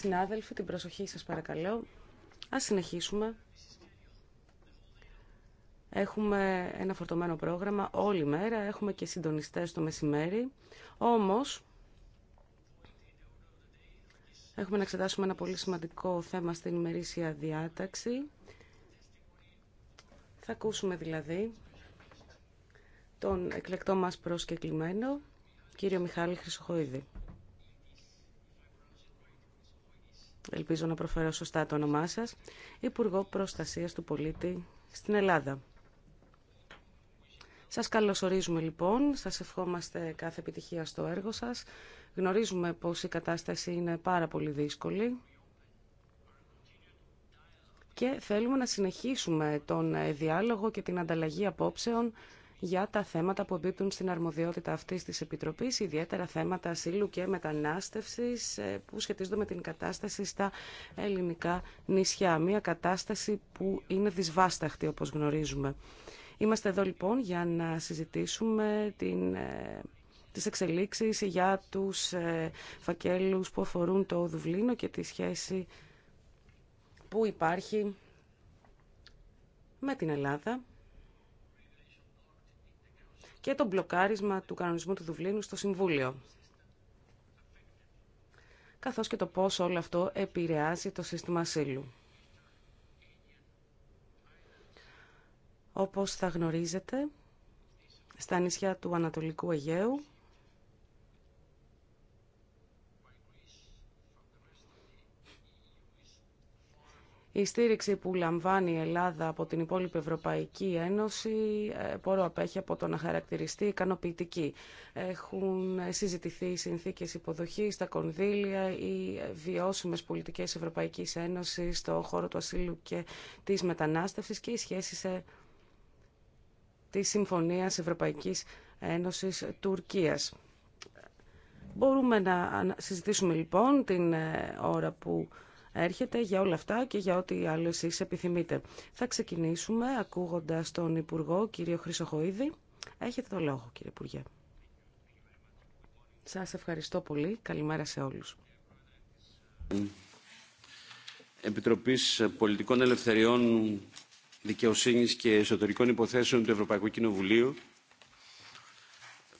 Συνάδελφοι, την προσοχή σας παρακαλώ. Ας συνεχίσουμε. Έχουμε ένα φορτωμένο πρόγραμμα όλη μέρα, έχουμε και συντονιστές το μεσημέρι. Όμως, έχουμε να εξετάσουμε ένα πολύ σημαντικό θέμα στην ημερήσια διάταξη. Θα ακούσουμε δηλαδή τον εκλεκτό μας προσκεκλημένο, κύριο Μιχάλη Χρυσοχοίδη. ελπίζω να προφέρω σωστά το όνομά σας, Υπουργό Προστασίας του Πολίτη στην Ελλάδα. Σας καλωσορίζουμε λοιπόν, σας ευχόμαστε κάθε επιτυχία στο έργο σας. Γνωρίζουμε πως η κατάσταση είναι πάρα πολύ δύσκολη και θέλουμε να συνεχίσουμε τον διάλογο και την ανταλλαγή απόψεων για τα θέματα που εμπίπτουν στην αρμοδιότητα αυτή τη Επιτροπή, ιδιαίτερα θέματα ασύλου και μετανάστευση ε, που σχετίζονται με την κατάσταση στα ελληνικά νησιά. Μια κατάσταση που είναι δυσβάσταχτη, όπω γνωρίζουμε. Είμαστε εδώ λοιπόν για να συζητήσουμε την ε, τις εξελίξεις για τους ε, φακέλους που αφορούν το Δουβλίνο και τη σχέση που υπάρχει με την Ελλάδα και το μπλοκάρισμα του κανονισμού του Δουβλίνου στο Συμβούλιο. Καθώς και το πώς όλο αυτό επηρεάζει το σύστημα ασύλου. Όπως θα γνωρίζετε, στα νησιά του Ανατολικού Αιγαίου Η στήριξη που λαμβάνει η Ελλάδα από την υπόλοιπη Ευρωπαϊκή Ένωση μπορώ ε, απέχει από το να χαρακτηριστεί ικανοποιητική. Έχουν συζητηθεί οι συνθήκες υποδοχής, τα κονδύλια, οι βιώσιμες πολιτικές Ευρωπαϊκής Ένωσης στο χώρο του ασύλου και της μετανάστευσης και οι σχέσεις ε, της Συμφωνίας Ευρωπαϊκής Ένωσης Τουρκίας. Μπορούμε να συζητήσουμε λοιπόν την ε, ώρα που έρχεται για όλα αυτά και για ό,τι άλλο εσείς επιθυμείτε. Θα ξεκινήσουμε ακούγοντας τον Υπουργό, κύριο Χρυσοχοίδη. Έχετε το λόγο, κύριε Υπουργέ. Σας ευχαριστώ πολύ. Καλημέρα σε όλους. Επιτροπής Πολιτικών Ελευθεριών Δικαιοσύνης και Εσωτερικών Υποθέσεων του Ευρωπαϊκού Κοινοβουλίου.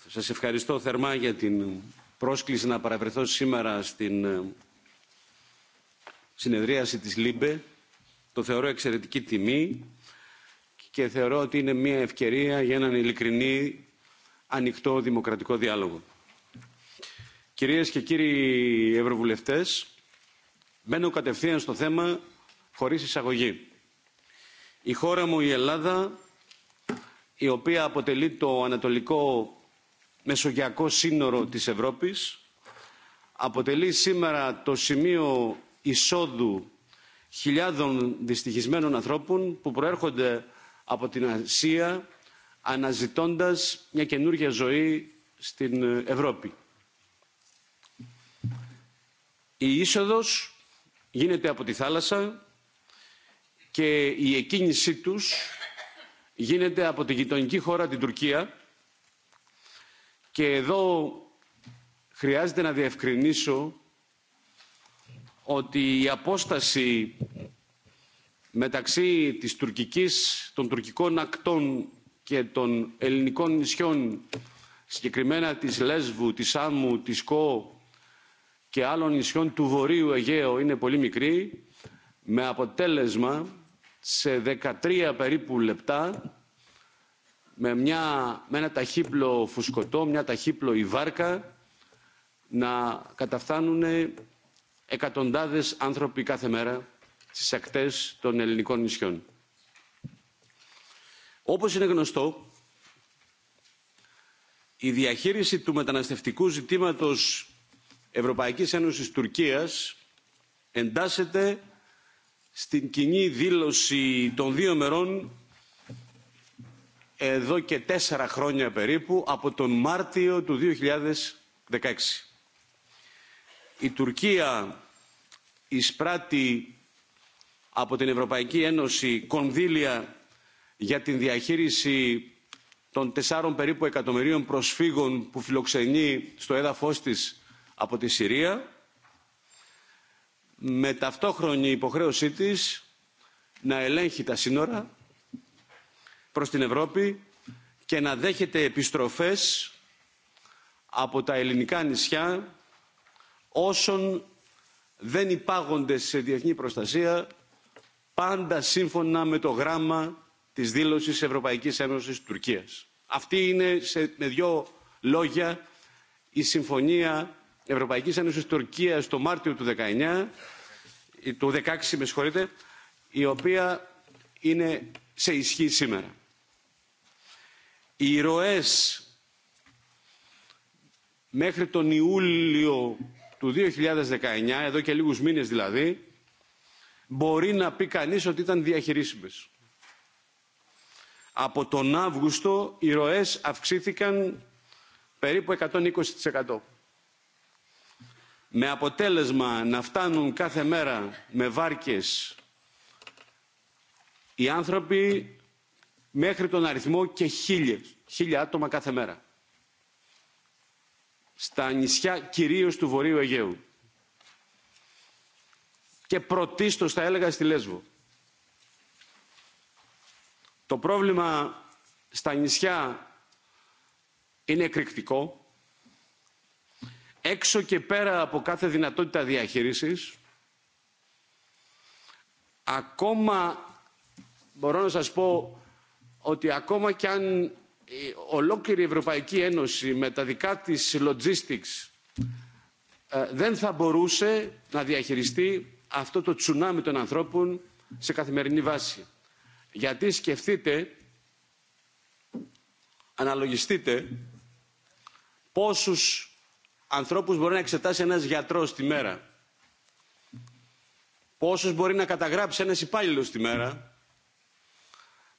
Σας ευχαριστώ θερμά για την πρόσκληση να παραβρεθώ σήμερα στην συνεδρίαση της ΛΥΜΠΕ. Το θεωρώ εξαιρετική τιμή και θεωρώ ότι είναι μια ευκαιρία για έναν ειλικρινή, ανοιχτό δημοκρατικό διάλογο. Κυρίες και κύριοι Ευρωβουλευτές, μπαίνω κατευθείαν στο θέμα χωρίς εισαγωγή. Η χώρα μου, η Ελλάδα, η οποία αποτελεί το ανατολικό μεσογειακό σύνορο της Ευρώπης, αποτελεί σήμερα το σημείο εισόδου χιλιάδων δυστυχισμένων ανθρώπων που προέρχονται από την Ασία αναζητώντας μια καινούργια ζωή στην Ευρώπη. Η είσοδος γίνεται από τη θάλασσα και η εκκίνησή τους γίνεται από τη γειτονική χώρα την Τουρκία και εδώ χρειάζεται να διευκρινίσω ότι η απόσταση μεταξύ της τουρκικής, των τουρκικών ακτών και των ελληνικών νησιών, συγκεκριμένα της Λέσβου, της Άμμου, της Κό και άλλων νησιών του Βορείου Αιγαίου είναι πολύ μικρή, με αποτέλεσμα σε 13 περίπου λεπτά με, μια, με ένα ταχύπλο φουσκωτό, μια ταχύπλο βάρκα να καταφθάνουν εκατοντάδες άνθρωποι κάθε μέρα στις ακτές των ελληνικών νησιών. Όπως είναι γνωστό, η διαχείριση του μεταναστευτικού ζητήματος Ευρωπαϊκής Ένωσης Τουρκίας εντάσσεται στην κοινή δήλωση των δύο μερών εδώ και τέσσερα χρόνια περίπου από τον Μάρτιο του 2016 η Τουρκία εισπράττει από την Ευρωπαϊκή Ένωση κονδύλια για την διαχείριση των τεσσάρων περίπου εκατομμυρίων προσφύγων που φιλοξενεί στο έδαφος της από τη Συρία με ταυτόχρονη υποχρέωσή της να ελέγχει τα σύνορα προς την Ευρώπη και να δέχεται επιστροφές από τα ελληνικά νησιά όσων δεν υπάγονται σε διεθνή προστασία πάντα σύμφωνα με το γράμμα της δήλωσης Ευρωπαϊκής Ένωσης Τουρκίας. Αυτή είναι με δύο λόγια η συμφωνία Ευρωπαϊκής Ένωσης Τουρκίας το Μάρτιο του 19, του 16 με συγχωρείτε, η οποία είναι σε ισχύ σήμερα. Οι ροές μέχρι τον Ιούλιο του 2019, εδώ και λίγους μήνες δηλαδή, μπορεί να πει κανείς ότι ήταν διαχειρίσιμες. Από τον Αύγουστο οι ροές αυξήθηκαν περίπου 120%. Με αποτέλεσμα να φτάνουν κάθε μέρα με βάρκες οι άνθρωποι μέχρι τον αριθμό και χίλια άτομα κάθε μέρα στα νησιά κυρίως του Βορείου Αιγαίου. Και πρωτίστως θα έλεγα στη Λέσβο. Το πρόβλημα στα νησιά είναι εκρηκτικό. Έξω και πέρα από κάθε δυνατότητα διαχείρισης, ακόμα μπορώ να σας πω ότι ακόμα κι αν ολόκληρη η Ευρωπαϊκή Ένωση με τα δικά της logistics ε, δεν θα μπορούσε να διαχειριστεί αυτό το τσουνάμι των ανθρώπων σε καθημερινή βάση. Γιατί σκεφτείτε, αναλογιστείτε πόσους ανθρώπους μπορεί να εξετάσει ένας γιατρός τη μέρα. Πόσους μπορεί να καταγράψει ένας υπάλληλος τη μέρα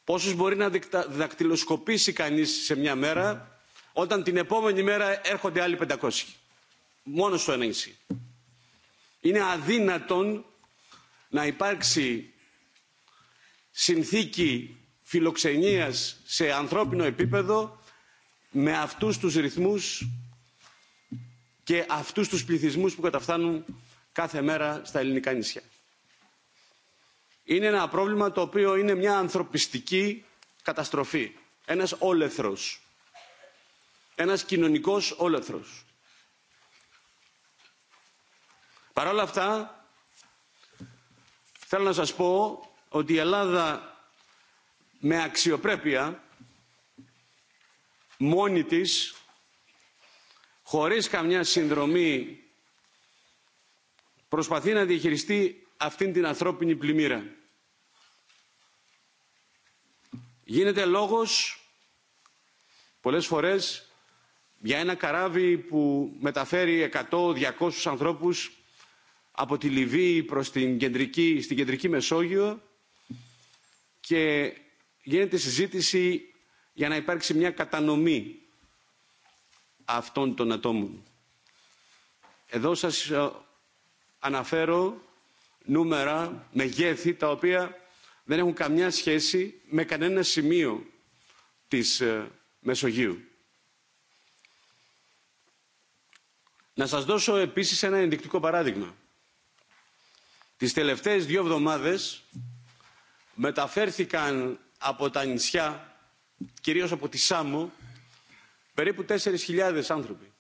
πόσους μπορεί να δακτυλοσκοπήσει κανείς σε μια μέρα όταν την επόμενη μέρα έρχονται άλλοι 500. Μόνο στο ένα νησί. Είναι αδύνατον να υπάρξει συνθήκη φιλοξενίας σε ανθρώπινο επίπεδο με αυτούς τους ρυθμούς και αυτούς τους πληθυσμούς που καταφθάνουν κάθε μέρα στα ελληνικά νησιά είναι ένα πρόβλημα το οποίο είναι μια ανθρωπιστική καταστροφή ένας όλεθρος ένας κοινωνικός όλεθρος. Παρ' όλα αυτά θέλω να σας πω ότι η Ελλάδα με αξιοπρέπεια μόνη της χωρίς καμιά συνδρομή προσπαθεί να διαχειριστεί αυτήν την ανθρώπινη πλημμύρα. Γίνεται λόγος πολλές φορές για ένα καράβι που μεταφέρει 100-200 ανθρώπους από τη Λιβύη προς την κεντρική, στην κεντρική Μεσόγειο και γίνεται συζήτηση για να υπάρξει μια κατανομή αυτών των ατόμων. Εδώ σας ε, αναφέρω νούμερα, μεγέθη, τα οποία δεν έχουν καμιά σχέση με κανένα σημείο της ε, Μεσογείου. Να σας δώσω επίσης ένα ενδεικτικό παράδειγμα. Τις τελευταίες δύο εβδομάδες μεταφέρθηκαν από τα νησιά, κυρίως από τη Σάμο, περίπου 4.000 άνθρωποι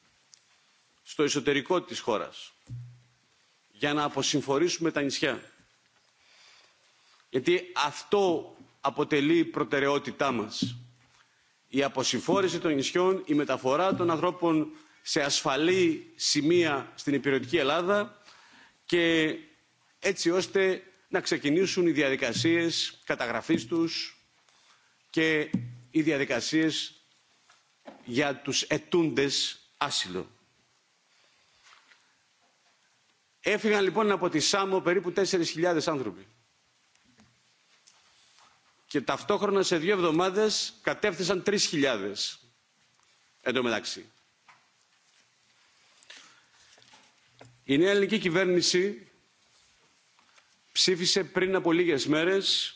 στο εσωτερικό της χώρας για να αποσυμφορήσουμε τα νησιά γιατί αυτό αποτελεί προτεραιότητά μας. Η αποσυμφόρηση των νησιών, η μεταφορά των ανθρώπων σε ασφαλή σημεία στην υπηρετική Ελλάδα και έτσι ώστε να ξεκινήσουν οι διαδικασίες καταγραφής τους και οι διαδικασίες για τους ετούντες άσυλο. Έφυγαν λοιπόν από τη Σάμο περίπου 4.000 άνθρωποι και ταυτόχρονα σε δύο εβδομάδες κατέφθασαν 3.000 εν τω μεταξύ. Η νέα ελληνική κυβέρνηση ψήφισε πριν από λίγες μέρες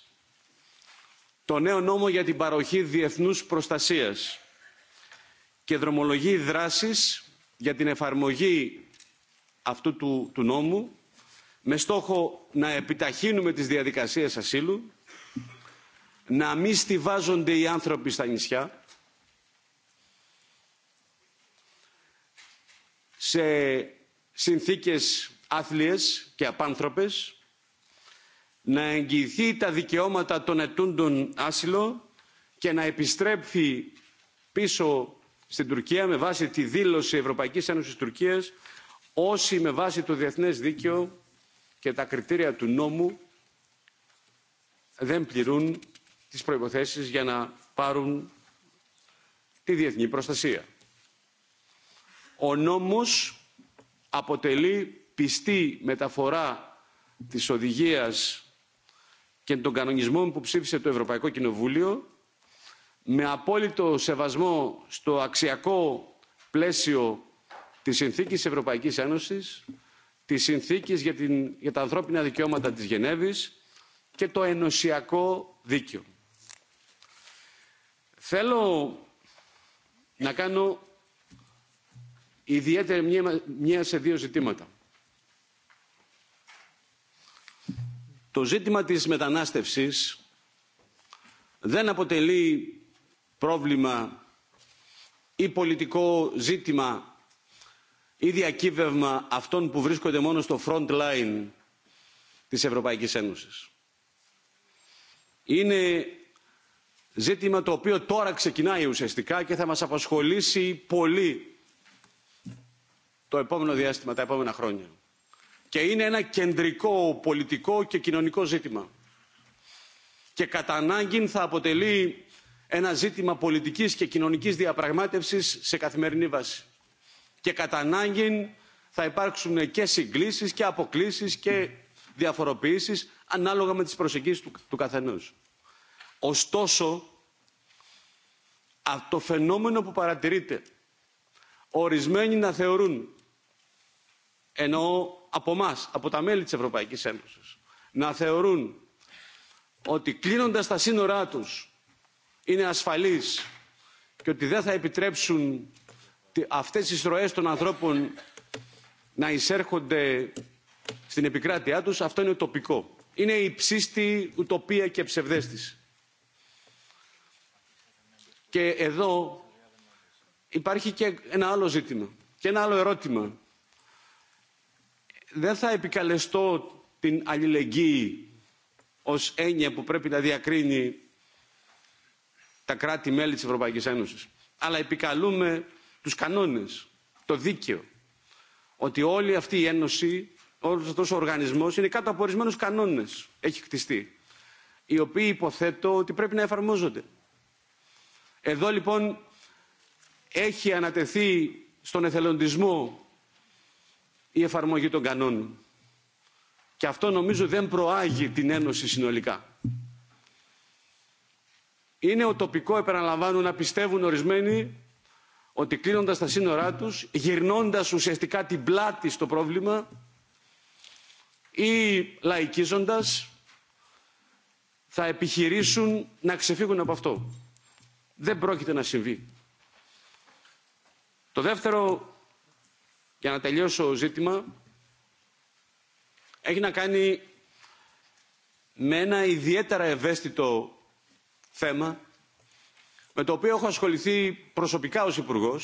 το νέο νόμο για την παροχή διεθνούς προστασίας και δρομολογεί δράσεις για την εφαρμογή αυτού του, του νόμου με στόχο να επιταχύνουμε τις διαδικασίες ασύλου να μη στηβάζονται οι άνθρωποι στα νησιά σε συνθήκες άθλιες και απάνθρωπες να εγγυηθεί τα δικαιώματα των ετούντων άσυλο και να επιστρέψει πίσω στην Τουρκία με βάση τη δήλωση Ευρωπαϊκής Ένωσης Τουρκίας όσοι με βάση το διεθνές δίκαιο και τα κριτήρια του νόμου δεν πληρούν τις προϋποθέσεις για να πάρουν τη διεθνή προστασία. Ο νόμος αποτελεί πιστή μεταφορά της οδηγίας και των κανονισμών που ψήφισε το Ευρωπαϊκό Κοινοβούλιο με απόλυτο σεβασμό στο αξιακό πλαίσιο της Συνθήκης Ευρωπαϊκής Ένωσης, της Συνθήκης για, την, για τα ανθρώπινα δικαιώματα της Γενέβης και το ενωσιακό δίκαιο. Θέλω να κάνω ιδιαίτερη μία σε δύο ζητήματα. Το ζήτημα της μετανάστευσης δεν αποτελεί πρόβλημα ή πολιτικό ζήτημα ή διακύβευμα αυτών που βρίσκονται μόνο στο front line της Ευρωπαϊκής Ένωσης. Είναι ζήτημα το οποίο τώρα ξεκινάει ουσιαστικά και θα μας απασχολήσει πολύ το επόμενο διάστημα, τα επόμενα χρόνια. Και είναι ένα κεντρικό πολιτικό και κοινωνικό ζήτημα. Και κατά ανάγκη θα αποτελεί ένα ζήτημα πολιτικής και κοινωνικής διαπραγμάτευσης σε καθημερινή βάση. Και κατά ανάγκη θα υπάρξουν και συγκλήσεις και αποκλήσεις και διαφοροποιήσεις ανάλογα με τις προσεγγίσεις του, καθενούς ωστόσο το φαινόμενο που παρατηρείται ορισμένοι να θεωρούν εννοώ από εμά από τα μέλη της ευρωπαϊκής ένωσης να θεωρούν ότι κλείνοντας τα σύνορά τους είναι ασφαλείς και ότι δεν θα επιτρέψουν αυτές τις ροές των ανθρώπων να εισέρχονται στην επικράτειά τους αυτό είναι τοπικό. Είναι υψίστη ουτοπία και ψευδέστηση. Και εδώ υπάρχει και ένα άλλο ζήτημα και ένα άλλο ερώτημα. Δεν θα επικαλεστώ την αλληλεγγύη ως έννοια που πρέπει να διακρίνει τα κράτη-μέλη της Ευρωπαϊκής Ένωσης. Αλλά επικαλούμε τους κανόνες, το δίκαιο. Ότι όλη αυτή η Ένωση, όλος αυτός ο οργανισμός είναι κάτω από ορισμένους κανόνες, έχει χτιστεί. Οι οποίοι υποθέτω ότι πρέπει να εφαρμόζονται. Εδώ λοιπόν έχει ανατεθεί στον εθελοντισμό η εφαρμογή των κανόνων. Και αυτό νομίζω δεν προάγει την Ένωση συνολικά. Είναι τοπικό επαναλαμβάνω, να πιστεύουν ορισμένοι ότι κλείνοντας τα σύνορά τους, γυρνώντας ουσιαστικά την πλάτη στο πρόβλημα ή λαϊκίζοντας, θα επιχειρήσουν να ξεφύγουν από αυτό δεν πρόκειται να συμβεί. Το δεύτερο, για να τελειώσω ζήτημα, έχει να κάνει με ένα ιδιαίτερα ευαίσθητο θέμα με το οποίο έχω ασχοληθεί προσωπικά ως υπουργό,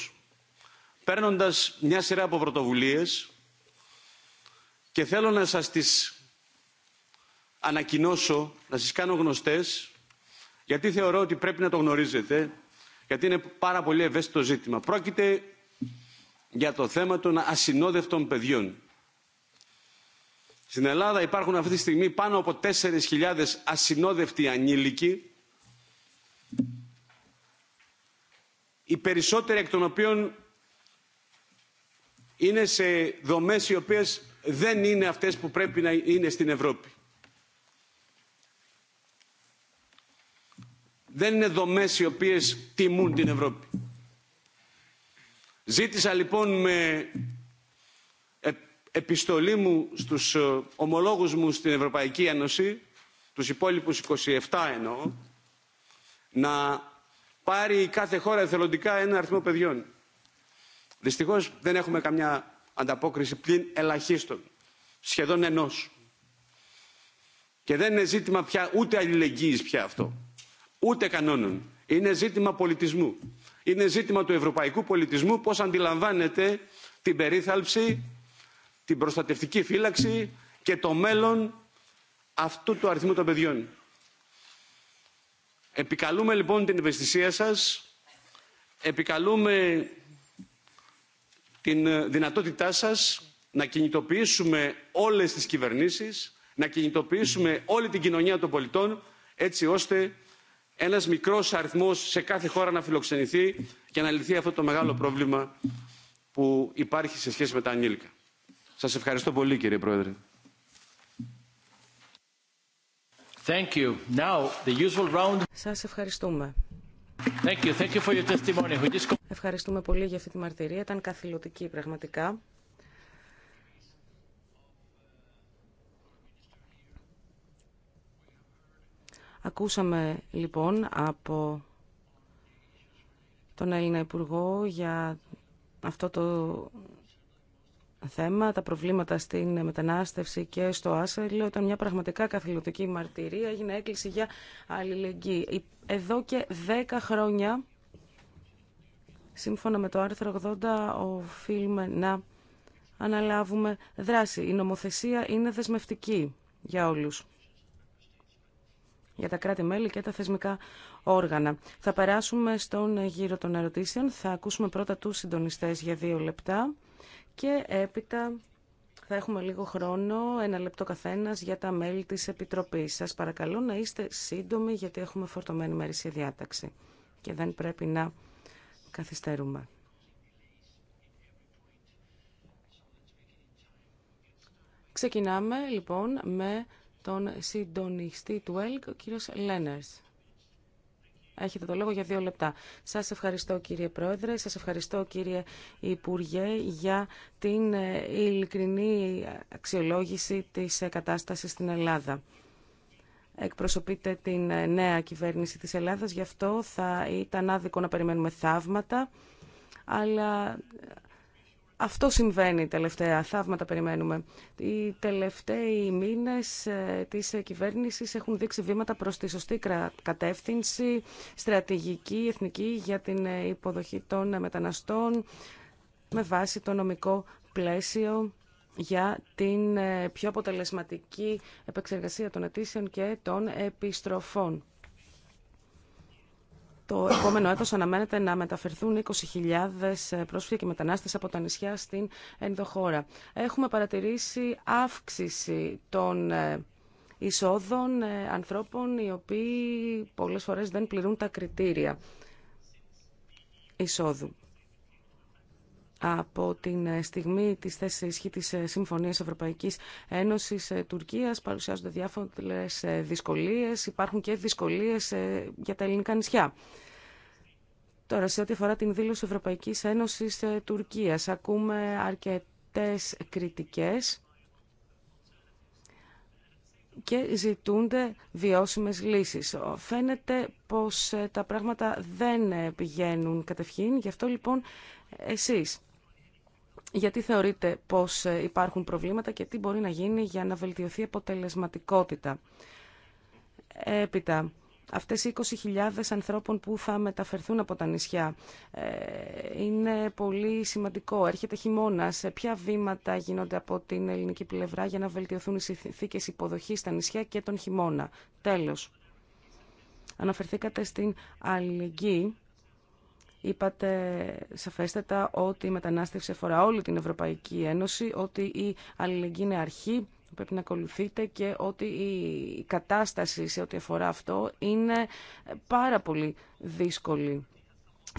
παίρνοντας μια σειρά από πρωτοβουλίε και θέλω να σας τις ανακοινώσω, να σας κάνω γνωστές γιατί θεωρώ ότι πρέπει να το γνωρίζετε, γιατί είναι πάρα πολύ ευαίσθητο ζήτημα. Πρόκειται για το θέμα των ασυνόδευτων παιδιών. Στην Ελλάδα υπάρχουν αυτή τη στιγμή πάνω από 4.000 ασυνόδευτοι ανήλικοι, οι περισσότεροι εκ των οποίων είναι σε δομές οι οποίες δεν είναι αυτές που πρέπει να είναι στην Ευρώπη. δεν είναι δομές οι οποίες τιμούν την Ευρώπη. Ζήτησα λοιπόν με επιστολή μου στους ε, ομολόγους μου στην Ευρωπαϊκή Ένωση, τους υπόλοιπους 27 εννοώ, να πάρει κάθε χώρα εθελοντικά ένα αριθμό παιδιών. Δυστυχώς δεν έχουμε καμιά ανταπόκριση πλην ελαχίστων, σχεδόν ενός. Και δεν είναι ζήτημα πια ούτε αλληλεγγύης πια αυτό ούτε κανόνων. Είναι ζήτημα πολιτισμού. Είναι ζήτημα του ευρωπαϊκού πολιτισμού πώς αντιλαμβάνεται την περίθαλψη, την προστατευτική φύλαξη και το μέλλον αυτού του αριθμού των παιδιών. Επικαλούμε λοιπόν την ευαισθησία σας, επικαλούμε την ε, δυνατότητά σας να κινητοποιήσουμε όλες τις κυβερνήσεις, να κινητοποιήσουμε όλη την κοινωνία των πολιτών έτσι ώστε ένας μικρός αριθμός σε κάθε χώρα να φιλοξενηθεί και να λυθεί αυτό το μεγάλο πρόβλημα που υπάρχει σε σχέση με τα ανήλικα. Σας ευχαριστώ πολύ κύριε Πρόεδρε. Thank you. Now, the usual round... Σας ευχαριστούμε. Thank you. Thank you for your testimony. Ευχαριστούμε πολύ για αυτή τη μαρτυρία. Ήταν καθηλωτική πραγματικά. Ακούσαμε λοιπόν από τον Έλληνα Υπουργό για αυτό το θέμα, τα προβλήματα στην μετανάστευση και στο άσυλο ήταν μια πραγματικά καθηλωτική μαρτυρία, έγινε έκκληση για αλληλεγγύη. Εδώ και 10 χρόνια, σύμφωνα με το άρθρο 80, οφείλουμε να αναλάβουμε δράση. Η νομοθεσία είναι δεσμευτική για όλους για τα κράτη-μέλη και τα θεσμικά όργανα. Θα περάσουμε στον γύρο των ερωτήσεων. Θα ακούσουμε πρώτα τους συντονιστές για δύο λεπτά και έπειτα θα έχουμε λίγο χρόνο, ένα λεπτό καθένας για τα μέλη της Επιτροπής. Σας παρακαλώ να είστε σύντομοι γιατί έχουμε φορτωμένη μέρη σε διάταξη και δεν πρέπει να καθυστερούμε. Ξεκινάμε λοιπόν με τον συντονιστή του ΕΛΚ, ο κύριος Λένερς. Έχετε το λόγο για δύο λεπτά. Σας ευχαριστώ κύριε Πρόεδρε, σας ευχαριστώ κύριε Υπουργέ για την ε, ειλικρινή αξιολόγηση της ε, κατάστασης στην Ελλάδα. Εκπροσωπείτε την ε, νέα κυβέρνηση της Ελλάδας, γι' αυτό θα ήταν άδικο να περιμένουμε θαύματα, αλλά αυτό συμβαίνει τελευταία. Θαύματα περιμένουμε. Οι τελευταίοι μήνε ε, της κυβέρνηση έχουν δείξει βήματα προς τη σωστή κατεύθυνση, στρατηγική, εθνική για την ε, υποδοχή των ε, μεταναστών με βάση το νομικό πλαίσιο για την πιο αποτελεσματική επεξεργασία των αιτήσεων και των επιστροφών. Το επόμενο έτος αναμένεται να μεταφερθούν 20.000 ε, πρόσφυγες και μετανάστες από τα νησιά στην ενδοχώρα. Έχουμε παρατηρήσει αύξηση των ε, εισόδων ε, ανθρώπων οι οποίοι πολλές φορές δεν πληρούν τα κριτήρια εισόδου από την ε, στιγμή της θέσης ισχύ της ε, Συμφωνίας Ευρωπαϊκής Ένωσης ε, Τουρκίας παρουσιάζονται διάφορες δυσκολίες, υπάρχουν και δυσκολίες για τα ελληνικά νησιά. Τώρα, σε ό,τι αφορά την δήλωση Ευρωπαϊκής Ένωσης Τουρκίας, ακούμε αρκετές κριτικές και ζητούνται βιώσιμες λύσεις. Φαίνεται πως τα πράγματα δεν πηγαίνουν κατευχήν, γι' αυτό λοιπόν εσείς γιατί θεωρείτε πως ε, υπάρχουν προβλήματα και τι μπορεί να γίνει για να βελτιωθεί η αποτελεσματικότητα. Έπειτα, αυτές οι 20.000 ανθρώπων που θα μεταφερθούν από τα νησιά ε, είναι πολύ σημαντικό. Έρχεται χειμώνα. Σε ποια βήματα γίνονται από την ελληνική πλευρά για να βελτιωθούν οι συνθήκες υποδοχής στα νησιά και τον χειμώνα. Τέλος, αναφερθήκατε στην αλληλεγγύη Είπατε σαφέστατα ότι η μετανάστευση αφορά όλη την Ευρωπαϊκή Ένωση, ότι η αλληλεγγύη είναι αρχή που πρέπει να ακολουθείτε και ότι η κατάσταση σε ό,τι αφορά αυτό είναι πάρα πολύ δύσκολη.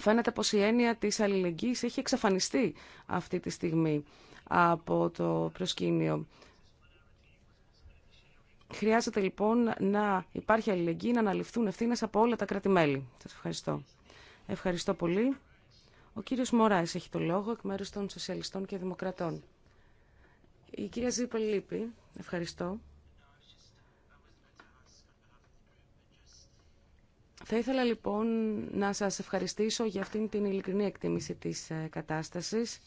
Φαίνεται πως η έννοια της αλληλεγγύης έχει εξαφανιστεί αυτή τη στιγμή από το προσκήνιο. Χρειάζεται λοιπόν να υπάρχει αλληλεγγύη, να αναλυφθούν ευθύνε από όλα τα κράτη-μέλη. Σας ευχαριστώ. Ευχαριστώ πολύ. Ο κύριος Μωράης έχει το λόγο εκ μέρους των Σοσιαλιστών και Δημοκρατών. Η κυρία Ζήπελ λείπει. Ευχαριστώ. Θα ήθελα λοιπόν να σας ευχαριστήσω για αυτήν την ειλικρινή εκτίμηση της ε, κατάστασης.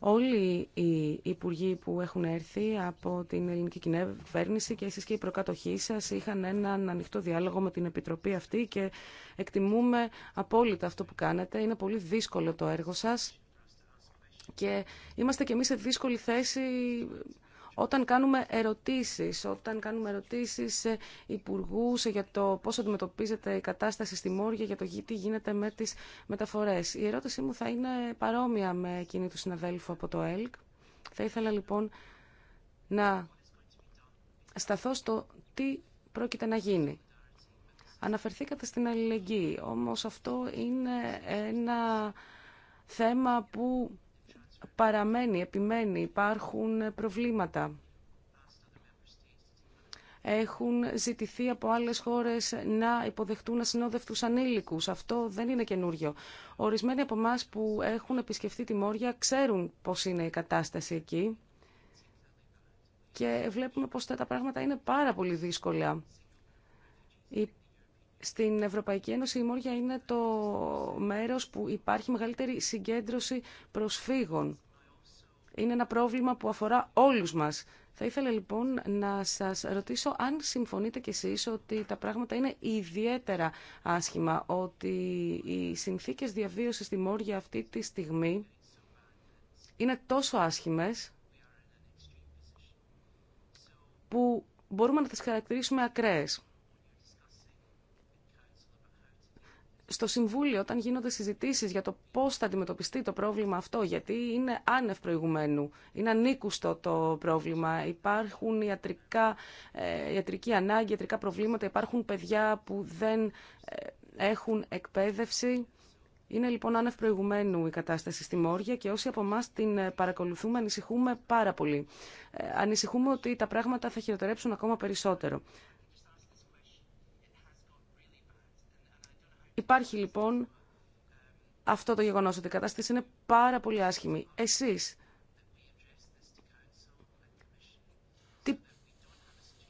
Όλοι οι υπουργοί που έχουν έρθει από την ελληνική κυβέρνηση και εσείς και οι προκατοχοί σας είχαν έναν ανοιχτό διάλογο με την Επιτροπή αυτή και εκτιμούμε απόλυτα αυτό που κάνετε. Είναι πολύ δύσκολο το έργο σας και είμαστε και εμείς σε δύσκολη θέση όταν κάνουμε ερωτήσεις, όταν κάνουμε ερωτήσεις σε υπουργούς για το πώς αντιμετωπίζεται η κατάσταση στη Μόρια, για το τι γίνεται με τις μεταφορές. Η ερώτησή μου θα είναι παρόμοια με εκείνη του συναδέλφου από το ΕΛΚ. Θα ήθελα λοιπόν να σταθώ στο τι πρόκειται να γίνει. Αναφερθήκατε στην αλληλεγγύη, όμως αυτό είναι ένα θέμα που παραμένει, επιμένει, υπάρχουν προβλήματα. Έχουν ζητηθεί από άλλες χώρες να υποδεχτούν ασυνόδευτους ανήλικους. Αυτό δεν είναι καινούριο. Ορισμένοι από εμά που έχουν επισκεφτεί τη Μόρια ξέρουν πώς είναι η κατάσταση εκεί και βλέπουμε πως τα πράγματα είναι πάρα πολύ δύσκολα. Στην Ευρωπαϊκή Ένωση η Μόρια είναι το μέρος που υπάρχει μεγαλύτερη συγκέντρωση προσφύγων. Είναι ένα πρόβλημα που αφορά όλους μας. Θα ήθελα λοιπόν να σας ρωτήσω αν συμφωνείτε κι εσείς ότι τα πράγματα είναι ιδιαίτερα άσχημα, ότι οι συνθήκες διαβίωσης στη Μόρια αυτή τη στιγμή είναι τόσο άσχημες που μπορούμε να τις χαρακτηρίσουμε ακραίες. στο Συμβούλιο όταν γίνονται συζητήσεις για το πώ θα αντιμετωπιστεί το πρόβλημα αυτό, γιατί είναι άνευ προηγουμένου, είναι ανήκουστο το πρόβλημα, υπάρχουν ιατρικά, ε, ιατρική ανάγκη, ιατρικά προβλήματα, υπάρχουν παιδιά που δεν ε, έχουν εκπαίδευση. Είναι λοιπόν άνευ προηγουμένου η κατάσταση στη Μόρια και όσοι από εμά την ε, παρακολουθούμε ανησυχούμε πάρα πολύ. Ε, ανησυχούμε ότι τα πράγματα θα χειροτερέψουν ακόμα περισσότερο. Υπάρχει λοιπόν αυτό το γεγονός ότι η κατάσταση είναι πάρα πολύ άσχημη. Εσείς τι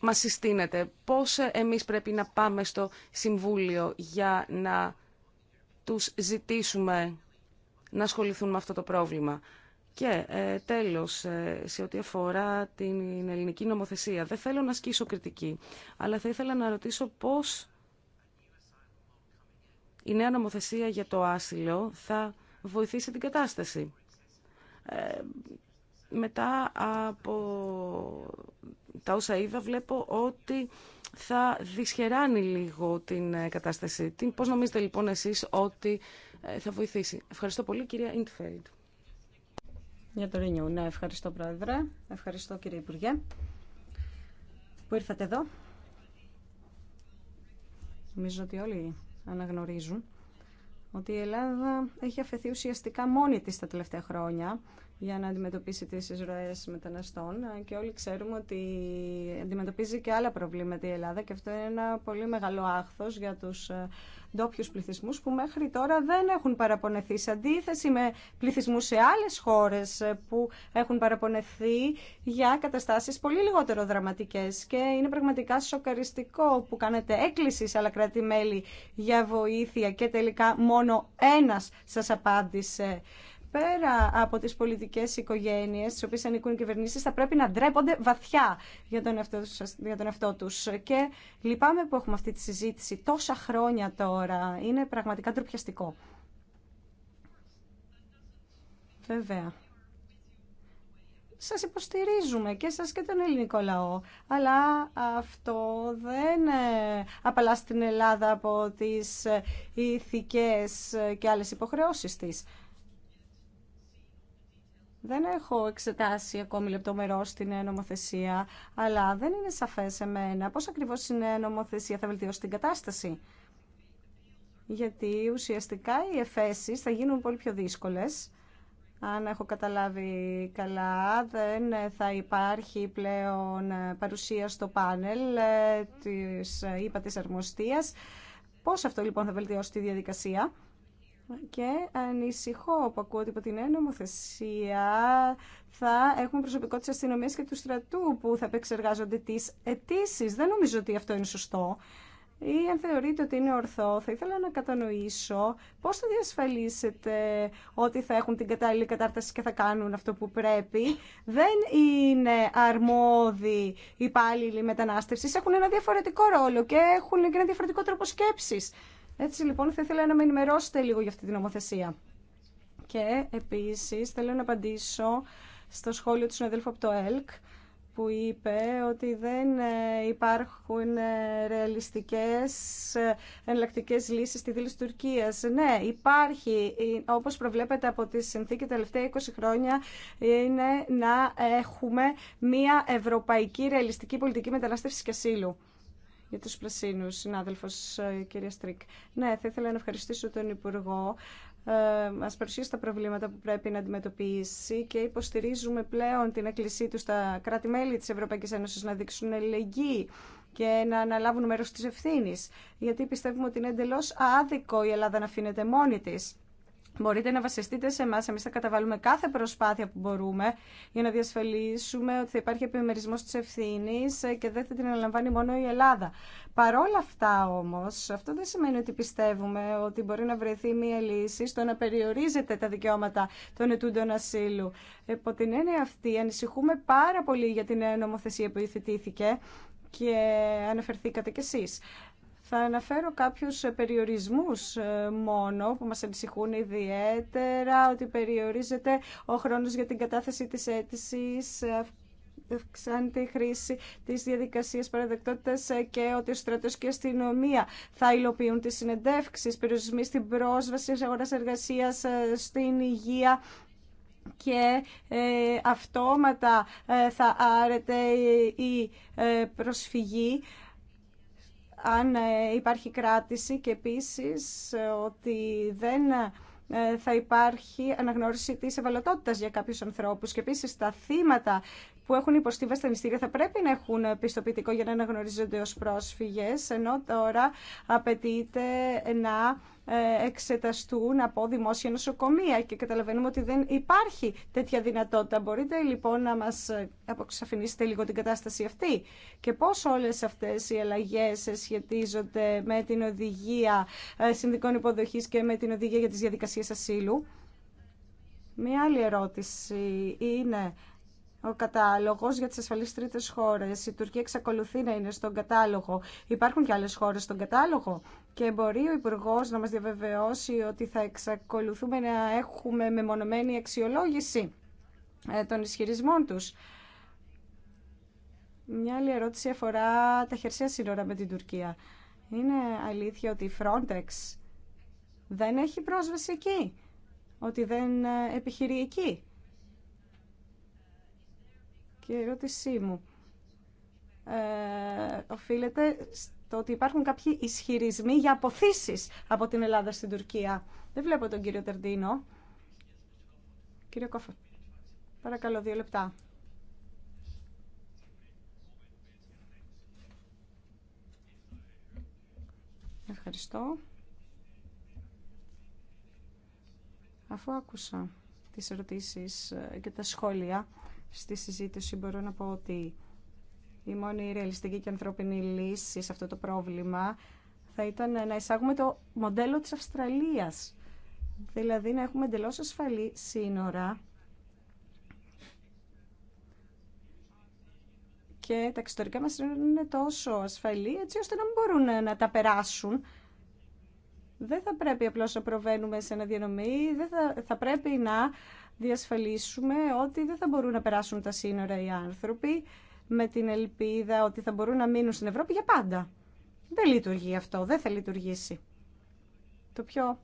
μας συστήνετε, πώς εμείς πρέπει να πάμε στο Συμβούλιο για να τους ζητήσουμε να ασχοληθούν με αυτό το πρόβλημα. Και ε, τέλος, ε, σε ό,τι αφορά την ελληνική νομοθεσία, δεν θέλω να ασκήσω κριτική, αλλά θα ήθελα να ρωτήσω πώς η νέα νομοθεσία για το άσυλο θα βοηθήσει την κατάσταση. Ε, μετά από τα όσα είδα βλέπω ότι θα δυσχεράνει λίγο την ε, κατάσταση. Τι, πώς νομίζετε λοιπόν εσείς ότι ε, θα βοηθήσει. Ευχαριστώ πολύ κυρία Ιντφέλντ. Για το Ρινιού. Ναι, ευχαριστώ πρόεδρε. Ευχαριστώ κύριε Υπουργέ που ήρθατε εδώ. Νομίζω ότι όλοι αναγνωρίζουν ότι η Ελλάδα έχει αφαιθεί ουσιαστικά μόνη της τα τελευταία χρόνια για να αντιμετωπίσει τις εισρωές μεταναστών και όλοι ξέρουμε ότι αντιμετωπίζει και άλλα προβλήματα η Ελλάδα και αυτό είναι ένα πολύ μεγάλο άχθος για τους ε, ντόπιου πληθυσμού που μέχρι τώρα δεν έχουν παραπονεθεί σε αντίθεση με πληθυσμού σε άλλε χώρε ε, που έχουν παραπονεθεί για καταστάσει πολύ λιγότερο δραματικέ. Και είναι πραγματικά σοκαριστικό που κάνετε έκκληση σε άλλα κράτη-μέλη για βοήθεια και τελικά μόνο ένα σα απάντησε πέρα από τις πολιτικές οικογένειες τι οποίες ανήκουν οι κυβερνήσεις θα πρέπει να ντρέπονται βαθιά για τον, εαυτό, για τους και λυπάμαι που έχουμε αυτή τη συζήτηση τόσα χρόνια τώρα είναι πραγματικά ντροπιαστικό Βέβαια σας υποστηρίζουμε και σας και τον ελληνικό λαό. Αλλά αυτό δεν ε, απαλά στην Ελλάδα από τις ε, ηθικές και άλλες υποχρεώσεις της. Δεν έχω εξετάσει ακόμη λεπτομερό την νομοθεσία, αλλά δεν είναι σαφέ σε μένα πώ ακριβώ η νομοθεσία θα βελτιώσει την κατάσταση. Γιατί ουσιαστικά οι εφέσει θα γίνουν πολύ πιο δύσκολε. Αν έχω καταλάβει καλά, δεν θα υπάρχει πλέον παρουσία στο πάνελ ε, της ΥΠΑ της Αρμοστίας. Πώς αυτό λοιπόν θα βελτιώσει τη διαδικασία. Και ανησυχώ που ακούω ότι υπό την νέα νομοθεσία θα έχουμε προσωπικό της αστυνομίας και του στρατού που θα επεξεργάζονται τις αιτήσει. Δεν νομίζω ότι αυτό είναι σωστό. Ή αν θεωρείτε ότι είναι ορθό, θα ήθελα να κατανοήσω πώς θα διασφαλίσετε ότι θα έχουν την κατάλληλη κατάρταση και θα κάνουν αυτό που πρέπει. Δεν είναι αρμόδιοι υπάλληλοι μετανάστευσης, έχουν ένα διαφορετικό ρόλο και έχουν και ένα διαφορετικό τρόπο σκέψης. Έτσι λοιπόν θα ήθελα να με ενημερώσετε λίγο για αυτή την νομοθεσία. Και επίσης θέλω να απαντήσω στο σχόλιο του συναδέλφου από το ΕΛΚ που είπε ότι δεν ε, υπάρχουν ε, ρεαλιστικές ε, εναλλακτικέ λύσεις στη δήλωση Τουρκίας. Ναι, υπάρχει, όπως προβλέπετε από τη συνθήκη τα τελευταία 20 χρόνια, είναι να έχουμε μια ευρωπαϊκή ρεαλιστική πολιτική μετανάστευσης και ασύλου για τους Πλασίνους, συνάδελφος ε, κυρία Στρίκ. Ναι, θα ήθελα να ευχαριστήσω τον Υπουργό ε, μας παρουσίασε τα προβλήματα που πρέπει να αντιμετωπίσει και υποστηρίζουμε πλέον την έκκλησή του στα κράτη-μέλη της Ευρωπαϊκής Ένωσης να δείξουν ελεγγύη και να αναλάβουν μέρος της ευθύνης, γιατί πιστεύουμε ότι είναι εντελώς άδικο η Ελλάδα να αφήνεται μόνη της. Μπορείτε να βασιστείτε σε εμά. Εμεί θα καταβάλουμε κάθε προσπάθεια που μπορούμε για να διασφαλίσουμε ότι θα υπάρχει επιμερισμό τη ευθύνη και δεν θα την αναλαμβάνει μόνο η Ελλάδα. Παρόλα αυτά όμω, αυτό δεν σημαίνει ότι πιστεύουμε ότι μπορεί να βρεθεί μία λύση στο να περιορίζεται τα δικαιώματα των ετούντων ασύλου. Επό την έννοια αυτή, ανησυχούμε πάρα πολύ για την νομοθεσία που υφητήθηκε και αναφερθήκατε κι εσείς. Θα αναφέρω κάποιους περιορισμούς ε, μόνο που μας ανησυχούν ιδιαίτερα, ότι περιορίζεται ο χρόνος για την κατάθεση της αίτησης, αυξάνεται η χρήση τη διαδικασία παραδεκτότητα ε, και ότι ο στρατό και η αστυνομία θα υλοποιούν τι συνεντεύξει, περιορισμοί στην πρόσβαση, αγορά εργασία, ε, στην υγεία και αυτόματα θα άρεται η προσφυγή αν ε, υπάρχει κράτηση και επίσης ε, ότι δεν ε, θα υπάρχει αναγνώριση της ευαλωτότητας για κάποιους ανθρώπους και επίσης τα θύματα που έχουν υποστεί βασανιστήρια θα πρέπει να έχουν πιστοποιητικό για να αναγνωρίζονται ως πρόσφυγες, ενώ τώρα απαιτείται να ε, εξεταστούν από δημόσια νοσοκομεία και καταλαβαίνουμε ότι δεν υπάρχει τέτοια δυνατότητα. Μπορείτε λοιπόν να μας ε, αποξαφινίσετε λίγο την κατάσταση αυτή και πώς όλες αυτές οι αλλαγές σχετίζονται με την οδηγία ε, συνδικών υποδοχής και με την οδηγία για τις διαδικασίες ασύλου. Μία άλλη ερώτηση είναι ο κατάλογο για τι ασφαλεί τρίτε χώρε. Η Τουρκία εξακολουθεί να είναι στον κατάλογο. Υπάρχουν και άλλε χώρε στον κατάλογο. Και μπορεί ο Υπουργό να μας διαβεβαιώσει ότι θα εξακολουθούμε να έχουμε μεμονωμένη αξιολόγηση ε, των ισχυρισμών τους. Μια άλλη ερώτηση αφορά τα χερσαία σύνορα με την Τουρκία. Είναι αλήθεια ότι η Frontex δεν έχει πρόσβαση εκεί, ότι δεν ε, επιχειρεί εκεί. Και η ερώτησή μου ε, οφείλεται το ότι υπάρχουν κάποιοι ισχυρισμοί για αποθήσεις από την Ελλάδα στην Τουρκία. Δεν βλέπω τον κύριο Τερντίνο. Κύριο Κόφα, παρακαλώ δύο λεπτά. Ευχαριστώ. Αφού άκουσα τις ερωτήσεις ε, και τα σχόλια στη συζήτηση, μπορώ να πω ότι η μόνη ρεαλιστική και ανθρώπινη λύση σε αυτό το πρόβλημα θα ήταν να εισάγουμε το μοντέλο της Αυστραλίας. Δηλαδή να έχουμε εντελώ ασφαλή σύνορα και τα εξωτερικά μας σύνορα είναι τόσο ασφαλή έτσι ώστε να μην μπορούν να τα περάσουν. Δεν θα πρέπει απλώς να προβαίνουμε σε ένα διανομή, δεν θα, θα πρέπει να διασφαλίσουμε ότι δεν θα μπορούν να περάσουν τα σύνορα οι άνθρωποι με την ελπίδα ότι θα μπορούν να μείνουν στην Ευρώπη για πάντα. Δεν λειτουργεί αυτό, δεν θα λειτουργήσει. Το πιο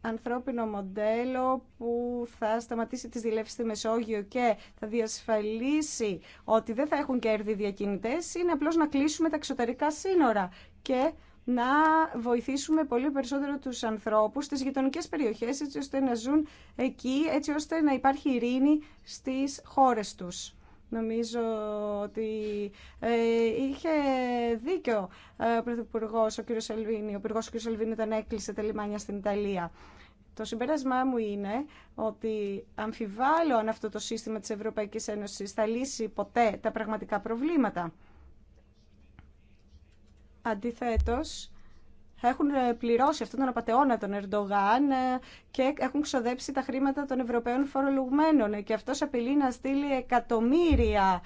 ανθρώπινο μοντέλο που θα σταματήσει τις δηλεύσεις στη Μεσόγειο και θα διασφαλίσει ότι δεν θα έχουν κέρδη διακινητές είναι απλώς να κλείσουμε τα εξωτερικά σύνορα και να βοηθήσουμε πολύ περισσότερο τους ανθρώπους στις γειτονικές περιοχές έτσι ώστε να ζουν εκεί, έτσι ώστε να υπάρχει ειρήνη στις χώρες τους. Νομίζω ότι ε, είχε δίκιο ε, ο Πρωθυπουργό ο κ. Σελβίνη. Ο ο κ. Σελβίνη όταν έκλεισε τα λιμάνια στην Ιταλία. Το συμπέρασμά μου είναι ότι αμφιβάλλω αν αυτό το σύστημα της Ευρωπαϊκής Ένωσης θα λύσει ποτέ τα πραγματικά προβλήματα αντιθέτως έχουν ε, πληρώσει αυτόν τον απαταιώνα τον Ερντογάν ε, και έχουν ξοδέψει τα χρήματα των Ευρωπαίων φορολογουμένων ε, και αυτός απειλεί να στείλει εκατομμύρια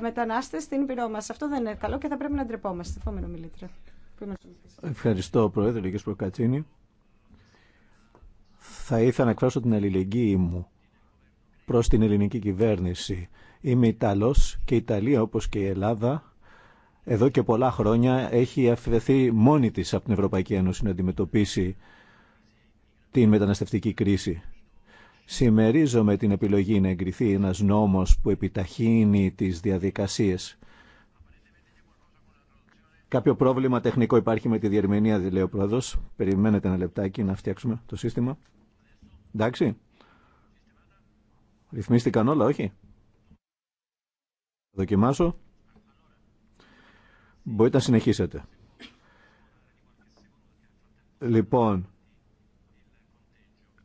μετανάστες στην πυρό μα. Αυτό δεν είναι καλό και θα πρέπει να ντρεπόμαστε. Επόμενο μιλήτρια. Ευχαριστώ Πρόεδρε κύριε Προκατσίνη. Θα ήθελα να εκφράσω την αλληλεγγύη μου προς την ελληνική κυβέρνηση. Είμαι Ιταλός και η Ιταλία όπως και η Ελλάδα εδώ και πολλά χρόνια έχει αφαιρεθεί μόνη της από την Ευρωπαϊκή Ένωση να αντιμετωπίσει την μεταναστευτική κρίση. Σημερίζομαι την επιλογή να εγκριθεί ένας νόμος που επιταχύνει τις διαδικασίες. Κάποιο πρόβλημα τεχνικό υπάρχει με τη διερμηνία, λέει ο πρόεδρος. Περιμένετε ένα λεπτάκι να φτιάξουμε το σύστημα. Εντάξει. Ρυθμίστηκαν όλα, όχι. δοκιμάσω. Μπορείτε να συνεχίσετε. Λοιπόν,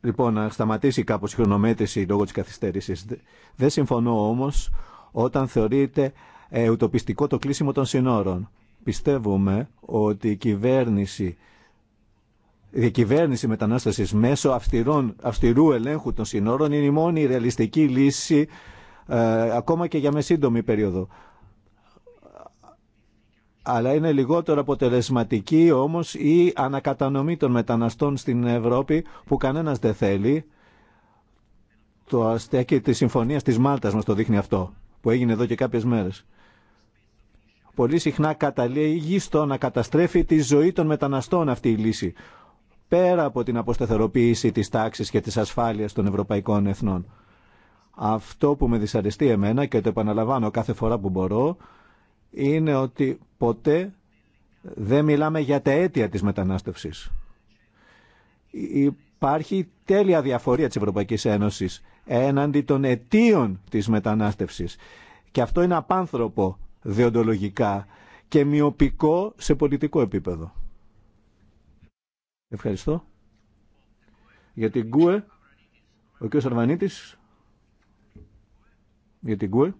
λοιπόν να σταματήσει κάπως η χρονομέτρηση λόγω της καθυστέρησης. Δεν συμφωνώ όμως όταν θεωρείται ε, ουτοπιστικό το κλείσιμο των συνόρων. Πιστεύουμε ότι η κυβέρνηση η διακυβέρνηση μετανάστασης μέσω αυστηρών, αυστηρού ελέγχου των συνόρων είναι η μόνη ρεαλιστική λύση ε, ακόμα και για μεσύντομη περίοδο αλλά είναι λιγότερο αποτελεσματική όμως η ανακατανομή των μεταναστών στην Ευρώπη που κανένας δεν θέλει. Το αστέκι της συμφωνίας της Μάλτας μας το δείχνει αυτό, που έγινε εδώ και κάποιες μέρες. Πολύ συχνά καταλήγει στο να καταστρέφει τη ζωή των μεταναστών αυτή η λύση, πέρα από την αποσταθεροποίηση της τάξης και της ασφάλειας των ευρωπαϊκών εθνών. Αυτό που με δυσαρεστεί εμένα και το επαναλαμβάνω κάθε φορά που μπορώ, είναι ότι ποτέ δεν μιλάμε για τα αίτια της μετανάστευσης. Υπάρχει τέλεια διαφορία της Ευρωπαϊκής Ένωσης έναντι των αιτίων της μετανάστευσης. Και αυτό είναι απάνθρωπο διοντολογικά και μειοπικό σε πολιτικό επίπεδο. Ευχαριστώ. Για την ΚΟΕ, ο κ. Σαρβανίτης, για την ΚΟΕ,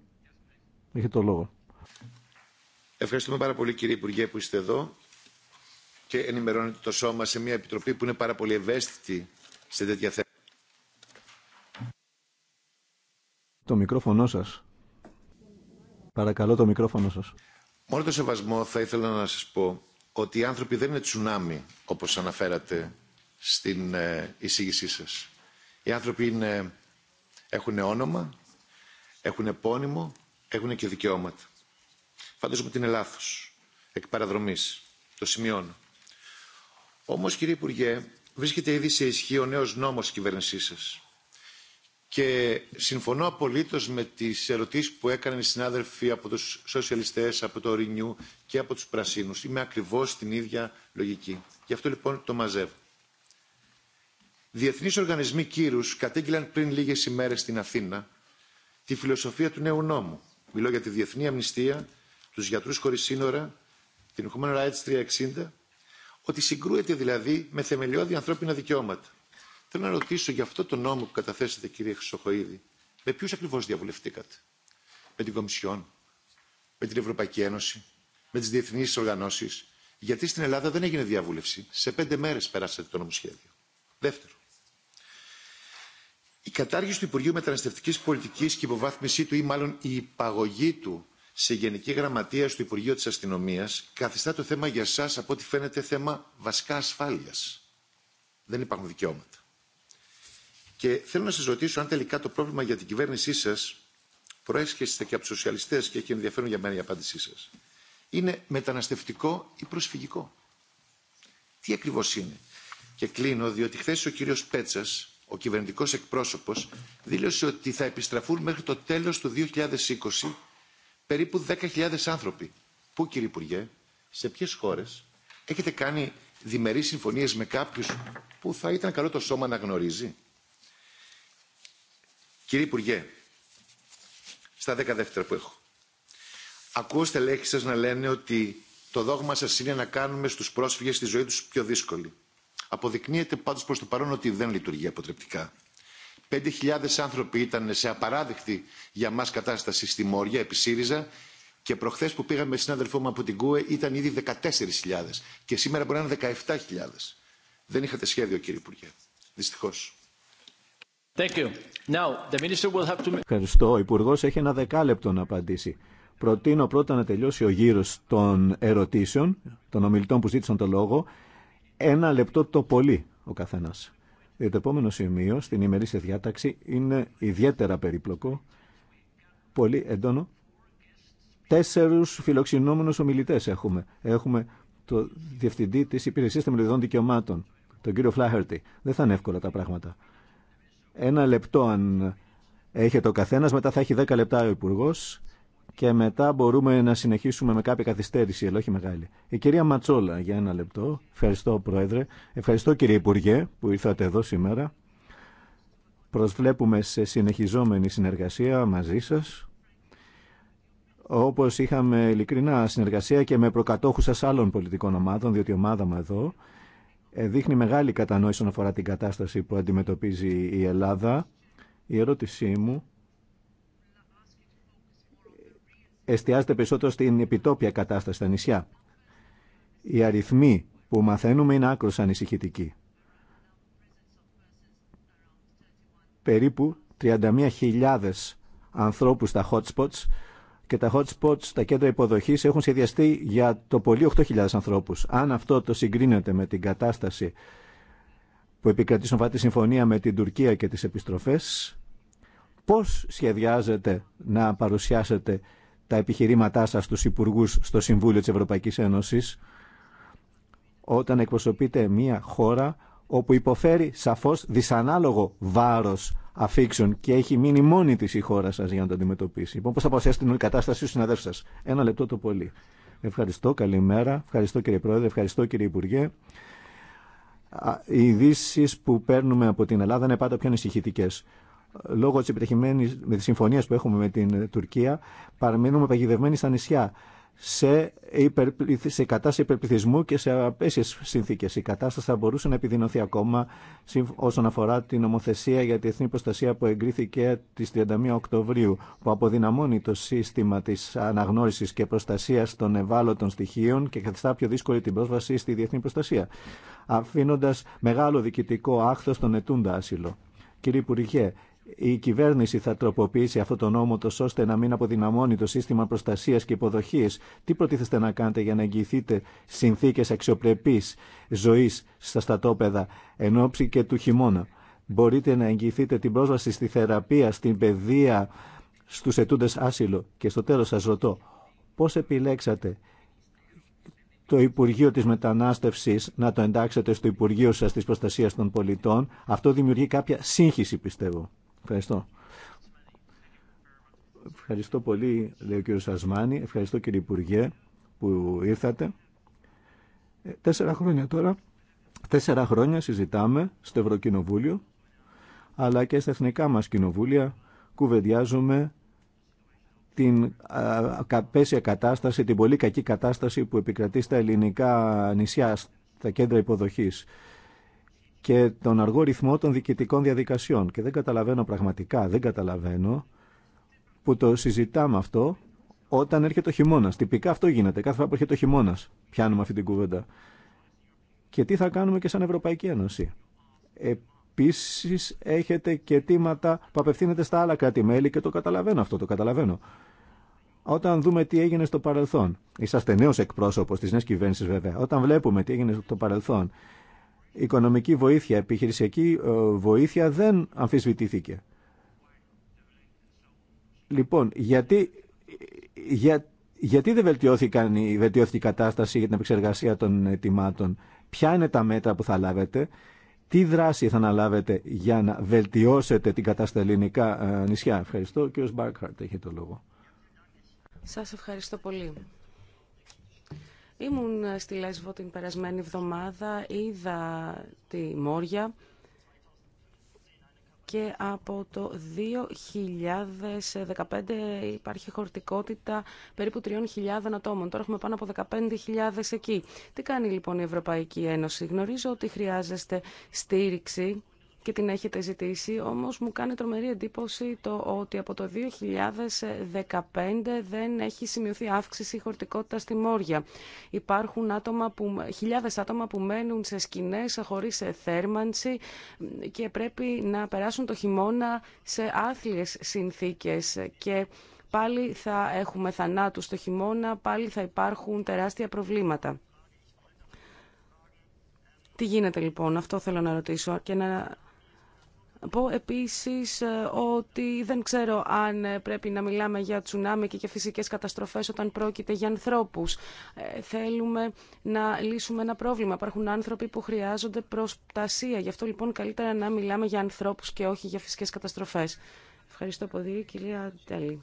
είχε το λόγο. Ευχαριστούμε πάρα πολύ κύριε Υπουργέ που είστε εδώ και ενημερώνετε το σώμα σε μια επιτροπή που είναι πάρα πολύ ευαίσθητη σε τέτοια θέματα. Το μικρόφωνο σας. Παρακαλώ το μικρόφωνο σας. Μόνο το σεβασμό θα ήθελα να σας πω ότι οι άνθρωποι δεν είναι τσουνάμι όπως αναφέρατε στην ε, εισήγησή σας. Οι άνθρωποι είναι, έχουν όνομα, έχουν επώνυμο, έχουν και δικαιώματα φαντάζομαι ότι είναι λάθος, εκ παραδρομή. Το σημειώνω. Όμω κύριε Υπουργέ, βρίσκεται ήδη σε ισχύ ο νέο νόμο τη κυβέρνησή σα. Και συμφωνώ απολύτω με τι ερωτήσει που έκαναν οι συνάδελφοι από του σοσιαλιστέ, από το Ρινιού και από του Πρασίνου, Είμαι ακριβώ στην ίδια λογική. Γι' αυτό λοιπόν το μαζεύω. Διεθνεί οργανισμοί κύρου κατέγγυλαν πριν λίγε ημέρε στην Αθήνα τη φιλοσοφία του νέου νόμου. Μιλώ για τη Διεθνή Αμνηστία του γιατρού χωρί σύνορα, την Human Rights 360, ότι συγκρούεται δηλαδή με θεμελιώδη ανθρώπινα δικαιώματα. Θέλω να ρωτήσω για αυτό το νόμο που καταθέσατε, κύριε Χρυσοχοίδη, με ποιου ακριβώ διαβουλευτήκατε. Με την Κομισιόν, με την Ευρωπαϊκή Ένωση, με τι διεθνείς οργανώσει. γιατί στην Ελλάδα δεν έγινε διαβούλευση. Σε πέντε μέρε περάσατε το νομοσχέδιο. Δεύτερο. Η κατάργηση του Υπουργείου Μεταναστευτική Πολιτική και η υποβάθμιση του ή μάλλον η υπαγωγή του σε Γενική Γραμματεία στο Υπουργείο της Αστυνομίας καθιστά το θέμα για σας από ό,τι φαίνεται θέμα βασικά ασφάλειας. Δεν υπάρχουν δικαιώματα. Και θέλω να σας ρωτήσω αν τελικά το πρόβλημα για την κυβέρνησή σας προέσχεστε και από τους σοσιαλιστές και έχει ενδιαφέρον για μένα η απάντησή σας. Είναι μεταναστευτικό ή προσφυγικό. Τι ακριβώς είναι. Και κλείνω διότι χθε ο κύριος Πέτσας, ο κυβερνητικός εκπρόσωπος, δήλωσε ότι θα επιστραφούν μέχρι το τέλος του 2020 περίπου 10.000 άνθρωποι. Πού, κύριε Υπουργέ, σε ποιες χώρες έχετε κάνει διμερεί συμφωνίες με κάποιους που θα ήταν καλό το σώμα να γνωρίζει. Κύριε Υπουργέ, στα δέκα δεύτερα που έχω. Ακούω στελέχη σας να λένε ότι το δόγμα σας είναι να κάνουμε στους πρόσφυγες τη ζωή τους πιο δύσκολη. Αποδεικνύεται πάντως προς το παρόν ότι δεν λειτουργεί αποτρεπτικά. 5.000 άνθρωποι ήταν σε απαράδεκτη για μας κατάσταση στη Μόρια, επί ΣΥΡΙΖΑ, και προχθές που πήγαμε με συνάδελφό μου από την ΚΟΕ ήταν ήδη 14.000 και σήμερα μπορεί να είναι 17.000. Δεν είχατε σχέδιο κύριε Υπουργέ. Δυστυχώς. Thank you. Ευχαριστώ. Ο Υπουργό έχει ένα δεκάλεπτο να απαντήσει. Προτείνω πρώτα να τελειώσει ο γύρο των ερωτήσεων, των ομιλητών που ζήτησαν το λόγο. Ένα λεπτό το πολύ ο καθένας. Διότι ε, το επόμενο σημείο στην ημερήσια διάταξη είναι ιδιαίτερα περίπλοκο, πολύ έντονο. Τέσσερους φιλοξενούμενους ομιλητές έχουμε. Έχουμε το Διευθυντή της Υπηρεσίας Θεμελιωδών Δικαιωμάτων, τον κύριο Φλάχερτη. Δεν θα είναι εύκολα τα πράγματα. Ένα λεπτό αν έχετε ο καθένας, μετά θα έχει δέκα λεπτά ο Υπουργός και μετά μπορούμε να συνεχίσουμε με κάποια καθυστέρηση, αλλά όχι μεγάλη. Η κυρία Ματσόλα, για ένα λεπτό. Ευχαριστώ, Πρόεδρε. Ευχαριστώ, κύριε Υπουργέ, που ήρθατε εδώ σήμερα. Προσβλέπουμε σε συνεχιζόμενη συνεργασία μαζί σας, όπως είχαμε ειλικρινά συνεργασία και με προκατόχους σας άλλων πολιτικών ομάδων, διότι η ομάδα μου εδώ ε, δείχνει μεγάλη κατανόηση όσον αφορά την κατάσταση που αντιμετωπίζει η Ελλάδα. Η ερώτησή μου εστιάζεται περισσότερο στην επιτόπια κατάσταση στα νησιά. Οι αριθμοί που μαθαίνουμε είναι άκρο ανησυχητικοί. Περίπου 31.000 ανθρώπους στα hot spots και τα hot spots, τα κέντρα υποδοχής έχουν σχεδιαστεί για το πολύ 8.000 ανθρώπους. Αν αυτό το συγκρίνεται με την κατάσταση που επικρατεί στον τη συμφωνία με την Τουρκία και τις επιστροφές, πώς σχεδιάζεται να παρουσιάσετε τα επιχειρήματά σας στους υπουργούς στο Συμβούλιο της Ευρωπαϊκής Ένωσης όταν εκπροσωπείτε μία χώρα όπου υποφέρει σαφώς δυσανάλογο βάρος αφήξεων και έχει μείνει μόνη της η χώρα σας για να το αντιμετωπίσει. Λοιπόν, πώς θα παρουσιάσετε την κατάσταση στους συναδέλφους σας. Ένα λεπτό το πολύ. Ευχαριστώ, καλημέρα. Ευχαριστώ κύριε Πρόεδρε, ευχαριστώ κύριε Υπουργέ. Οι ειδήσει που παίρνουμε από την Ελλάδα είναι πάντα πιο ανησυχητικέ λόγω τη επιτυχημένη με συμφωνίες που έχουμε με την Τουρκία παραμένουμε παγιδευμένοι στα νησιά σε, υπερπληθυ... σε κατάσταση υπερπληθυσμού και σε απέσιες συνθήκε. Η κατάσταση θα μπορούσε να επιδεινωθεί ακόμα όσον αφορά την νομοθεσία για τη εθνή προστασία που εγκρίθηκε τι 31 Οκτωβρίου, που αποδυναμώνει το σύστημα τη αναγνώριση και προστασία των ευάλωτων στοιχείων και καθιστά πιο δύσκολη την πρόσβαση στη διεθνή προστασία, αφήνοντα μεγάλο διοικητικό άχθος στον ετούντα άσυλο. Κύριε Υπουργέ, η κυβέρνηση θα τροποποιήσει αυτό το νόμο τόσο ώστε να μην αποδυναμώνει το σύστημα προστασίας και υποδοχής. Τι προτίθεστε να κάνετε για να εγγυηθείτε συνθήκες αξιοπρεπής ζωής στα στατόπεδα εν ώψη και του χειμώνα. Μπορείτε να εγγυηθείτε την πρόσβαση στη θεραπεία, στην παιδεία, στους ετούντες άσυλο. Και στο τέλος σας ρωτώ, πώς επιλέξατε το Υπουργείο της Μετανάστευσης να το εντάξετε στο Υπουργείο σας της Προστασίας των Πολιτών. Αυτό δημιουργεί κάποια σύγχυση, πιστεύω. Ευχαριστώ. Ευχαριστώ πολύ, λέει ο κύριο Σασμάνη. Ευχαριστώ κύριε Υπουργέ που ήρθατε. Ε, τέσσερα χρόνια τώρα, τέσσερα χρόνια συζητάμε στο Ευρωκοινοβούλιο, αλλά και στα εθνικά μας κοινοβούλια κουβεντιάζουμε την καπέσια κατάσταση, την πολύ κακή κατάσταση που επικρατεί στα ελληνικά νησιά, στα κέντρα υποδοχής και τον αργό ρυθμό των διοικητικών διαδικασιών. Και δεν καταλαβαίνω πραγματικά, δεν καταλαβαίνω που το συζητάμε αυτό όταν έρχεται ο χειμώνα. Τυπικά αυτό γίνεται. Κάθε φορά που έρχεται ο χειμώνα, πιάνουμε αυτή την κουβέντα. Και τι θα κάνουμε και σαν Ευρωπαϊκή Ένωση. Επίση, έχετε και αιτήματα που απευθύνεται στα άλλα κράτη-μέλη και το καταλαβαίνω αυτό, το καταλαβαίνω. Όταν δούμε τι έγινε στο παρελθόν, είσαστε νέο εκπρόσωπο τη νέα κυβέρνηση βέβαια, όταν βλέπουμε τι έγινε στο παρελθόν οικονομική βοήθεια, επιχειρησιακή ε, βοήθεια δεν αμφισβητήθηκε. Λοιπόν, γιατί, για, γιατί δεν βελτιώθηκαν, η, βελτιώθηκε η κατάσταση για την επεξεργασία των ετοιμάτων. Ποια είναι τα μέτρα που θα λάβετε, τι δράση θα αναλάβετε για να βελτιώσετε την κατάσταση ελληνικά ε, νησιά. Ευχαριστώ. Ο κ. Μπάρκχαρτ έχει το λόγο. Σας ευχαριστώ πολύ. Ήμουν στη Λέσβο την περασμένη εβδομάδα, είδα τη Μόρια και από το 2015 υπάρχει χορτικότητα περίπου 3.000 ατόμων. Τώρα έχουμε πάνω από 15.000 εκεί. Τι κάνει λοιπόν η Ευρωπαϊκή Ένωση. Γνωρίζω ότι χρειάζεστε στήριξη και την έχετε ζητήσει, όμως μου κάνει τρομερή εντύπωση το ότι από το 2015 δεν έχει σημειωθεί αύξηση χορτικότητα στη Μόρια. Υπάρχουν άτομα που, χιλιάδες άτομα που μένουν σε σκηνές χωρίς θέρμανση και πρέπει να περάσουν το χειμώνα σε άθλιες συνθήκες και πάλι θα έχουμε θανάτους το χειμώνα, πάλι θα υπάρχουν τεράστια προβλήματα. Τι γίνεται λοιπόν, αυτό θέλω να ρωτήσω και να πω επίσης ε, ότι δεν ξέρω αν ε, πρέπει να μιλάμε για τσουνάμι και για φυσικές καταστροφές όταν πρόκειται για ανθρώπους. Ε, θέλουμε να λύσουμε ένα πρόβλημα. Υπάρχουν άνθρωποι που χρειάζονται προστασία. Γι' αυτό λοιπόν καλύτερα να μιλάμε για ανθρώπους και όχι για φυσικές καταστροφές. Ευχαριστώ πολύ κυρία Τέλη.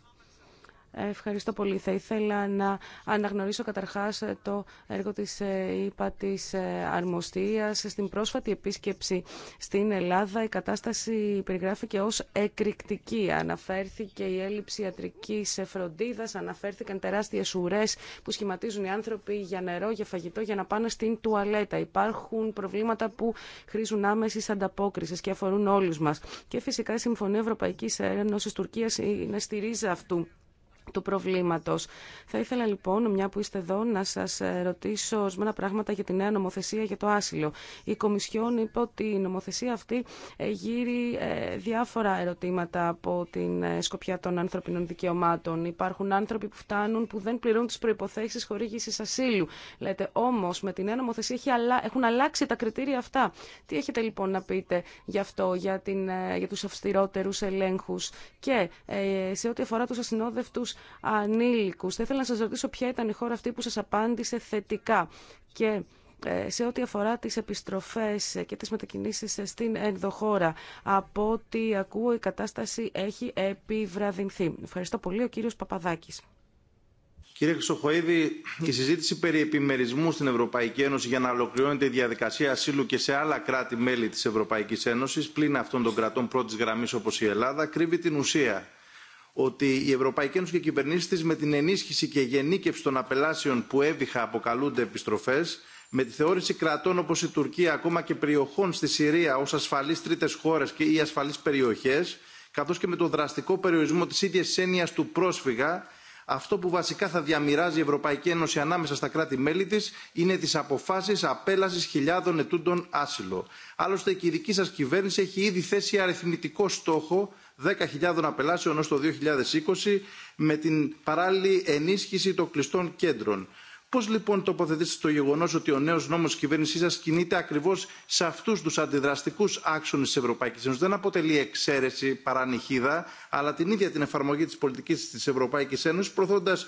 Ευχαριστώ πολύ. Θα ήθελα να αναγνωρίσω καταρχάς το έργο της ΥΠΑ ε, της ε, Αρμοστίας. Στην πρόσφατη επίσκεψη στην Ελλάδα η κατάσταση περιγράφηκε ως εκρηκτική. Αναφέρθηκε η έλλειψη ιατρικής φροντίδας, αναφέρθηκαν τεράστιες ουρές που σχηματίζουν οι άνθρωποι για νερό, για φαγητό, για να πάνε στην τουαλέτα. Υπάρχουν προβλήματα που χρήζουν άμεση ανταπόκριση και αφορούν όλους μας. Και φυσικά η Συμφωνία Ευρωπαϊκής Ένωσης Τουρκίας είναι στη ρίζα αυτού του προβλήματος. Θα ήθελα λοιπόν, μια που είστε εδώ, να σας ε, ρωτήσω ορισμένα πράγματα για τη νέα νομοθεσία για το άσυλο. Η Κομισιόν είπε ότι η νομοθεσία αυτή ε, γύρει ε, διάφορα ερωτήματα από την σκοπιά των ανθρωπινών δικαιωμάτων. Υπάρχουν άνθρωποι που φτάνουν που δεν πληρούν τις προϋποθέσεις χορήγησης ασύλου. Λέτε όμως με τη νέα νομοθεσία έχουν αλλάξει τα κριτήρια αυτά. Τι έχετε λοιπόν να πείτε γι' αυτό, για, την, για τους αυστηρότερους ελέγχους και σε ό,τι αφορά τους ασυνόδευτους Ανήλικου. Θα ήθελα να σα ρωτήσω ποια ήταν η χώρα αυτή που σα απάντησε θετικά και ε, σε ό,τι αφορά τις επιστροφές και τις μετακινήσεις στην ενδοχώρα. Από ό,τι ακούω η κατάσταση έχει επιβραδυνθεί. Ευχαριστώ πολύ ο κύριος Παπαδάκης. Κύριε Χρυσοχοίδη, η συζήτηση περί επιμερισμού στην Ευρωπαϊκή Ένωση για να ολοκληρώνεται η διαδικασία ασύλου και σε άλλα κράτη-μέλη της Ευρωπαϊκής Ένωσης, πλην αυτών των κρατών πρώτη γραμμή όπως η Ελλάδα, κρύβει την ουσία ότι η Ευρωπαϊκή Ένωση και οι κυβερνήσει τη με την ενίσχυση και γενίκευση των απελάσεων που έβηχα αποκαλούνται επιστροφέ, με τη θεώρηση κρατών όπω η Τουρκία, ακόμα και περιοχών στη Συρία ω ασφαλεί τρίτε χώρε ή ασφαλεί περιοχέ, καθώ και με το δραστικό περιορισμό τη ίδια έννοια του πρόσφυγα, αυτό που βασικά θα διαμοιράζει η Ευρωπαϊκή Ένωση ανάμεσα στα κράτη-μέλη τη είναι τι αποφάσει απέλαση χιλιάδων ετούντων άσυλο. Άλλωστε και η δική σα κυβέρνηση έχει ήδη θέσει αριθμητικό στόχο 10.000 απελάσεων έως το 2020 με την παράλληλη ενίσχυση των κλειστών κέντρων. Πώς λοιπόν τοποθετήσετε το γεγονός ότι ο νέος νόμος της κυβέρνησής σας κινείται ακριβώς σε αυτούς τους αντιδραστικούς άξονες της Ευρωπαϊκής Ένωσης. Δεν αποτελεί εξαίρεση παρανυχίδα, αλλά την ίδια την εφαρμογή της πολιτικής της Ευρωπαϊκής Ένωσης, προθώντας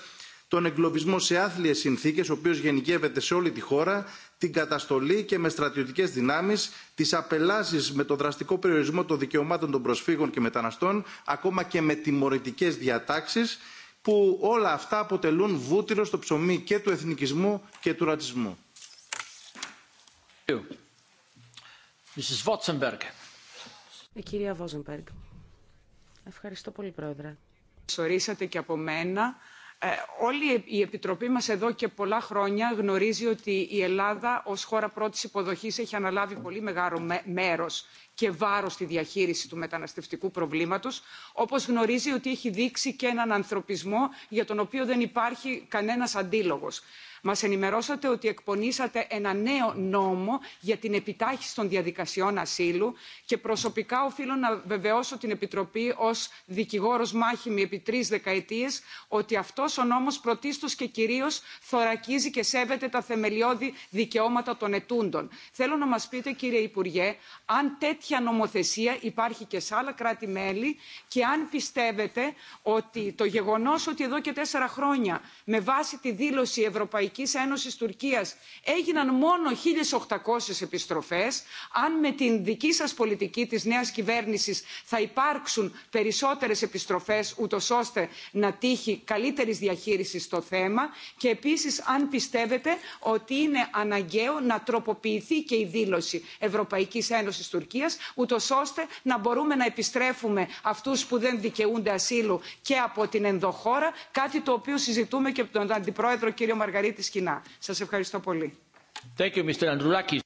τον εγκλωβισμό σε άθλιες συνθήκες, ο οποίος γενικεύεται σε όλη τη χώρα, την καταστολή και με στρατιωτικές δυνάμεις, τις απελάσεις με το δραστικό περιορισμό των δικαιωμάτων των προσφύγων και μεταναστών, ακόμα και με τιμωρητικές διατάξεις, που όλα αυτά αποτελούν βούτυρο στο ψωμί και του εθνικισμού και του ρατσισμού. Ε, Ευχαριστώ πολύ, και από μένα ε, όλη η επιτροπή μας εδώ και πολλά χρόνια γνωρίζει ότι η ελλάδα ως χώρα πρώτης υποδοχής έχει αναλάβει πολύ μεγάλο μέρος και βάρος στη διαχείριση του μεταναστευτικού προβλήματος όπως γνωρίζει ότι έχει δείξει και έναν ανθρωπισμό για τον οποίο δεν υπάρχει κανένας αντίλογος μας ενημερώσατε ότι εκπονήσατε ένα νέο νόμο για την επιτάχυση των διαδικασιών ασύλου και προσωπικά οφείλω να βεβαιώσω την επιτροπή ως δικηγόρος μάχημη επί τρεις δεκαετίες ότι αυτός ο νόμος πρωτίστως και κυρίως θωρακίζει και σέβεται τα θεμελιώδη δικαιώματα των ετούντων. θέλω να μας πείτε κύριε υπουργέ αν τέτοια νομοθεσία υπάρχει και σε άλλα κράτη μέλη και αν πιστεύετε ότι το γεγονός ότι εδώ και τέσσερα χρόνια με βάση τη δήλωση ευρωπαϊκή Ευρωπαϊκής Ένωσης Τουρκίας έγιναν μόνο 1.800 επιστροφές. Αν με την δική σας πολιτική της νέας κυβέρνησης θα υπάρξουν περισσότερες επιστροφές ούτως ώστε να τύχει καλύτερης διαχείρισης στο θέμα και επίσης αν πιστεύετε ότι είναι αναγκαίο να τροποποιηθεί και η δήλωση Ευρωπαϊκής Ένωσης Τουρκίας ούτως ώστε να μπορούμε να επιστρέφουμε αυτούς που δεν δικαιούνται ασύλου και από την ενδοχώρα, κάτι το οποίο συζητούμε και από τον Αντιπρόεδρο κύριο Μαργαρίτη τη σκηνά. Σας ευχαριστώ πολύ. Thank you, Mr.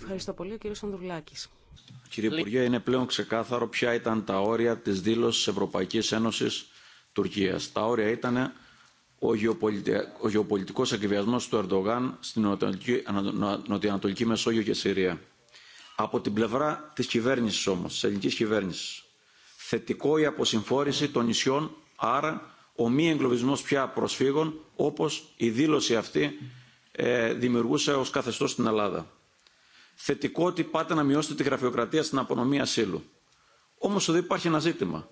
Ευχαριστώ πολύ, κύριε Ανδρουλάκη. Κύριε Υπουργέ, είναι πλέον ξεκάθαρο ποια ήταν τα όρια της δήλωσης Ευρωπαϊκής Ένωσης Τουρκίας. Τα όρια ήταν ο, γεωπολιτικό ο γεωπολιτικός εκβιασμός του Ερντογάν στην νοτιοανατολική... Μεσόγειο και Συρία. Από την πλευρά της κυβέρνησης όμως, της ελληνικής κυβέρνησης, θετικό η αποσυμφόρηση των νησιών, άρα ο μη εγκλωβισμός πια προσφύγων όπως η δήλωση αυτή ε, δημιουργούσε ως καθεστώς στην Ελλάδα. Θετικό ότι πάτε να μειώσετε τη γραφειοκρατία στην απονομή ασύλου. Όμως εδώ υπάρχει ένα ζήτημα.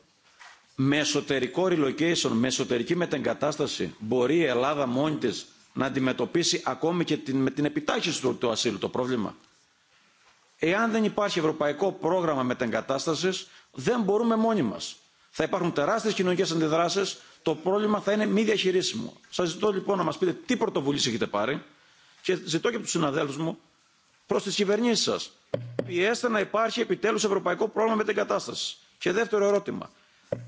Με εσωτερικό relocation, με εσωτερική μετεγκατάσταση μπορεί η Ελλάδα μόνη της να αντιμετωπίσει ακόμη και την, με την επιτάχυση του, του ασύλου το πρόβλημα. Εάν δεν υπάρχει ευρωπαϊκό πρόγραμμα μετεγκατάστασης δεν μπορούμε μόνοι μα. Θα υπάρχουν τεράστιες κοινωνικές αντιδράσεις το πρόβλημα θα είναι μη διαχειρίσιμο. Σας ζητώ λοιπόν να μα πείτε τι πρωτοβουλίε έχετε πάρει και ζητώ και από του συναδέλφου μου προς τις κυβερνήσεις σας. Πιέστε να υπάρχει επιτέλου ευρωπαϊκό πρόγραμμα με την κατάσταση. Και δεύτερο ερώτημα.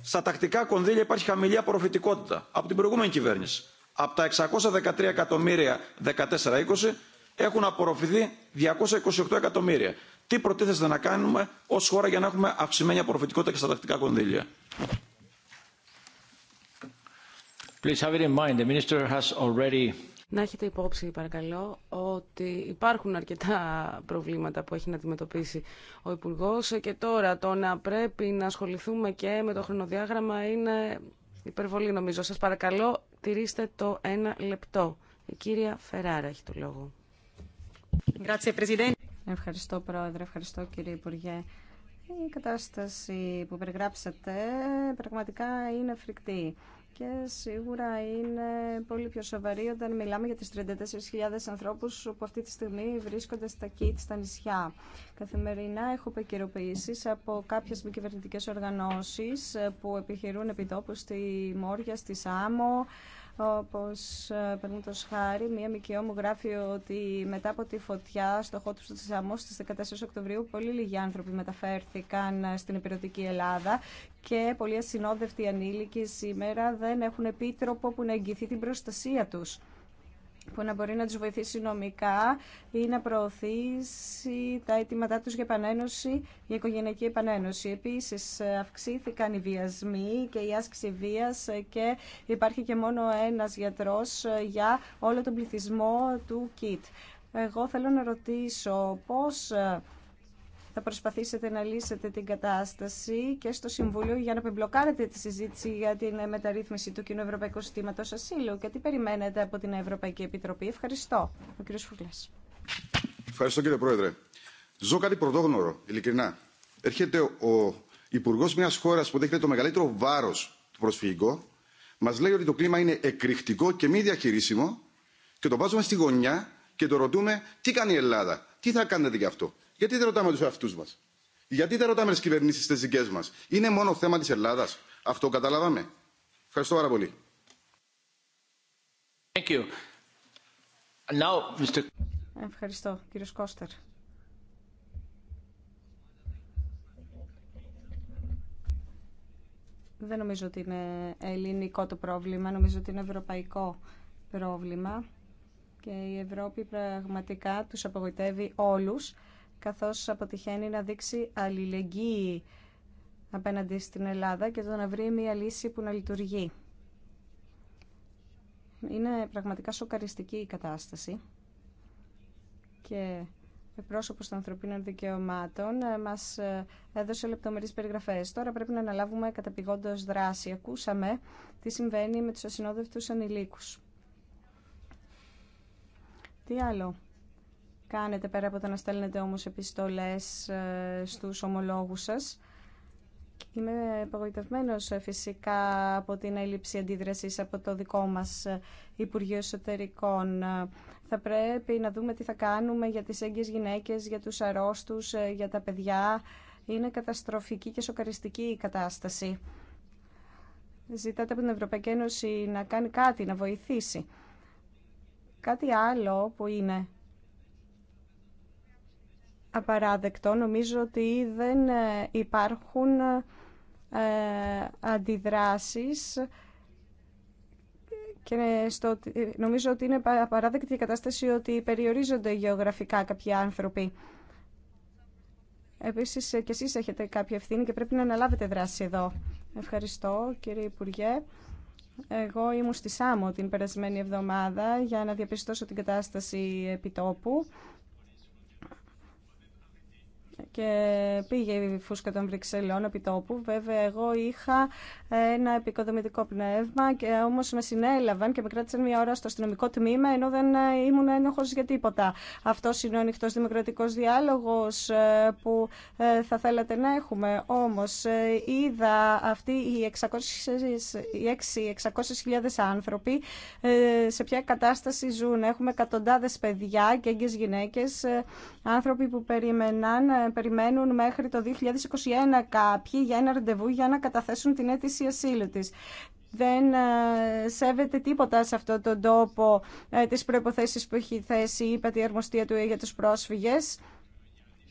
Στα τακτικά κονδύλια υπάρχει χαμηλή απορροφητικότητα από την προηγούμενη κυβέρνηση. Από τα 613 εκατομμύρια 14-20 έχουν απορροφηθεί 228 εκατομμύρια. Τι προτίθεστε να κάνουμε ως χώρα για να έχουμε αυξημένη απορροφητικότητα και στα τακτικά κονδύλια. Να έχετε υπόψη, παρακαλώ, ότι υπάρχουν αρκετά προβλήματα που έχει να αντιμετωπίσει ο Υπουργό και τώρα το να πρέπει να ασχοληθούμε και με το χρονοδιάγραμμα είναι υπερβολή, νομίζω. Σας παρακαλώ, τηρήστε το ένα λεπτό. Η κυρία Φεράρα έχει το λόγο. Ευχαριστώ, Πρόεδρε. Ευχαριστώ, κύριε Υπουργέ. Η κατάσταση που περιγράψατε πραγματικά είναι φρικτή και σίγουρα είναι πολύ πιο σοβαρή όταν μιλάμε για τις 34.000 ανθρώπους που αυτή τη στιγμή βρίσκονται στα ΚΙΤ, στα νησιά. Καθημερινά έχω επικαιροποιήσει από κάποιες μη κυβερνητικέ οργανώσεις που επιχειρούν επιτόπου στη Μόρια, στη Σάμο, όπως ε, το χάρη, μία μικιό μου γράφει ότι μετά από τη φωτιά στο χώτο του Τσαμός στις 14 Οκτωβρίου πολύ λίγοι άνθρωποι μεταφέρθηκαν ε, στην υπηρετική Ελλάδα και πολλοί ασυνόδευτοι ανήλικοι σήμερα δεν έχουν επίτροπο που να εγγυηθεί την προστασία τους που να μπορεί να τους βοηθήσει νομικά ή να προωθήσει τα αιτήματά τους για επανένωση, για οικογενειακή επανένωση. Επίσης, αυξήθηκαν οι βιασμοί και η άσκηση βίας και υπάρχει και μόνο ένας γιατρός για όλο τον πληθυσμό του ΚΙΤ. Εγώ θέλω να ρωτήσω πώς θα προσπαθήσετε να λύσετε την κατάσταση και στο Συμβούλιο για να πεμπλοκάρετε τη συζήτηση για την μεταρρύθμιση του κοινού Ευρωπαϊκού Συστήματος Ασύλου και τι περιμένετε από την Ευρωπαϊκή Επιτροπή. Ευχαριστώ. Ο κ. Ευχαριστώ κύριε Πρόεδρε. Ζω κάτι πρωτόγνωρο, ειλικρινά. Έρχεται ο υπουργό μια χώρα που δέχεται το μεγαλύτερο βάρο του προσφυγικού, μα λέει ότι το κλίμα είναι εκρηκτικό και μη διαχειρίσιμο και το βάζουμε στη γωνιά και το ρωτούμε τι κάνει η Ελλάδα, τι θα κάνετε γι' αυτό. Γιατί δεν ρωτάμε του εαυτού μα. Γιατί δεν ρωτάμε τι κυβερνήσει τη δικέ μα. Είναι μόνο θέμα τη Ελλάδα. Αυτό καταλάβαμε. Ευχαριστώ πάρα πολύ. Thank you. Now, Mr. Ευχαριστώ, κύριο Κώστερ. Δεν νομίζω ότι είναι ελληνικό το πρόβλημα, νομίζω ότι είναι ευρωπαϊκό πρόβλημα και η Ευρώπη πραγματικά τους απογοητεύει όλους καθώς αποτυχαίνει να δείξει αλληλεγγύη απέναντι στην Ελλάδα και το να βρει μια λύση που να λειτουργεί. Είναι πραγματικά σοκαριστική η κατάσταση και εκπρόσωπος των ανθρωπίνων δικαιωμάτων ε, μας ε, έδωσε λεπτομερείς περιγραφές. Τώρα πρέπει να αναλάβουμε καταπηγόντως δράση. Ακούσαμε τι συμβαίνει με τους ασυνόδευτους ανηλίκους. Τι άλλο κάνετε πέρα από το να στέλνετε όμως επιστολές ε, στους ομολόγους σας. Είμαι απογοητευμένος ε, φυσικά από την έλλειψη αντίδρασης από το δικό μας ε, Υπουργείο Εσωτερικών. Θα πρέπει να δούμε τι θα κάνουμε για τις έγκυες γυναίκες, για τους αρρώστους, για τα παιδιά. Είναι καταστροφική και σοκαριστική η κατάσταση. Ζητάτε από την Ευρωπαϊκή Ένωση να κάνει κάτι, να βοηθήσει. Κάτι άλλο που είναι απαράδεκτο. Νομίζω ότι δεν ε, υπάρχουν ε, αντιδράσεις και στο, νομίζω ότι είναι απαράδεκτη η κατάσταση ότι περιορίζονται γεωγραφικά κάποιοι άνθρωποι. Επίσης ε, και εσείς έχετε κάποια ευθύνη και πρέπει να αναλάβετε δράση εδώ. Ευχαριστώ κύριε Υπουργέ. Εγώ ήμουν στη Σάμο την περασμένη εβδομάδα για να διαπιστώσω την κατάσταση επιτόπου και πήγε η φούσκα των Βρυξελών επί τόπου. Βέβαια, εγώ είχα ένα επικοδομητικό πνεύμα και όμως με συνέλαβαν και με κράτησαν μια ώρα στο αστυνομικό τμήμα ενώ δεν ήμουν ένοχο για τίποτα. Αυτό είναι ο ανοιχτό δημοκρατικό διάλογο ε, που ε, θα θέλατε να έχουμε. Όμω, ε, είδα αυτοί οι 600.000 άνθρωποι σε ποια κατάσταση ζουν. Έχουμε εκατοντάδες παιδιά και έγκυε γυναίκες, άνθρωποι που περίμεναν περιμένουν μέχρι το 2021 κάποιοι για ένα ραντεβού για να καταθέσουν την αίτηση ασύλου της. Δεν ε, σέβεται τίποτα σε αυτόν τον τόπο ε, τις προϋποθέσεις που έχει θέσει η Πατιαρμοστία του ΕΕ για τους πρόσφυγες.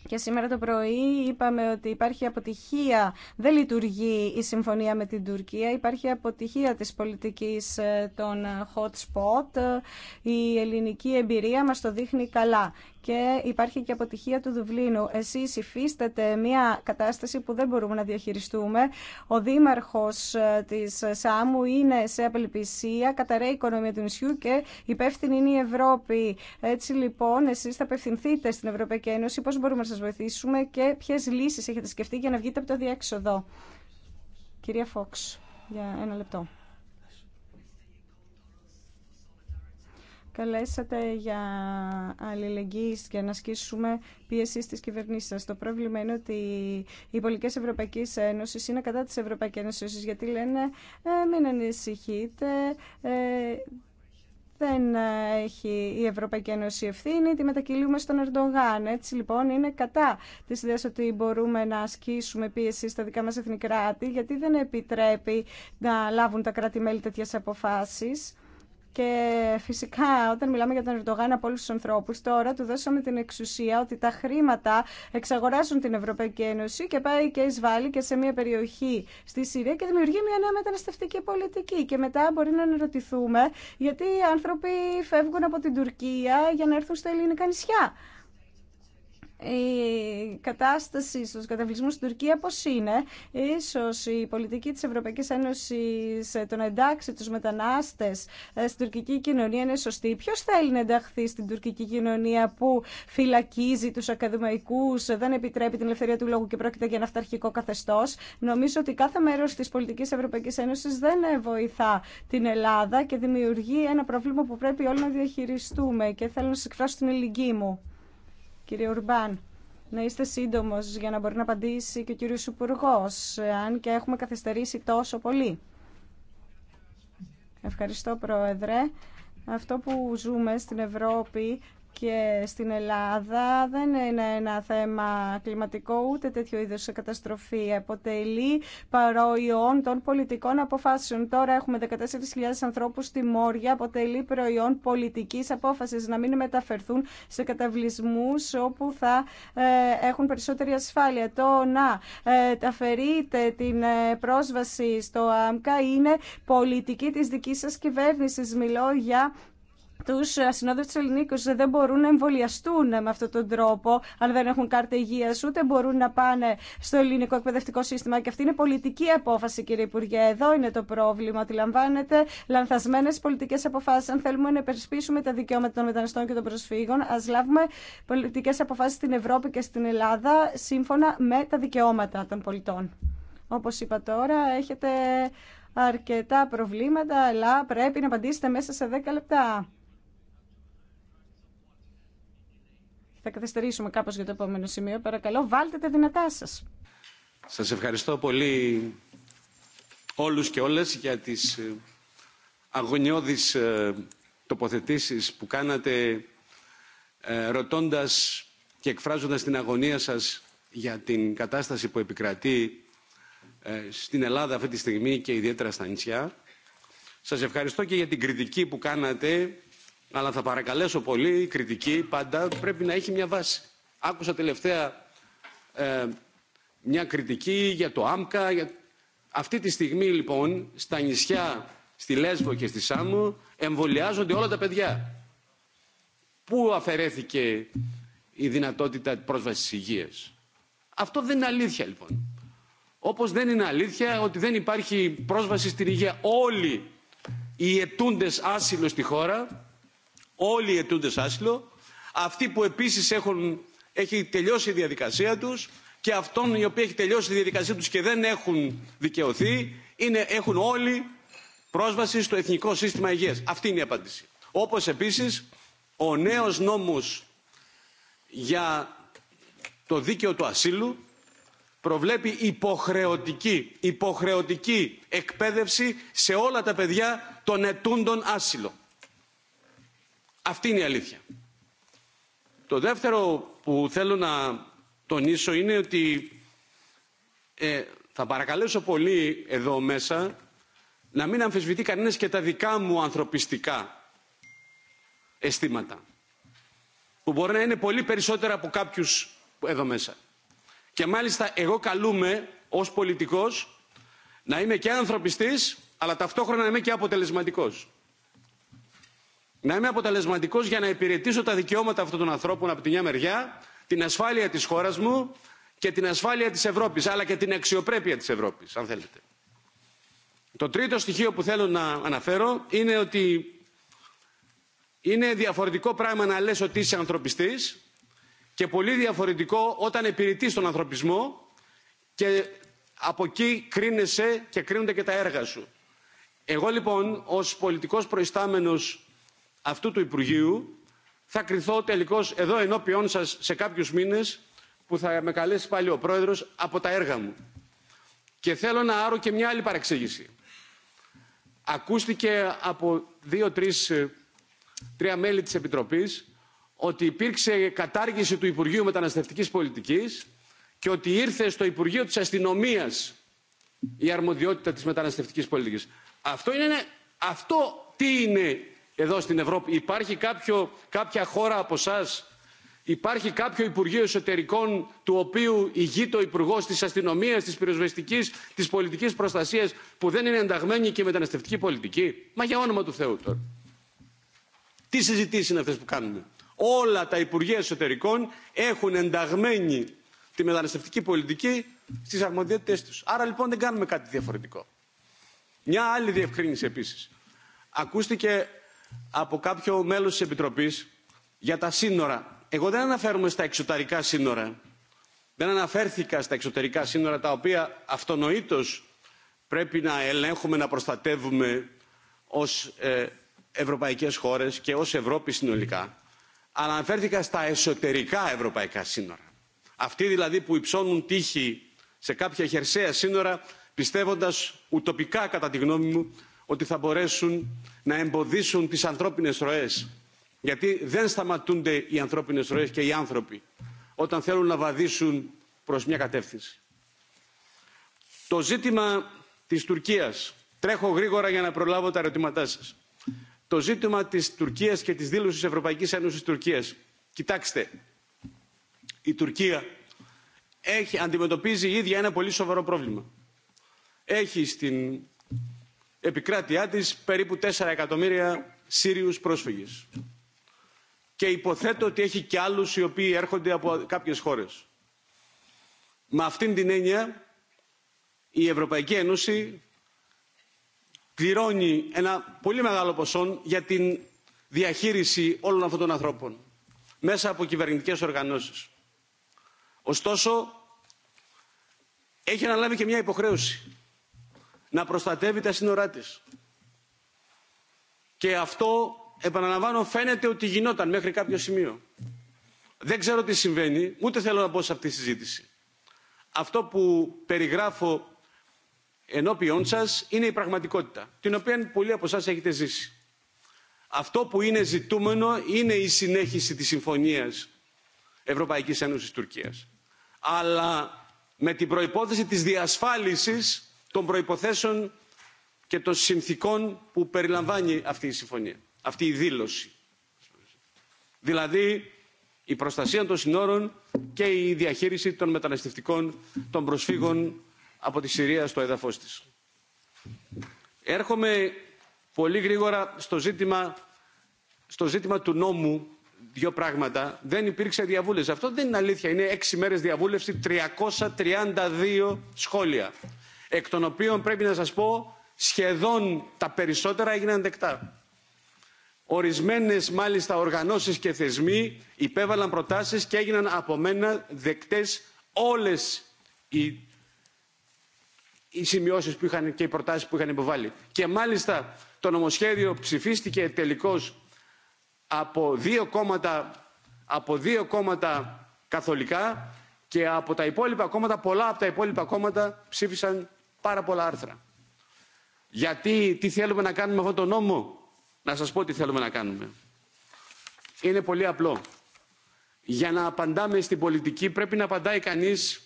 Και σήμερα το πρωί είπαμε ότι υπάρχει αποτυχία, δεν λειτουργεί η συμφωνία με την Τουρκία, υπάρχει αποτυχία της πολιτικής ε, των hot spot. Η ελληνική εμπειρία μας το δείχνει καλά και υπάρχει και αποτυχία του Δουβλίνου. Εσείς υφίστατε μια κατάσταση που δεν μπορούμε να διαχειριστούμε. Ο δήμαρχος ε, της ΣΑΜΟΥ είναι σε απελπισία, καταραίει η οικονομία του νησιού και υπεύθυνη είναι η Ευρώπη. Έτσι λοιπόν εσείς θα απευθυνθείτε στην Ευρωπαϊκή Ένωση πώς μπορούμε να σας βοηθήσουμε και ποιες λύσει έχετε σκεφτεί για να βγείτε από το διέξοδο. Κυρία Φόξ, για ένα λεπτό. καλέσατε για αλληλεγγύη και να ασκήσουμε πίεση στι κυβερνήσει σα. Το πρόβλημα είναι ότι οι πολιτικέ Ευρωπαϊκή Ένωση είναι κατά τη Ευρωπαϊκή Ένωση, γιατί λένε ε, μην ανησυχείτε. Ε, δεν έχει η Ευρωπαϊκή Ένωση ευθύνη, τη μετακυλούμε στον Ερντογάν. Έτσι λοιπόν είναι κατά τη ιδέα ότι μπορούμε να ασκήσουμε πίεση στα δικά μα εθνικά κράτη, γιατί δεν επιτρέπει να λάβουν τα κράτη-μέλη τέτοιε αποφάσει. Και φυσικά όταν μιλάμε για τον Ερντογάν από όλου του ανθρώπου, τώρα του δώσαμε την εξουσία ότι τα χρήματα εξαγοράζουν την Ευρωπαϊκή Ένωση και πάει και εισβάλλει και σε μια περιοχή στη Συρία και δημιουργεί μια νέα μεταναστευτική πολιτική. Και μετά μπορεί να αναρωτηθούμε γιατί οι άνθρωποι φεύγουν από την Τουρκία για να έρθουν στα ελληνικά νησιά η κατάσταση στους καταβλισμούς στην Τουρκία πώς είναι. Ίσως η πολιτική της Ευρωπαϊκής Ένωσης ε, το να εντάξει τους μετανάστες ε, στην τουρκική κοινωνία είναι σωστή. Ποιος θέλει να ενταχθεί στην τουρκική κοινωνία που φυλακίζει τους ακαδημαϊκούς, ε, δεν επιτρέπει την ελευθερία του λόγου και πρόκειται για ένα αυταρχικό καθεστώς. Νομίζω ότι κάθε μέρος της πολιτικής Ευρωπαϊκής Ένωσης δεν βοηθά την Ελλάδα και δημιουργεί ένα πρόβλημα που πρέπει όλοι να διαχειριστούμε και θέλω να σας εκφράσω την ελληνική μου. Κύριε Ουρμπάν, να είστε σύντομο για να μπορεί να απαντήσει και ο κύριο Υπουργό, αν και έχουμε καθυστερήσει τόσο πολύ. Ευχαριστώ, Πρόεδρε. Αυτό που ζούμε στην Ευρώπη και στην Ελλάδα δεν είναι ένα θέμα κλιματικό ούτε τέτοιο είδους καταστροφή. Αποτελεί παροϊόν των πολιτικών αποφάσεων. Τώρα έχουμε 14.000 ανθρώπους στη Μόρια. Αποτελεί προϊόν πολιτικής απόφασης να μην μεταφερθούν σε καταβλισμούς όπου θα ε, έχουν περισσότερη ασφάλεια. Το να ε, αφαιρείτε την ε, πρόσβαση στο ΑΜΚΑ είναι πολιτική της δική σας κυβέρνησης. Μιλώ για τους ασυνόδευτους ελληνίκους δεν μπορούν να εμβολιαστούν με αυτόν τον τρόπο αν δεν έχουν κάρτα υγεία ούτε μπορούν να πάνε στο ελληνικό εκπαιδευτικό σύστημα και αυτή είναι πολιτική απόφαση κύριε Υπουργέ εδώ είναι το πρόβλημα ότι λαμβάνετε λανθασμένε πολιτικέ αποφάσει. αν θέλουμε να υπερσπίσουμε τα δικαιώματα των μεταναστών και των προσφύγων Α λάβουμε πολιτικέ αποφάσει στην Ευρώπη και στην Ελλάδα σύμφωνα με τα δικαιώματα των πολιτών Όπω είπα τώρα έχετε αρκετά προβλήματα αλλά πρέπει να απαντήσετε μέσα σε 10 λεπτά Θα καθυστερήσουμε κάπως για το επόμενο σημείο. Παρακαλώ, βάλτε τα δυνατά σας. Σας ευχαριστώ πολύ όλους και όλες για τις ε, αγωνιώδεις ε, τοποθετήσεις που κάνατε ε, ρωτώντας και εκφράζοντας την αγωνία σας για την κατάσταση που επικρατεί στην Ελλάδα αυτή τη στιγμή και ιδιαίτερα στα νησιά. Σας ευχαριστώ και για την κριτική που κάνατε αλλά θα παρακαλέσω πολύ η κριτική πάντα πρέπει να έχει μια βάση. Άκουσα τελευταία ε, μια κριτική για το ΆΜΚΑ. Για... Αυτή τη στιγμή λοιπόν στα νησιά, στη Λέσβο και στη Σάμμο εμβολιάζονται όλα τα παιδιά. Πού αφαιρέθηκε η δυνατότητα πρόσβασης υγείας. Αυτό δεν είναι αλήθεια λοιπόν. Όπως δεν είναι αλήθεια ότι δεν υπάρχει πρόσβαση στην υγεία. Όλοι οι ετούντες άσυλο στη χώρα όλοι οι αιτούντες άσυλο, αυτοί που επίσης έχουν, έχει τελειώσει η διαδικασία τους και αυτόν οι οποίοι έχει τελειώσει η διαδικασία τους και δεν έχουν δικαιωθεί, είναι, έχουν όλοι πρόσβαση στο Εθνικό Σύστημα Υγείας. Αυτή είναι η απάντηση. Όπως επίσης ο νέος νόμος για το δίκαιο του ασύλου προβλέπει υποχρεωτική, υποχρεωτική εκπαίδευση σε όλα τα παιδιά των ετούντων άσυλων. Αυτή είναι η αλήθεια. Το δεύτερο που θέλω να τονίσω είναι ότι ε, θα παρακαλέσω πολύ εδώ μέσα να μην αμφισβητεί κανένας και τα δικά μου ανθρωπιστικά αισθήματα που μπορεί να είναι πολύ περισσότερα από κάποιους εδώ μέσα. Και μάλιστα εγώ καλούμε ως πολιτικός να είμαι και ανθρωπιστής αλλά ταυτόχρονα να είμαι και αποτελεσματικός να είμαι αποτελεσματικό για να υπηρετήσω τα δικαιώματα αυτών των ανθρώπων από τη μια μεριά, την ασφάλεια τη χώρα μου και την ασφάλεια τη Ευρώπη, αλλά και την αξιοπρέπεια τη Ευρώπη, αν θέλετε. Το τρίτο στοιχείο που θέλω να αναφέρω είναι ότι είναι διαφορετικό πράγμα να λες ότι είσαι ανθρωπιστής και πολύ διαφορετικό όταν επιρρητείς τον ανθρωπισμό και από εκεί κρίνεσαι και κρίνονται και τα έργα σου. Εγώ λοιπόν ως πολιτικός προϊστάμενος αυτού του Υπουργείου θα κρυθώ τελικώς εδώ ενώπιόν σας σε κάποιους μήνες που θα με καλέσει πάλι ο Πρόεδρος από τα έργα μου. Και θέλω να άρω και μια άλλη παρεξήγηση. Ακούστηκε από δύο-τρεις ε, τρία μέλη της Επιτροπής ότι υπήρξε κατάργηση του Υπουργείου Μεταναστευτικής Πολιτικής και ότι ήρθε στο Υπουργείο της Αστυνομίας η αρμοδιότητα της μεταναστευτικής πολιτικής. Αυτό, είναι, αυτό τι είναι εδώ στην Ευρώπη. Υπάρχει κάποια χώρα από εσά, υπάρχει κάποιο Υπουργείο Εσωτερικών του οποίου ηγείται ο Υπουργό τη Αστυνομία, τη Πυροσβεστική, τη Πολιτική Προστασία που δεν είναι ενταγμένη και η μεταναστευτική πολιτική. Μα για όνομα του Θεού τώρα. Τι συζητήσει είναι αυτέ που κάνουμε. Όλα τα Υπουργεία Εσωτερικών έχουν ενταγμένη τη μεταναστευτική πολιτική στι αρμοδιότητέ του. Άρα λοιπόν δεν κάνουμε κάτι διαφορετικό. Μια άλλη διευκρίνηση επίση. Ακούστηκε από κάποιο μέλος της Επιτροπής για τα σύνορα. Εγώ δεν αναφέρομαι στα εξωτερικά σύνορα. Δεν αναφέρθηκα στα εξωτερικά σύνορα τα οποία αυτονοήτως πρέπει να ελέγχουμε, να προστατεύουμε ως ευρωπαϊκέ ευρωπαϊκές χώρες και ως Ευρώπη συνολικά. Αλλά αναφέρθηκα στα εσωτερικά ευρωπαϊκά σύνορα. Αυτοί δηλαδή που υψώνουν τύχη σε κάποια χερσαία σύνορα πιστεύοντας ουτοπικά κατά τη γνώμη μου ότι θα μπορέσουν να εμποδίσουν τις ανθρώπινες ροές. Γιατί δεν σταματούνται οι ανθρώπινες ροές και οι άνθρωποι όταν θέλουν να βαδίσουν προς μια κατεύθυνση. Το ζήτημα της Τουρκίας, τρέχω γρήγορα για να προλάβω τα ερωτήματά σας. Το ζήτημα της Τουρκίας και της δήλωσης Ευρωπαϊκής Ένωσης Τουρκίας. Κοιτάξτε, η Τουρκία αντιμετωπίζει η ίδια ένα πολύ σοβαρό πρόβλημα. Έχει στην επικράτειά της περίπου 4 εκατομμύρια Σύριους πρόσφυγες. Και υποθέτω ότι έχει και άλλους οι οποίοι έρχονται από κάποιες χώρες. Με αυτήν την έννοια η Ευρωπαϊκή Ένωση πληρώνει ένα πολύ μεγάλο ποσό για την διαχείριση όλων αυτών των ανθρώπων μέσα από κυβερνητικές οργανώσεις. Ωστόσο, έχει αναλάβει και μια υποχρέωση να προστατεύει τα σύνορά της. Και αυτό, επαναλαμβάνω, φαίνεται ότι γινόταν μέχρι κάποιο σημείο. Δεν ξέρω τι συμβαίνει, ούτε θέλω να πω σε αυτή τη συζήτηση. Αυτό που περιγράφω ενώπιόν σας είναι η πραγματικότητα, την οποία πολλοί από εσά έχετε ζήσει. Αυτό που είναι ζητούμενο είναι η συνέχιση της συμφωνίας Ευρωπαϊκής Ένωσης Τουρκίας. Αλλά με την προϋπόθεση της διασφάλισης των προϋποθέσεων και των συνθήκων που περιλαμβάνει αυτή η συμφωνία, αυτή η δήλωση. Δηλαδή η προστασία των συνόρων και η διαχείριση των μεταναστευτικών των προσφύγων από τη Συρία στο έδαφος της. Έρχομαι πολύ γρήγορα στο ζήτημα, στο ζήτημα του νόμου δύο πράγματα. Δεν υπήρξε διαβούλευση. Αυτό δεν είναι αλήθεια. Είναι έξι μέρες διαβούλευση, 332 σχόλια εκ των οποίων πρέπει να σας πω σχεδόν τα περισσότερα έγιναν δεκτά. Ορισμένες μάλιστα οργανώσεις και θεσμοί υπέβαλαν προτάσεις και έγιναν από μένα δεκτές όλες οι, οι σημειώσεις που είχαν και οι προτάσεις που είχαν υποβάλει. Και μάλιστα το νομοσχέδιο ψηφίστηκε τελικώς από δύο κόμματα, από δύο κόμματα καθολικά και από τα υπόλοιπα κόμματα, πολλά από τα υπόλοιπα κόμματα ψήφισαν πάρα πολλά άρθρα. Γιατί τι θέλουμε να κάνουμε με αυτόν τον νόμο. Να σας πω τι θέλουμε να κάνουμε. Είναι πολύ απλό. Για να απαντάμε στην πολιτική πρέπει να απαντάει κανείς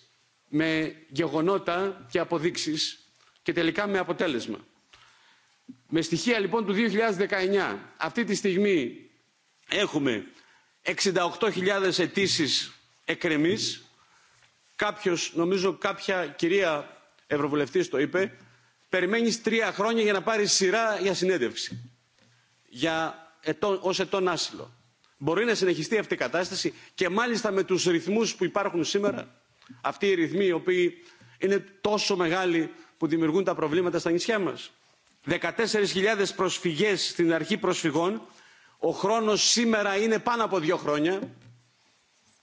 με γεγονότα και αποδείξεις και τελικά με αποτέλεσμα. Με στοιχεία λοιπόν του 2019 αυτή τη στιγμή έχουμε 68.000 αιτήσει εκκρεμής. Κάποιος, νομίζω κάποια κυρία Ευρωβουλευτή το είπε, περιμένει τρία χρόνια για να πάρει σειρά για συνέντευξη, για ετών, ετών άσυλο. Μπορεί να συνεχιστεί αυτή η κατάσταση και μάλιστα με του ρυθμού που υπάρχουν σήμερα, αυτοί οι ρυθμοί οι οποίοι είναι τόσο μεγάλοι που δημιουργούν τα προβλήματα στα νησιά μας. 14.000 προσφυγέ στην αρχή προσφυγών, ο χρόνο σήμερα είναι πάνω από δύο χρόνια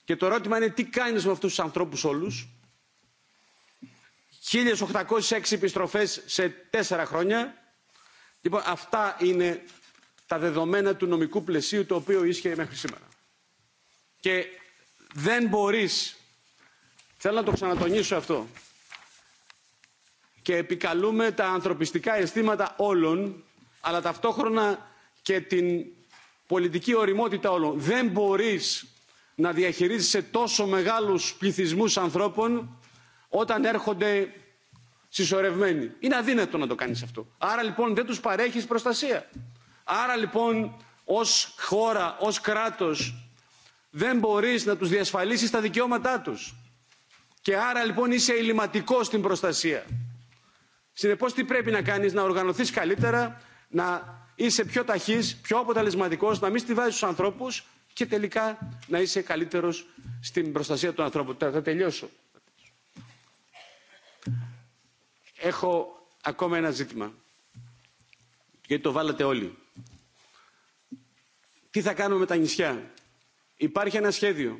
και το ερώτημα είναι τι κάνει με αυτού του ανθρώπου όλου. 1.806 επιστροφές σε τέσσερα χρόνια. Λοιπόν, αυτά είναι τα δεδομένα του νομικού πλαισίου το οποίο ίσχυε μέχρι σήμερα. Και δεν μπορείς, θέλω να το ξανατονίσω αυτό, και επικαλούμε τα ανθρωπιστικά αισθήματα όλων, αλλά ταυτόχρονα και την πολιτική οριμότητα όλων. Δεν μπορείς να διαχειρίζεσαι τόσο μεγάλους πληθυσμούς ανθρώπων όταν έρχονται συσσωρευμένοι. Είναι αδύνατο να το κάνεις αυτό. Άρα λοιπόν δεν τους παρέχεις προστασία. Άρα λοιπόν ως χώρα, ως κράτος δεν μπορείς να τους διασφαλίσεις τα δικαιώματά τους. Και άρα λοιπόν είσαι ελληματικό στην προστασία. Συνεπώς τι πρέπει να κάνεις, να οργανωθείς καλύτερα, να είσαι πιο ταχύς, πιο αποτελεσματικός, να μην στηβάζεις τους ανθρώπους και τελικά να είσαι καλύτερος στην προστασία του ανθρώπου. Θα τελειώσω. έχω ακόμα ένα ζήτημα. Γιατί το βάλατε όλοι. Τι θα κάνουμε με τα νησιά. Υπάρχει ένα σχέδιο.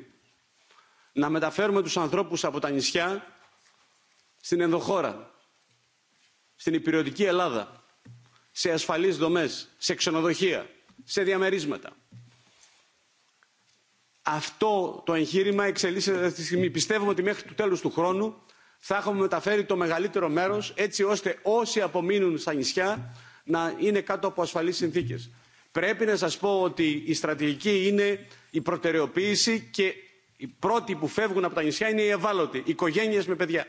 Να μεταφέρουμε τους ανθρώπους από τα νησιά στην ενδοχώρα. Στην υπηρετική Ελλάδα. Σε ασφαλείς δομές. Σε ξενοδοχεία. Σε διαμερίσματα. Αυτό το εγχείρημα εξελίσσεται αυτή τη στιγμή. Πιστεύουμε ότι μέχρι το τέλος του χρόνου θα έχουμε μεταφέρει το μεγαλύτερο μέρος έτσι ώστε όσοι απομείνουν στα νησιά να είναι κάτω από ασφαλείς συνθήκες. Πρέπει να σας πω ότι η στρατηγική είναι η προτεραιοποίηση και οι πρώτοι που φεύγουν από τα νησιά είναι οι ευάλωτοι, οικογένειε με παιδιά.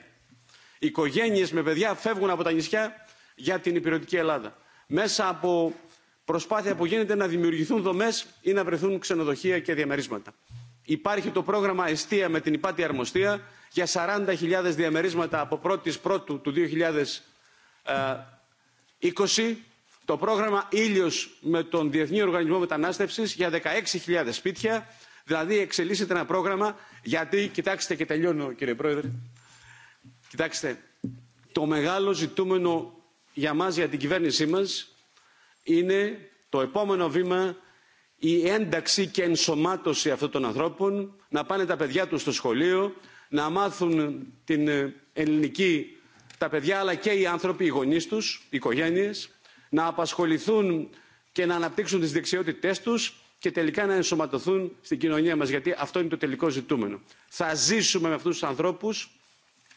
Οι οικογένειε με παιδιά φεύγουν από τα νησιά για την υπηρετική Ελλάδα. Μέσα από προσπάθεια που γίνεται να δημιουργηθούν δομέ ή να βρεθούν ξενοδοχεία και διαμερίσματα υπάρχει το πρόγραμμα εστία με την υπάτια αρμοστία για 40.000 διαμερίσματα από 1η Πρώτου του 2020, το πρόγραμμα Ήλιος με τον Διεθνή Οργανισμό Μετανάστευσης για 16.000 σπίτια, δηλαδή εξελίσσεται ένα πρόγραμμα γιατί, κοιτάξτε και τελειώνω κύριε Πρόεδρε, κοιτάξτε, το μεγάλο ζητούμενο για μας, για την κυβέρνησή μας, είναι το επόμενο βήμα η ένταξη και ενσωμάτωση αυτών των ανθρώπων να πάνε τα παιδιά τους στο σχολείο να μάθουν την ε, ελληνική τα παιδιά αλλά και οι άνθρωποι οι γονείς τους οι οικογένειες να απασχοληθούν και να αναπτύξουν τις δεξιότητές τους και τελικά να ενσωματωθούν στην κοινωνία μας γιατί αυτό είναι το τελικό ζητούμενο. Θα ζήσουμε με αυτούς τους ανθρώπους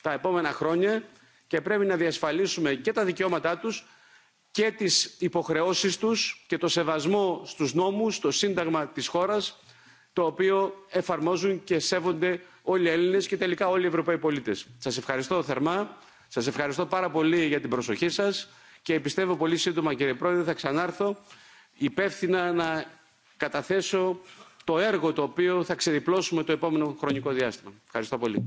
τα επόμενα χρόνια και πρέπει να διασφαλίσουμε και τα δικαιώματά τους και τις υποχρεώσεις τους και το σεβασμό στους νόμους, το σύνταγμα της χώρας, το οποίο εφαρμόζουν και σέβονται όλοι οι Έλληνες και τελικά όλοι οι Ευρωπαίοι πολίτες. Σας ευχαριστώ θερμά, σας ευχαριστώ πάρα πολύ για την προσοχή σας και πιστεύω πολύ σύντομα κύριε Πρόεδρε θα ξανάρθω υπεύθυνα να καταθέσω το έργο το οποίο θα ξεδιπλώσουμε το επόμενο χρονικό διάστημα. Ευχαριστώ πολύ.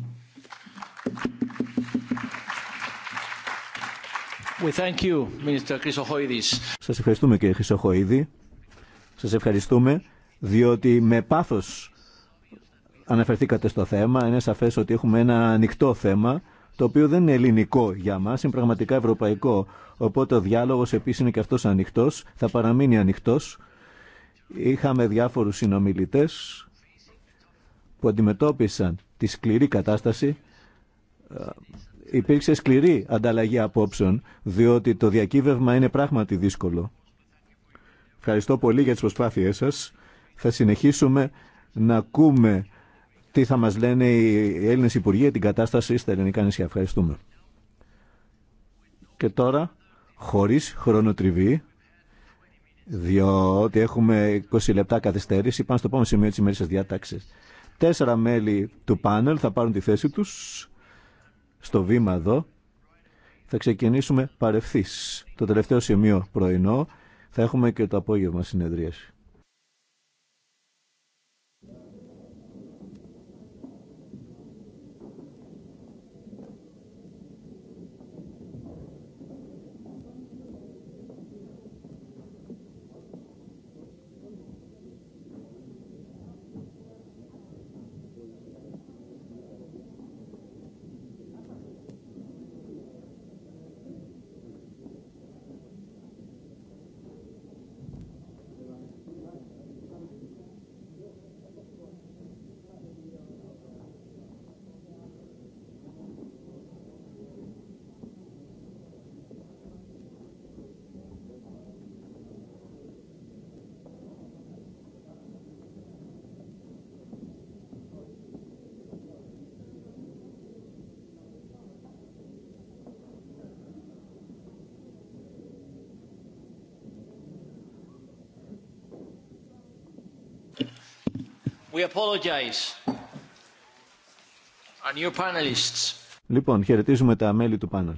Σας ευχαριστούμε κύριε Χρυσοχοίδη. Σας ευχαριστούμε διότι με πάθος αναφερθήκατε στο θέμα. Είναι σαφές ότι έχουμε ένα ανοιχτό θέμα το οποίο δεν είναι ελληνικό για μας, είναι πραγματικά ευρωπαϊκό. Οπότε ο διάλογος επίσης είναι και αυτός ανοιχτός, θα παραμείνει ανοιχτός. Είχαμε διάφορους συνομιλητές που αντιμετώπισαν τη σκληρή κατάσταση υπήρξε σκληρή ανταλλαγή απόψεων, διότι το διακύβευμα είναι πράγματι δύσκολο. Ευχαριστώ πολύ για τις προσπάθειές σας. Θα συνεχίσουμε να ακούμε τι θα μας λένε οι Έλληνες Υπουργοί για την κατάσταση στα ελληνικά νησιά. Ευχαριστούμε. Και τώρα, χωρίς χρονοτριβή, διότι έχουμε 20 λεπτά καθυστέρηση, πάμε στο επόμενο σημείο της ημέρης διάταξης. Τέσσερα μέλη του πάνελ θα πάρουν τη θέση τους στο βήμα εδώ θα ξεκινήσουμε παρευθύς. Το τελευταίο σημείο πρωινό θα έχουμε και το απόγευμα συνεδρίαση. Λοιπόν, χαιρετίζουμε τα μέλη του πάνελ.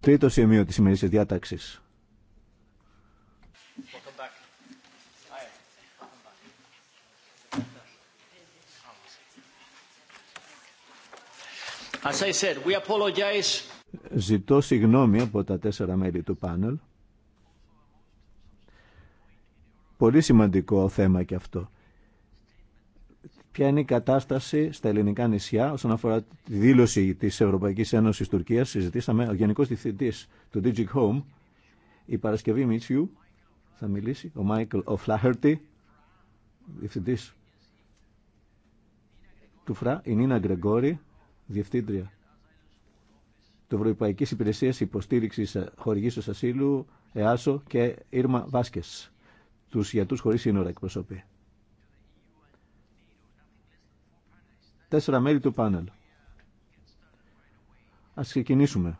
Τρίτο σημείο της σημερινής διάταξης. Ζητώ συγγνώμη από τα τέσσερα μέλη του πάνελ. Πολύ σημαντικό θέμα και αυτό. Ποια είναι η κατάσταση στα ελληνικά νησιά όσον αφορά τη δήλωση της Ευρωπαϊκής Ένωση Τουρκία, Συζητήσαμε ο Γενικό Διευθυντής του Digic Home, η Παρασκευή Μίτσιου, θα μιλήσει, ο Μάικλ Οφλάχερτη, διευθυντή, του ΦΡΑ, η Νίνα Γκρεγόρη, διευθύντρια του Ευρωπαϊκή Υπηρεσία Υποστήριξη Χορηγήσεω Ασύλου, ΕΑΣΟ και Ήρμα Βάσκε τους γιατρούς χωρίς σύνορα εκπροσωπή. Τέσσερα μέλη του πάνελ. Ας ξεκινήσουμε.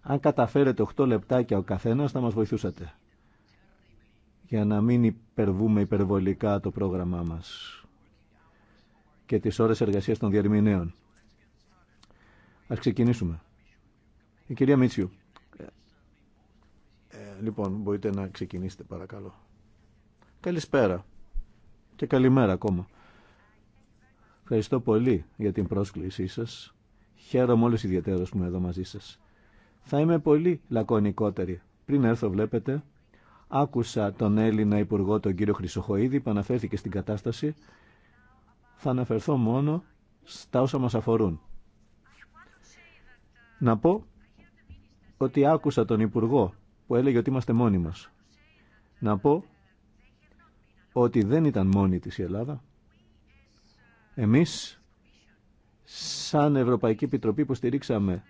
Αν καταφέρετε 8 λεπτάκια ο καθένας θα μας βοηθούσατε για να μην υπερβούμε υπερβολικά το πρόγραμμά μας και τις ώρες εργασίας των διαρμηνέων. Ας ξεκινήσουμε. Η κυρία Μίτσιου. Λοιπόν, μπορείτε να ξεκινήσετε παρακαλώ. Καλησπέρα και καλημέρα ακόμα. Ευχαριστώ πολύ για την πρόσκλησή σας. Χαίρομαι όλες ιδιαίτερα που είμαι εδώ μαζί σας. Θα είμαι πολύ λακωνικότερη. Πριν έρθω βλέπετε, άκουσα τον Έλληνα Υπουργό τον κύριο Χρυσοχοίδη που αναφέρθηκε στην κατάσταση. Θα αναφερθώ μόνο στα όσα μας αφορούν. Να πω ότι άκουσα τον Υπουργό που έλεγε ότι είμαστε μόνοι μας. Να πω ότι δεν ήταν μόνη της η Ελλάδα. Εμείς, σαν Ευρωπαϊκή Επιτροπή που στηρίξαμε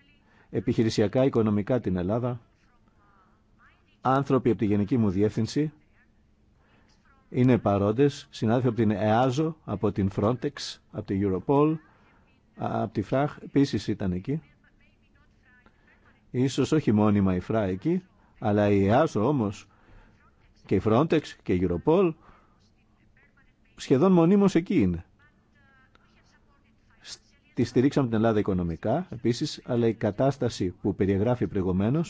επιχειρησιακά, οικονομικά την Ελλάδα, άνθρωποι από τη Γενική μου Διεύθυνση, είναι παρόντες, συνάδελφοι από την ΕΑΖΟ, από την Frontex, από την Europol, από τη ΦΡΑΧ, επίση ήταν εκεί. Ίσως όχι μόνιμα η ΦΡΑ εκεί, αλλά η ΕΑΣΟ όμως και η Frontex και η Europol σχεδόν μονίμως εκεί είναι. Τη στηρίξαμε την Ελλάδα οικονομικά επίσης, αλλά η κατάσταση που περιγράφει προηγουμένω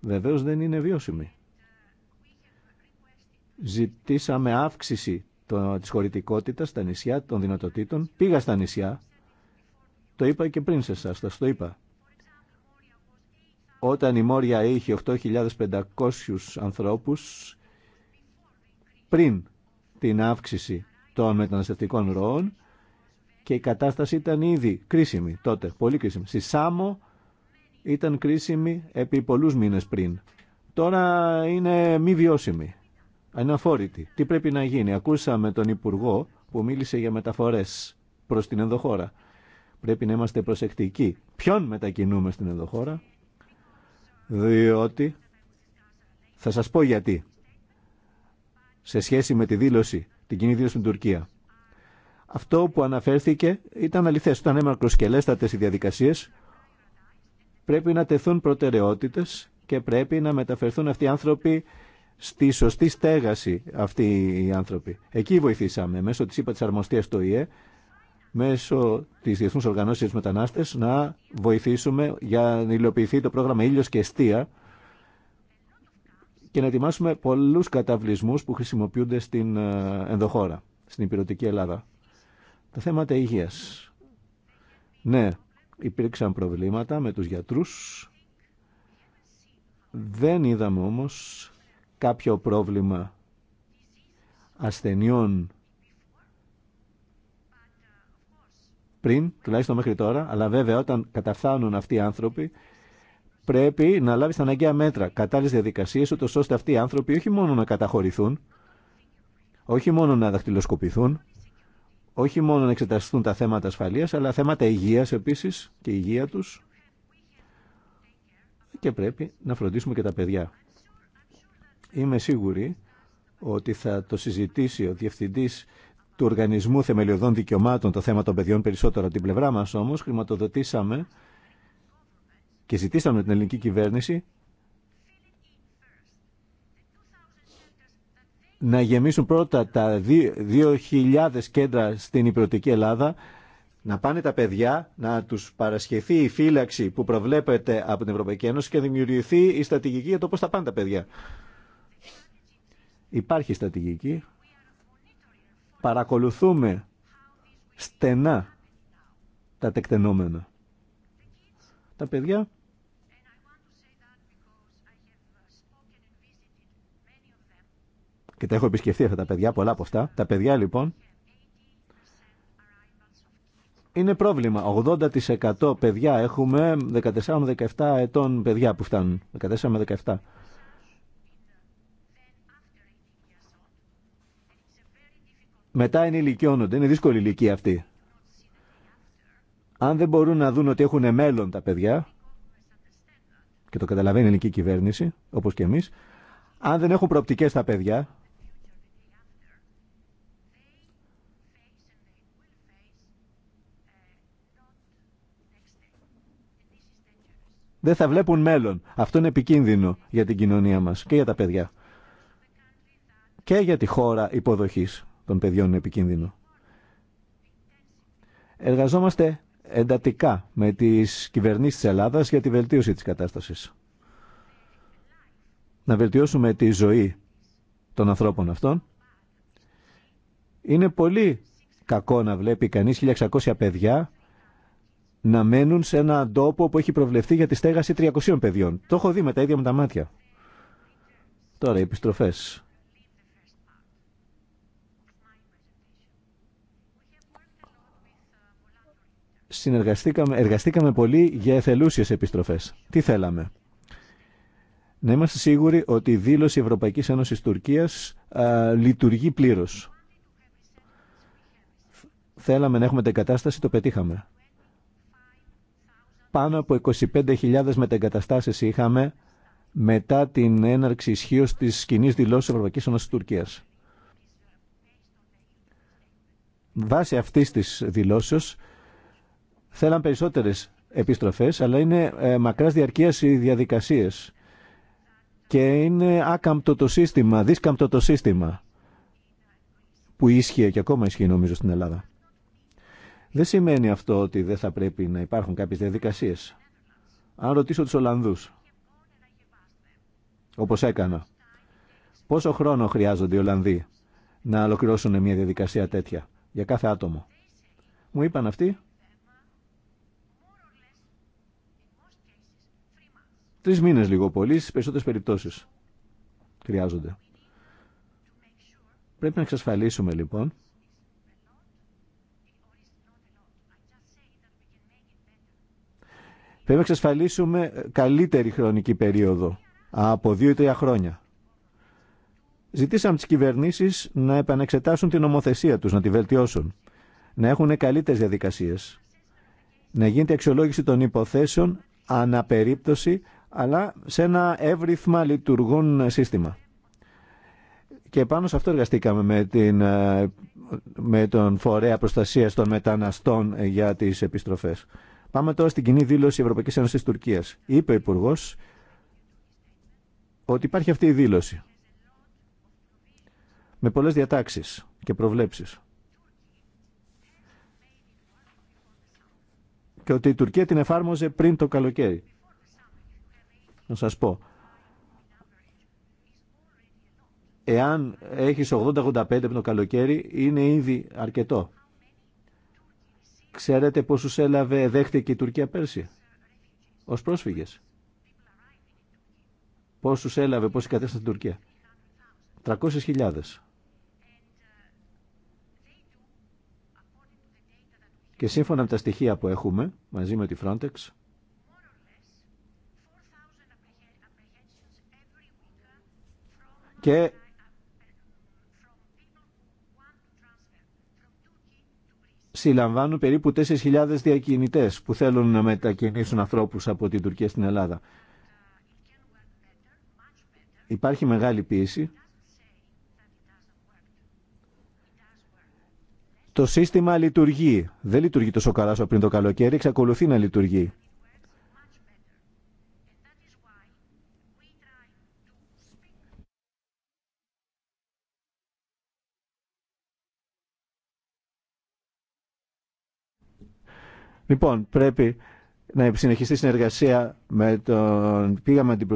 βεβαίως δεν είναι βιώσιμη. Ζητήσαμε αύξηση τη της χωρητικότητας στα νησιά, των δυνατοτήτων. Πήγα στα νησιά, το είπα και πριν σε εσάς, σας το είπα όταν η Μόρια είχε 8.500 ανθρώπους πριν την αύξηση των μεταναστευτικών ροών και η κατάσταση ήταν ήδη κρίσιμη τότε, πολύ κρίσιμη. Στη Σάμο ήταν κρίσιμη επί πολλούς μήνες πριν. Τώρα είναι μη βιώσιμη, αναφόρητη. Τι πρέπει να γίνει. Ακούσαμε τον Υπουργό που μίλησε για μεταφορές προς την ενδοχώρα. Πρέπει να είμαστε προσεκτικοί. Ποιον μετακινούμε στην ενδοχώρα διότι θα σας πω γιατί σε σχέση με τη δήλωση, την κοινή δήλωση στην Τουρκία. Αυτό που αναφέρθηκε ήταν αληθές. Όταν είναι τα οι διαδικασίες, πρέπει να τεθούν προτεραιότητες και πρέπει να μεταφερθούν αυτοί οι άνθρωποι στη σωστή στέγαση αυτοί οι άνθρωποι. Εκεί βοηθήσαμε μέσω της ΥΠΑ της Αρμοστίας του ΙΕ μέσω τη Διεθνού Οργανώσεω Μετανάστε να βοηθήσουμε για να υλοποιηθεί το πρόγραμμα Ήλιο και Εστία και να ετοιμάσουμε πολλού καταβλισμού που χρησιμοποιούνται στην ε, ενδοχώρα, στην υπηρετική Ελλάδα. Τα θέματα υγεία. Ναι, υπήρξαν προβλήματα με τους γιατρούς. Δεν είδαμε όμως κάποιο πρόβλημα ασθενειών πριν, τουλάχιστον μέχρι τώρα, αλλά βέβαια όταν καταφθάνουν αυτοί οι άνθρωποι, πρέπει να λάβει τα αναγκαία μέτρα, κατάλληλε διαδικασίε, ούτω ώστε αυτοί οι άνθρωποι όχι μόνο να καταχωρηθούν, όχι μόνο να δαχτυλοσκοπηθούν, όχι μόνο να εξεταστούν τα θέματα ασφαλείας, αλλά θέματα υγείας επίσης και υγεία τους. Και πρέπει να φροντίσουμε και τα παιδιά. Είμαι σίγουρη ότι θα το συζητήσει ο Διευθυντής του Οργανισμού Θεμελιωδών Δικαιωμάτων το θέμα των παιδιών περισσότερο την πλευρά μας όμως χρηματοδοτήσαμε και ζητήσαμε την ελληνική κυβέρνηση να γεμίσουν πρώτα τα 2.000 κέντρα στην υπηρετική Ελλάδα να πάνε τα παιδιά, να τους παρασχεθεί η φύλαξη που προβλέπεται από την Ευρωπαϊκή Ένωση και να δημιουργηθεί η στρατηγική για το πώς θα πάνε τα παιδιά. Υπάρχει στρατηγική Παρακολουθούμε στενά τα τεκτενόμενα. Τα παιδιά και τα έχω επισκεφθεί αυτά τα παιδιά, πολλά από αυτά. Τα παιδιά λοιπόν είναι πρόβλημα. 80% παιδιά έχουμε 14 17 ετών παιδιά που φτάνουν. 14 με 17. μετά ενηλικιώνονται. Είναι δύσκολη ηλικία αυτή. Αν δεν μπορούν να δουν ότι έχουν μέλλον τα παιδιά, και το καταλαβαίνει η ελληνική κυβέρνηση, όπως και εμείς, αν δεν έχουν προοπτικές τα παιδιά, δεν θα βλέπουν μέλλον. Αυτό είναι επικίνδυνο για την κοινωνία μας και για τα παιδιά. Και για τη χώρα υποδοχής των παιδιών είναι επικίνδυνο. Εργαζόμαστε εντατικά με τις κυβερνήσεις της Ελλάδας για τη βελτίωση της κατάστασης. Να βελτιώσουμε τη ζωή των ανθρώπων αυτών. Είναι πολύ κακό να βλέπει κανείς 1600 παιδιά να μένουν σε έναν τόπο που έχει προβλεφθεί για τη στέγαση 300 παιδιών. Το έχω δει με τα ίδια μου τα μάτια. Τώρα, οι επιστροφές. συνεργαστήκαμε, εργαστήκαμε πολύ για εθελούσιες επιστροφές. Τι θέλαμε. Να είμαστε σίγουροι ότι η δήλωση Ευρωπαϊκής Ένωσης Τουρκίας α, λειτουργεί πλήρως. Θέλαμε να έχουμε μετεγκατάσταση, το πετύχαμε. Πάνω από 25.000 μετεγκαταστάσεις είχαμε μετά την έναρξη ισχύω της κοινή δηλώσης Ευρωπαϊκής Ένωση Τουρκία. Βάσει αυτή τη δηλώσεω, θέλαν περισσότερες επιστροφές, αλλά είναι ε, μακράς διαρκεία οι διαδικασίες και είναι άκαμπτο το σύστημα, δίσκαμπτο το σύστημα που ίσχυε και ακόμα ισχύει νομίζω στην Ελλάδα. Δεν σημαίνει αυτό ότι δεν θα πρέπει να υπάρχουν κάποιες διαδικασίες. Αν ρωτήσω τους Ολλανδούς, όπως έκανα, πόσο χρόνο χρειάζονται οι Ολλανδοί να ολοκληρώσουν μια διαδικασία τέτοια για κάθε άτομο. Μου είπαν αυτοί Τρεις μήνες λίγο πολύ, στις περισσότερες περιπτώσεις χρειάζονται. Πρέπει να εξασφαλίσουμε λοιπόν Πρέπει να εξασφαλίσουμε ε, καλύτερη χρονική περίοδο από δύο ή τρία χρόνια. Ζητήσαμε τις κυβερνήσεις να επανεξετάσουν την νομοθεσία τους, να τη βελτιώσουν, να έχουν καλύτερες διαδικασίες, να γίνεται αξιολόγηση των υποθέσεων αναπερίπτωση αλλά σε ένα εύρυθμα λειτουργούν σύστημα. Και πάνω σε αυτό εργαστήκαμε με, την, ε, με τον Φορέα Προστασία των Μεταναστών για τι επιστροφέ. Πάμε τώρα στην κοινή δήλωση Ευρωπαϊκή Ένωση Τουρκία. Είπε ο Υπουργό ότι υπάρχει αυτή η δήλωση. Με πολλέ διατάξει και προβλέψει. Και ότι η Τουρκία την εφάρμοζε πριν το καλοκαίρι να σας πω. Εάν έχεις 80-85 από το καλοκαίρι, είναι ήδη αρκετό. Ξέρετε πόσους έλαβε, δέχτηκε η Τουρκία πέρσι, ως πρόσφυγες. Πόσους έλαβε, πόσοι κατέστησαν στην Τουρκία. 300.000. Και σύμφωνα με τα στοιχεία που έχουμε, μαζί με τη Frontex, και συλλαμβάνουν περίπου 4.000 διακινητές που θέλουν να μετακινήσουν ανθρώπους από την Τουρκία στην Ελλάδα. Υπάρχει μεγάλη πίεση. Το σύστημα λειτουργεί. Δεν λειτουργεί τόσο καλά όσο πριν το καλοκαίρι, εξακολουθεί να λειτουργεί. Λοιπόν, πρέπει να συνεχιστεί η συνεργασία με τον... Πήγαμε την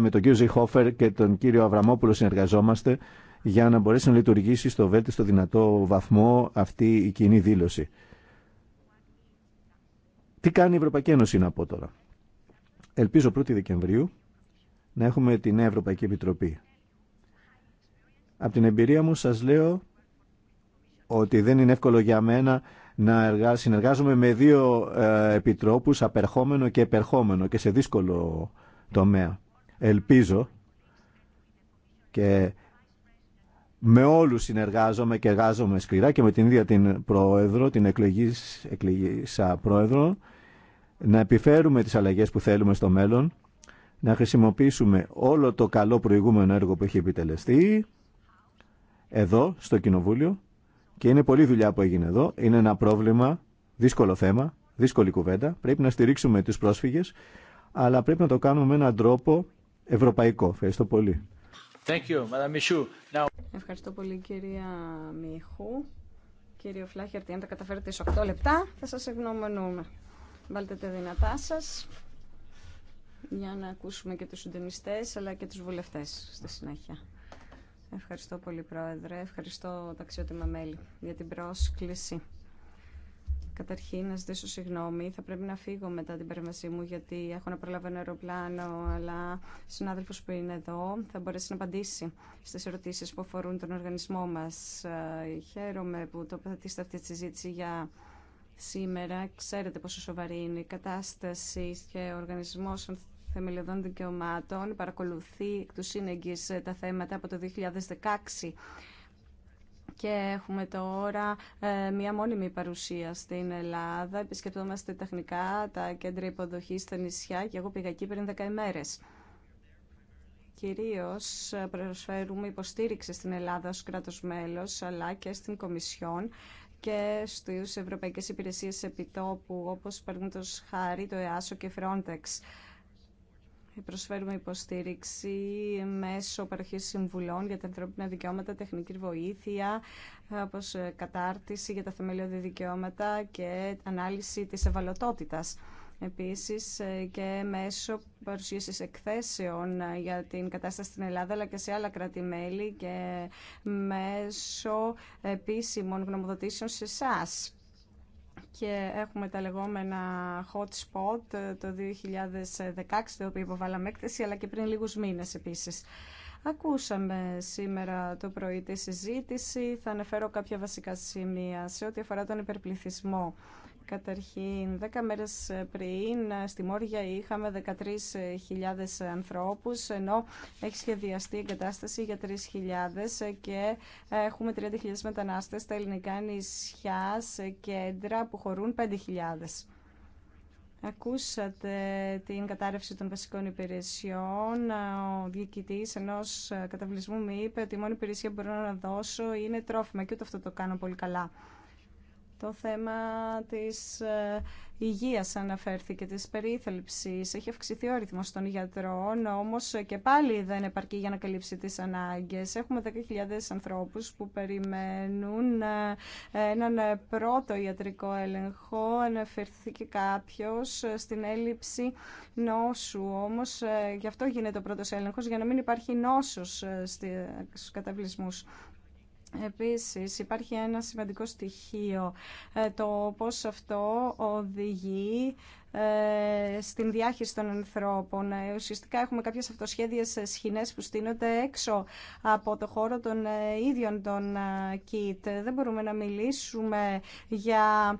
με τον κύριο Ζιχόφερ και τον κύριο Αβραμόπουλο συνεργαζόμαστε για να μπορέσει να λειτουργήσει στο βέλτιστο δυνατό βαθμό αυτή η κοινή δήλωση. Τι κάνει η Ευρωπαϊκή Ένωση να πω τώρα. Ελπίζω 1η Δεκεμβρίου να έχουμε την Ευρωπαϊκή Επιτροπή. Από την εμπειρία μου σας λέω ότι δεν είναι εύκολο για μένα να συνεργάζομαι με δύο ε, επιτρόπους, απερχόμενο και επερχόμενο και σε δύσκολο τομέα. Ελπίζω και με όλους συνεργάζομαι και εργάζομαι σκληρά και με την ίδια την πρόεδρο, την α πρόεδρο, να επιφέρουμε τις αλλαγές που θέλουμε στο μέλλον, να χρησιμοποιήσουμε όλο το καλό προηγούμενο έργο που έχει επιτελεστεί εδώ στο Κοινοβούλιο και είναι πολλή δουλειά που έγινε εδώ. Είναι ένα πρόβλημα, δύσκολο θέμα, δύσκολη κουβέντα. Πρέπει να στηρίξουμε τους πρόσφυγες, αλλά πρέπει να το κάνουμε με έναν τρόπο ευρωπαϊκό. Ευχαριστώ πολύ. Thank you, Now... Ευχαριστώ πολύ κυρία Μιχού. Κύριο Φλάχερτη, αν τα καταφέρετε σε 8 λεπτά, θα σας ευγνωμονούμε. Βάλτε τα δυνατά σας για να ακούσουμε και τους συντονιστέ, αλλά και τους βουλευτές στη συνέχεια. Ευχαριστώ πολύ, Πρόεδρε. Ευχαριστώ τα αξιότιμα μέλη για την πρόσκληση. Καταρχήν, να ζητήσω συγγνώμη. Θα πρέπει να φύγω μετά την παρέμβασή μου, γιατί έχω να προλάβω ένα αεροπλάνο. Αλλά ο συνάδελφο που είναι εδώ θα μπορέσει να απαντήσει στι ερωτήσει που αφορούν τον οργανισμό μα. Ε, χαίρομαι που τοποθετήσετε αυτή τη συζήτηση για σήμερα. Ξέρετε πόσο σοβαρή είναι η κατάσταση και ο οργανισμό Θεμελιωδών Δικαιωμάτων παρακολουθεί εκ του σύνεγγυς ε, τα θέματα από το 2016 και έχουμε τώρα ε, μία μόνιμη παρουσία στην Ελλάδα. Επισκεπτόμαστε τεχνικά τα κέντρα υποδοχής στα νησιά και εγώ πήγα εκεί πριν 10 ημέρες. Κυρίως ε, προσφέρουμε υποστήριξη στην Ελλάδα ως κράτος μέλος αλλά και στην Κομισιόν και στις Ευρωπαϊκές Υπηρεσίες Επιτόπου όπως παραδείγματος χάρη το ΕΑΣΟ και Frontex προσφέρουμε υποστήριξη μέσω παροχής συμβουλών για τα ανθρώπινα δικαιώματα, τεχνική βοήθεια, όπως ε, κατάρτιση για τα θεμελιώδη δικαιώματα και ανάλυση της ευαλωτότητας. Επίσης ε, και μέσω παρουσίασης εκθέσεων ε, για την κατάσταση στην Ελλάδα αλλά και σε άλλα κράτη-μέλη και μέσω επίσημων γνωμοδοτήσεων σε εσά και έχουμε τα λεγόμενα hot spot ε, το 2016, το οποίο υποβάλαμε έκθεση, αλλά και πριν λίγους μήνες επίσης. Ακούσαμε σήμερα το πρωί τη συζήτηση. Θα αναφέρω κάποια βασικά σημεία σε ό,τι αφορά τον υπερπληθυσμό. Καταρχήν, 10 μέρες πριν στη Μόρια είχαμε 13.000 ανθρώπους, ενώ έχει σχεδιαστεί η εγκατάσταση για 3.000 και έχουμε 30.000 μετανάστες στα ελληνικά νησιά σε κέντρα που χωρούν 5.000. Ακούσατε την κατάρρευση των βασικών υπηρεσιών. Ο διοικητή ενό καταβλισμού μου είπε ότι η μόνη υπηρεσία που μπορώ να δώσω είναι τρόφιμα και ούτε αυτό το κάνω πολύ καλά. Το θέμα της ε, υγείας αναφέρθηκε, της περίθαλψης. Έχει αυξηθεί ο αριθμός των γιατρών, όμως και πάλι δεν επαρκεί για να καλύψει τις ανάγκες. Έχουμε 10.000 ανθρώπους που περιμένουν ε, έναν πρώτο ιατρικό έλεγχο. Αναφερθήκε κάποιος ε, στην έλλειψη νόσου, όμως γι' αυτό γίνεται ο πρώτος έλεγχος, για να μην υπάρχει νόσος στους καταβλισμούς. Επίσης υπάρχει ένα σημαντικό στοιχείο, ε, το πώς αυτό οδηγεί ε, στην διάχυση των ανθρώπων. Ε, ουσιαστικά έχουμε κάποιες αυτοσχέδιες σχηνές που στείνονται έξω από το χώρο των ίδιων των ΚΙΤ. Δεν μπορούμε να μιλήσουμε για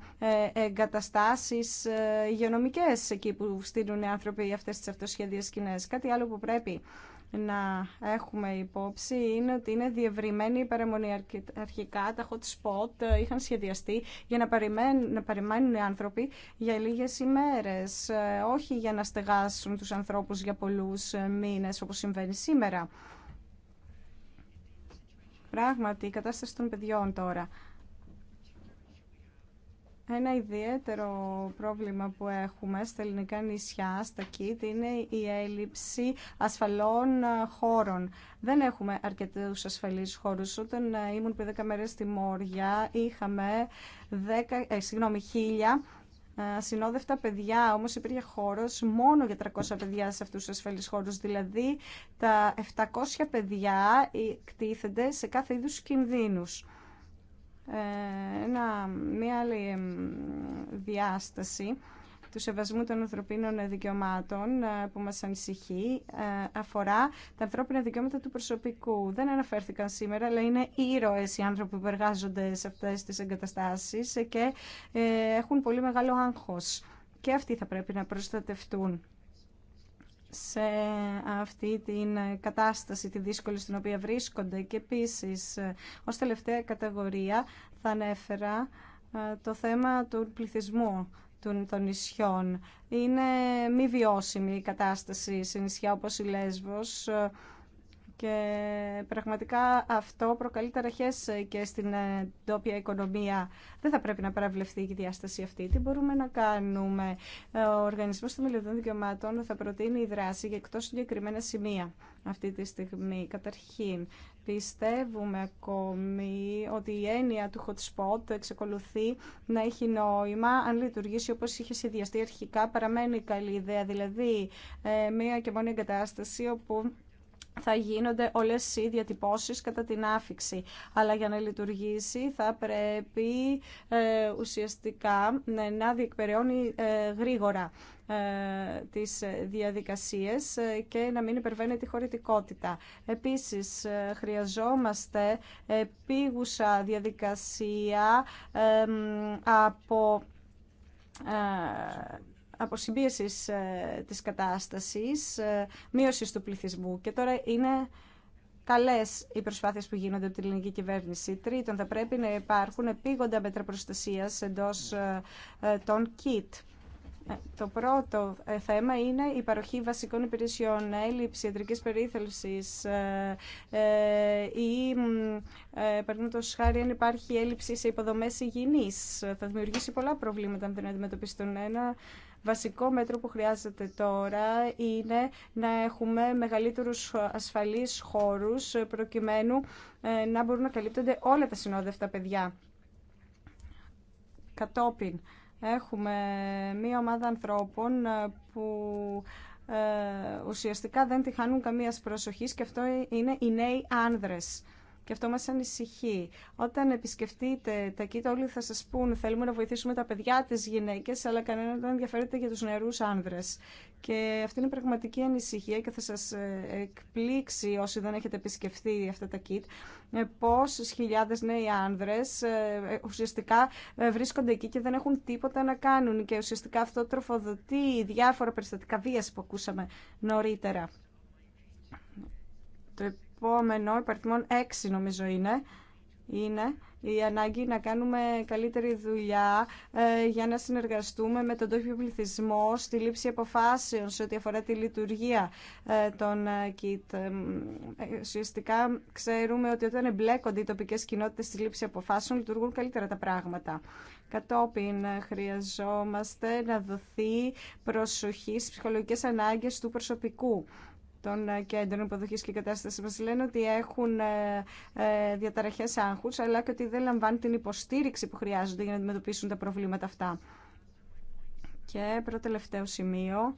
εγκαταστάσεις υγειονομικές εκεί που στείλουν οι άνθρωποι αυτές τις αυτοσχέδιες σκηνές. Κάτι άλλο που πρέπει να έχουμε υπόψη είναι ότι είναι διευρυμένοι παραμονή. Αρχικά τα hot spot ε, είχαν σχεδιαστεί για να περιμένουν, να οι άνθρωποι για λίγες ημέρες, ε, όχι για να στεγάσουν τους ανθρώπους για πολλούς ε, μήνες όπως συμβαίνει σήμερα. Πράγματι, η κατάσταση των παιδιών τώρα ένα ιδιαίτερο πρόβλημα που έχουμε στα ελληνικά νησιά, στα ΚΙΤ, είναι η έλλειψη ασφαλών ε, χώρων. Δεν έχουμε αρκετούς ασφαλείς χώρους. Όταν ε, ήμουν πριν 10 μέρες στη Μόρια, είχαμε 10, ε, συγγνώμη, 1000 ε, συνόδευτα παιδιά, όμως υπήρχε χώρος μόνο για 300 παιδιά σε αυτούς τους ασφαλείς χώρους. Δηλαδή, τα 700 παιδιά εκτίθενται σε κάθε είδους κινδύνους. Ε, ένα, μια άλλη διάσταση του σεβασμού των ανθρωπίνων δικαιωμάτων ε, που μας ανησυχεί ε, αφορά τα ανθρώπινα δικαιώματα του προσωπικού. Δεν αναφέρθηκαν σήμερα, αλλά είναι ήρωες οι άνθρωποι που εργάζονται σε αυτές τις εγκαταστάσεις και έχουν πολύ μεγάλο άγχος. Και αυτοί θα πρέπει να προστατευτούν σε αυτή την κατάσταση, τη δύσκολη στην οποία βρίσκονται. Και επίσης, ως τελευταία κατηγορία θα ανέφερα ε, το θέμα του πληθυσμού των νησιών. Είναι μη βιώσιμη η κατάσταση σε νησιά όπως η Λέσβος, ε, και πραγματικά αυτό προκαλεί ταραχέ και στην ε, τόπια οικονομία. Δεν θα πρέπει να παραβλεφθεί η διάσταση αυτή. Τι μπορούμε να κάνουμε. Ε, ο Οργανισμός των Μελλοντών Δικαιωμάτων θα προτείνει η δράση για εκτό συγκεκριμένα σημεία αυτή τη στιγμή. Καταρχήν, πιστεύουμε ακόμη ότι η έννοια του hot spot εξεκολουθεί να έχει νόημα αν λειτουργήσει όπως είχε σχεδιαστεί αρχικά παραμένει καλή ιδέα, δηλαδή ε, μία και μόνη εγκατάσταση όπου θα γίνονται όλες οι διατυπώσεις κατά την άφηξη. Αλλά για να λειτουργήσει θα πρέπει ε, ουσιαστικά ναι, να διεκπεραιώνει ε, γρήγορα ε, τις διαδικασίες ε, και να μην υπερβαίνει τη χωρητικότητα. Επίσης, ε, χρειαζόμαστε επίγουσα διαδικασία από αποσυμπίεσης ε, της κατάστασης, ε, μείωση του πληθυσμού και τώρα είναι καλές οι προσπάθειες που γίνονται από την ελληνική κυβέρνηση. Τρίτον, θα πρέπει να υπάρχουν επίγοντα μέτρα προστασία εντό ε, των ΚΙΤ. Το πρώτο θέμα είναι η παροχή βασικών υπηρεσιών, έλλειψη ιατρικής περίθαλψης ή, το χάρη, αν υπάρχει έλλειψη σε υποδομές υγιεινής. Θα δημιουργήσει πολλά προβλήματα αν δεν αντιμετωπιστούν. Ένα Βασικό μέτρο που χρειάζεται τώρα είναι να έχουμε μεγαλύτερους ασφαλείς χώρους ε, προκειμένου ε, να μπορούν να καλύπτονται όλα τα συνόδευτα παιδιά. Κατόπιν έχουμε μία ομάδα ανθρώπων ε, που ουσιαστικά δεν τη χάνουν καμίας προσοχής και αυτό είναι οι νέοι άνδρες. Και αυτό μας ανησυχεί. Όταν επισκεφτείτε τα κοίτα όλοι θα σας πούν θέλουμε να βοηθήσουμε τα παιδιά, της γυναίκες, αλλά κανένα δεν ενδιαφέρεται για τους νεαρούς άνδρες. Και αυτή είναι πραγματική ανησυχία και θα σας ε, εκπλήξει όσοι δεν έχετε επισκεφτεί αυτά τα κίτ ε, πώς χιλιάδες νέοι άνδρες ε, ουσιαστικά βρίσκονται εκεί και δεν έχουν τίποτα να κάνουν και ουσιαστικά αυτό τροφοδοτεί διάφορα περιστατικά βίας που ακούσαμε νωρίτερα. Το επόμενο υπαριθμόν 6 νομίζω είναι, είναι η ανάγκη να κάνουμε καλύτερη δουλειά ε, για να συνεργαστούμε με τον τόπιο πληθυσμό στη λήψη αποφάσεων σε ό,τι αφορά τη λειτουργία ε, των ΚΙΤ. Ε, ουσιαστικά ξέρουμε ότι όταν εμπλέκονται οι τοπικές κοινότητες στη λήψη αποφάσεων λειτουργούν καλύτερα τα πράγματα. Κατόπιν χρειαζόμαστε να δοθεί προσοχή στις ψυχολογικές ανάγκες του προσωπικού των ε, κέντρων υποδοχής και κατάστασης μας λένε ότι έχουν ε, ε, διαταραχές άγχους αλλά και ότι δεν λαμβάνουν την υποστήριξη που χρειάζονται για να αντιμετωπίσουν τα προβλήματα αυτά. Και προτελευταίο σημείο,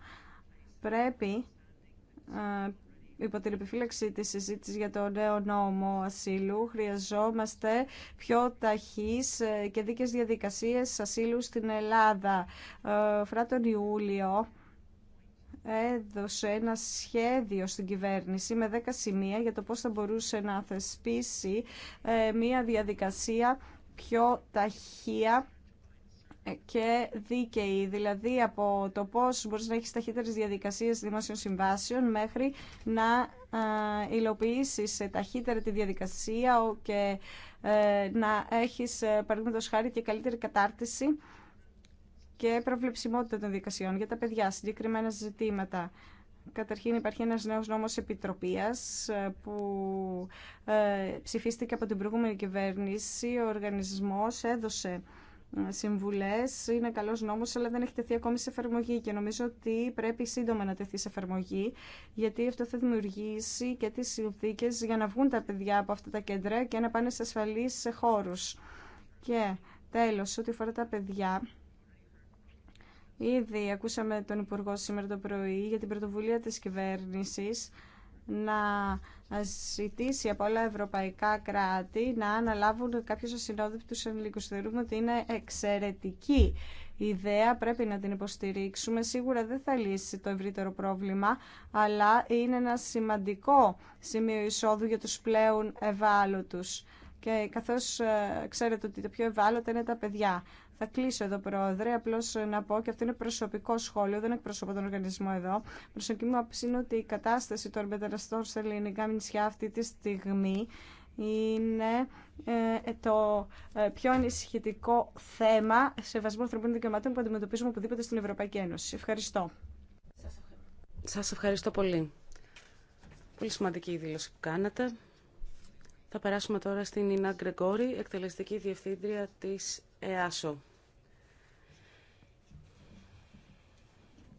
πρέπει υπό την επιφύλαξη της συζήτηση για το νέο νόμο ασύλου χρειαζόμαστε πιο ταχείς και δίκαιες διαδικασίες ασύλου στην Ελλάδα. Φρά τον Ιούλιο έδωσε ένα σχέδιο στην κυβέρνηση με 10 σημεία για το πώς θα μπορούσε να θεσπίσει ε, μια διαδικασία πιο ταχεία ε, και δίκαιη, δηλαδή από το πώς μπορείς να έχεις ταχύτερες διαδικασίες δημόσιων συμβάσεων μέχρι να ε, υλοποιήσεις ταχύτερα τη διαδικασία και να έχεις, παραδείγματος χάρη, και καλύτερη κατάρτιση και προβλεψιμότητα των δικασιών για τα παιδιά, συγκεκριμένα ζητήματα. Καταρχήν υπάρχει ένας νέος νόμος επιτροπίας ε, που ε, ψηφίστηκε από την προηγούμενη κυβέρνηση. Ο οργανισμός έδωσε ε, συμβουλές, είναι καλός νόμος, αλλά δεν έχει τεθεί ακόμη σε εφαρμογή και νομίζω ότι πρέπει σύντομα να τεθεί σε εφαρμογή, γιατί αυτό θα δημιουργήσει και τις συνθήκε για να βγουν τα παιδιά από αυτά τα κέντρα και να πάνε σε ασφαλείς χώρους. Και τέλος, ό,τι αφορά τα παιδιά, Ήδη ακούσαμε τον Υπουργό σήμερα το πρωί για την πρωτοβουλία της κυβέρνησης να ζητήσει από όλα ευρωπαϊκά κράτη να αναλάβουν κάποιους ασυνόδευτους ενηλίκους. Θεωρούμε ότι είναι εξαιρετική ιδέα, πρέπει να την υποστηρίξουμε. Σίγουρα δεν θα λύσει το ευρύτερο πρόβλημα, αλλά είναι ένα σημαντικό σημείο εισόδου για τους πλέον ευάλωτους και καθώς ε, ξέρετε ότι το πιο ευάλωτα είναι τα παιδιά. Θα κλείσω εδώ, Πρόεδρε. Απλώ να πω και αυτό είναι προσωπικό σχόλιο, δεν εκπροσωπώ τον οργανισμό εδώ. Προσωπική μου άποψη είναι ότι η κατάσταση των μεταναστών σε ελληνικά νησιά αυτή τη στιγμή είναι ε, ε, το πιο ανησυχητικό θέμα σεβασμού ανθρωπίνων δικαιωμάτων που αντιμετωπίζουμε οπουδήποτε στην Ευρωπαϊκή Ένωση. Ευχαριστώ. Σας ευχαριστώ πολύ. Πολύ σημαντική η δήλωση που κάνατε. Θα περάσουμε τώρα στην Ινά Γκρεγόρη, εκτελεστική διευθύντρια της ΕΑΣΟ.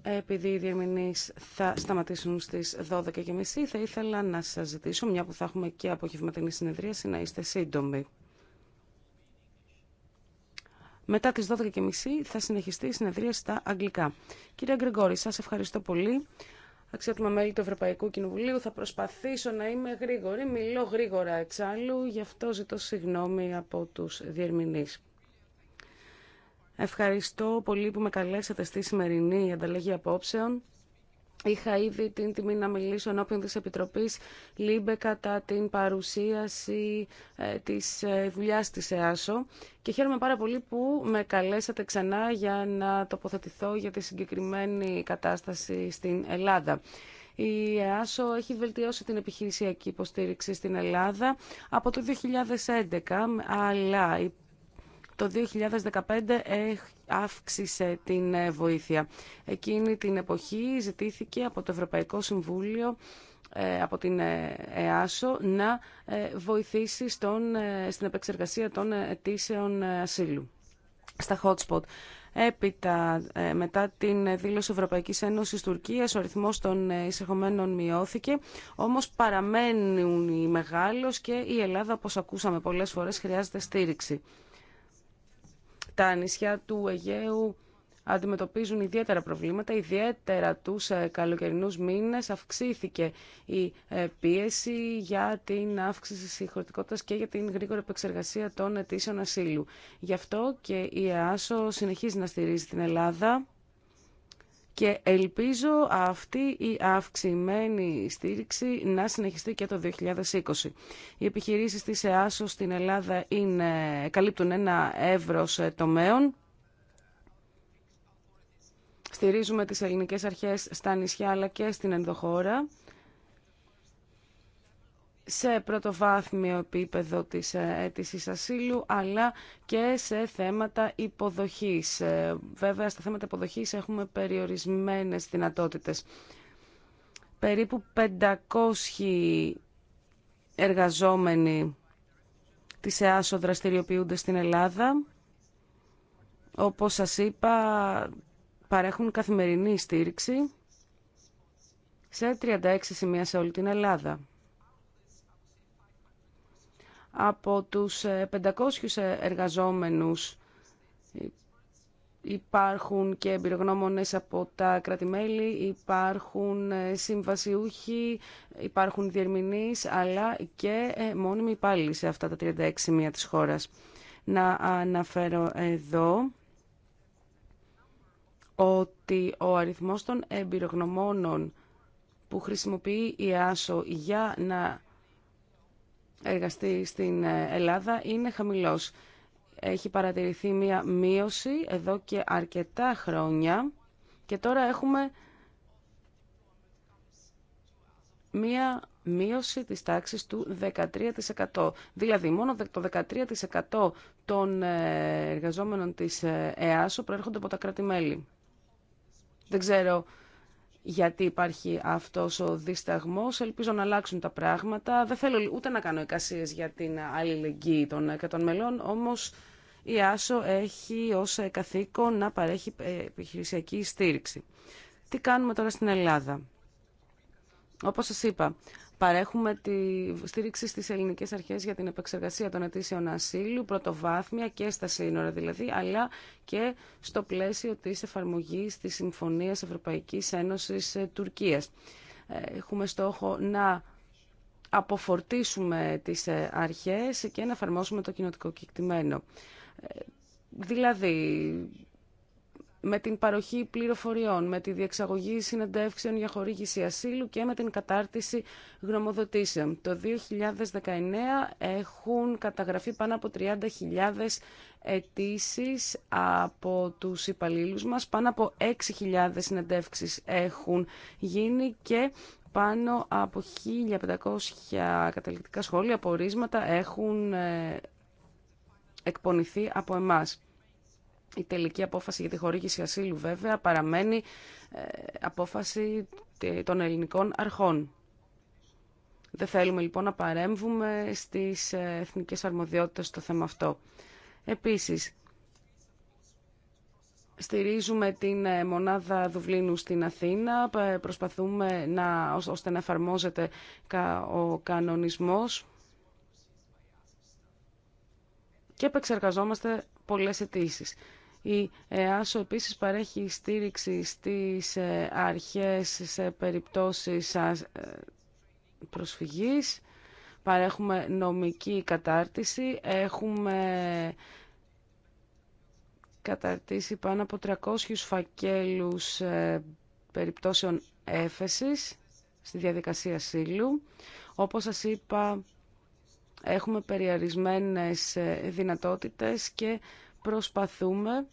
Επειδή οι διερμηνείς θα σταματήσουν στις 12.30, θα ήθελα να σας ζητήσω, μια που θα έχουμε και απογευματινή συνεδρίαση, να είστε σύντομοι. Μετά τις 12.30 θα συνεχιστεί η συνεδρία στα αγγλικά. Κύριε Γκρεγόρη, σας ευχαριστώ πολύ αξιότιμα μέλη του Ευρωπαϊκού Κοινοβουλίου. Θα προσπαθήσω να είμαι γρήγορη. Μιλώ γρήγορα εξάλλου, γι' αυτό ζητώ συγγνώμη από τους διερμηνείς. Ευχαριστώ πολύ που με καλέσατε στη σημερινή ανταλλαγή απόψεων. Είχα ήδη την τιμή να μιλήσω ενώπιον της Επιτροπής ΛΥΜΠΕ κατά την παρουσίαση ε, της ε, δουλειάς της ΕΑΣΟ και χαίρομαι πάρα πολύ που με καλέσατε ξανά για να τοποθετηθώ για τη συγκεκριμένη κατάσταση στην Ελλάδα. Η ΕΑΣΟ έχει βελτιώσει την επιχειρησιακή υποστήριξη στην Ελλάδα από το 2011, αλλά το 2015 αύξησε την ε, βοήθεια. Εκείνη την εποχή ζητήθηκε από το Ευρωπαϊκό Συμβούλιο ε, από την ε, ΕΑΣΟ να βοηθήσει στον, στην επεξεργασία των αιτήσεων ασύλου στα hotspot. Έπειτα, μετά την δήλωση Ευρωπαϊκής Ένωσης Τουρκίας, ο αριθμός των εισερχομένων μειώθηκε, όμως παραμένουν οι μεγάλος και η Ελλάδα, όπως ακούσαμε πολλές φορές, χρειάζεται στήριξη τα νησιά του Αιγαίου αντιμετωπίζουν ιδιαίτερα προβλήματα, ιδιαίτερα τους ε, καλοκαιρινούς μήνες αυξήθηκε η ε, πίεση για την αύξηση συγχωρητικότητας και για την γρήγορη επεξεργασία των αιτήσεων ασύλου. Γι' αυτό και η ΕΑΣΟ συνεχίζει να στηρίζει την Ελλάδα και ελπίζω αυτή η αυξημένη στήριξη να συνεχιστεί και το 2020. Οι επιχειρήσεις της ΕΑΣΟ στην Ελλάδα είναι, καλύπτουν ένα εύρος τομέων. Στηρίζουμε τις ελληνικές αρχές στα νησιά αλλά και στην ενδοχώρα σε πρωτοβάθμιο επίπεδο της ε, αίτηση ασύλου, αλλά και σε θέματα υποδοχής. Ε, βέβαια, στα θέματα υποδοχής έχουμε περιορισμένες δυνατότητες. Περίπου 500 εργαζόμενοι της ΕΑΣΟ δραστηριοποιούνται στην Ελλάδα. Όπως σας είπα, παρέχουν καθημερινή στήριξη σε 36 σημεία σε όλη την Ελλάδα από τους 500 ε, ε, εργαζόμενους υπάρχουν και εμπειρογνώμονες από τα κράτη-μέλη, υπάρχουν ε, συμβασιούχοι, υπάρχουν διερμηνείς, αλλά και μόνιμοι υπάλληλοι σε αυτά τα 36 σημεία της χώρας. Να αναφέρω εδώ ότι ο αριθμός των εμπειρογνωμόνων που χρησιμοποιεί η ΆΣΟ για να Εργαστή στην ε, Ελλάδα είναι χαμηλός. Έχει παρατηρηθεί μία μείωση εδώ και αρκετά χρόνια και τώρα έχουμε μία μείωση της τάξης του 13%. Δηλαδή, μόνο το 13% των ε, εργαζόμενων της ε, ΕΑΣΟ προέρχονται από τα κράτη-μέλη. Δεν ξέρω γιατί υπάρχει αυτός ο δισταγμός. Ελπίζω να αλλάξουν τα πράγματα. Δεν θέλω ούτε να κάνω εικασίες για την αλληλεγγύη των εκατών μελών, όμως η ΆΣΟ έχει ως καθήκον να παρέχει ε, επιχειρησιακή στήριξη. Τι κάνουμε τώρα στην Ελλάδα. Όπως σας είπα, Παρέχουμε τη στήριξη στις ελληνικές αρχές για την επεξεργασία των αιτήσεων ασύλου, πρωτοβάθμια και στα σύνορα δηλαδή, αλλά και στο πλαίσιο της εφαρμογής της Συμφωνίας Ευρωπαϊκής Ένωσης ε, Τουρκίας. Ε, έχουμε στόχο να αποφορτίσουμε τις ε, αρχές και να εφαρμόσουμε το κοινοτικό κεκτημένο. Δηλαδή, με την παροχή πληροφοριών, με τη διεξαγωγή συνεντεύξεων για χορήγηση ασύλου και με την κατάρτιση γνωμοδοτήσεων. Το 2019 έχουν καταγραφεί πάνω από 30.000 αιτήσει από τους υπαλλήλους μας, πάνω από 6.000 συνεντεύξεις έχουν γίνει και πάνω από 1.500 καταληκτικά σχόλια, απορίσματα έχουν ε, εκπονηθεί από εμάς. Η τελική απόφαση για τη χορήγηση ασύλου βέβαια παραμένει ε, απόφαση των ελληνικών αρχών. Δεν θέλουμε λοιπόν να παρέμβουμε στις ε, εθνικές αρμοδιότητες στο θέμα αυτό. Επίσης, στηρίζουμε την ε, μονάδα Δουβλίνου στην Αθήνα, προσπαθούμε να, ώστε να εφαρμόζεται ο κανονισμός και επεξεργαζόμαστε πολλές αιτήσει. Η ΕΑΣΟ επίσης παρέχει στήριξη στις ε, αρχές σε περιπτώσεις ε, προσφυγής. Παρέχουμε νομική κατάρτιση. Έχουμε καταρτήσει πάνω από 300 φακέλους ε, περιπτώσεων έφεσης στη διαδικασία σύλλου. Όπως σας είπα, έχουμε περιαρισμένες δυνατότητες και προσπαθούμε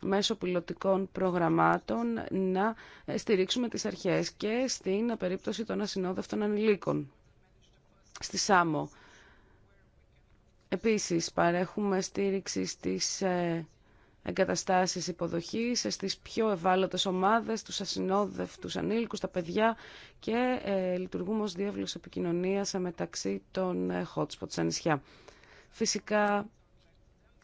μέσω πιλωτικών προγραμμάτων να στηρίξουμε τις αρχές και στην περίπτωση των ασυνόδευτων ανηλίκων στη ΣΑΜΟ. Επίσης, παρέχουμε στήριξη στις ε, εγκαταστάσεις υποδοχής, στις πιο ευάλωτες ομάδες, τους ασυνόδευτους ανήλικους, τα παιδιά και ε, λειτουργούμε ως διεύλωση επικοινωνίας μεταξύ των ε, hotspots, Φυσικά,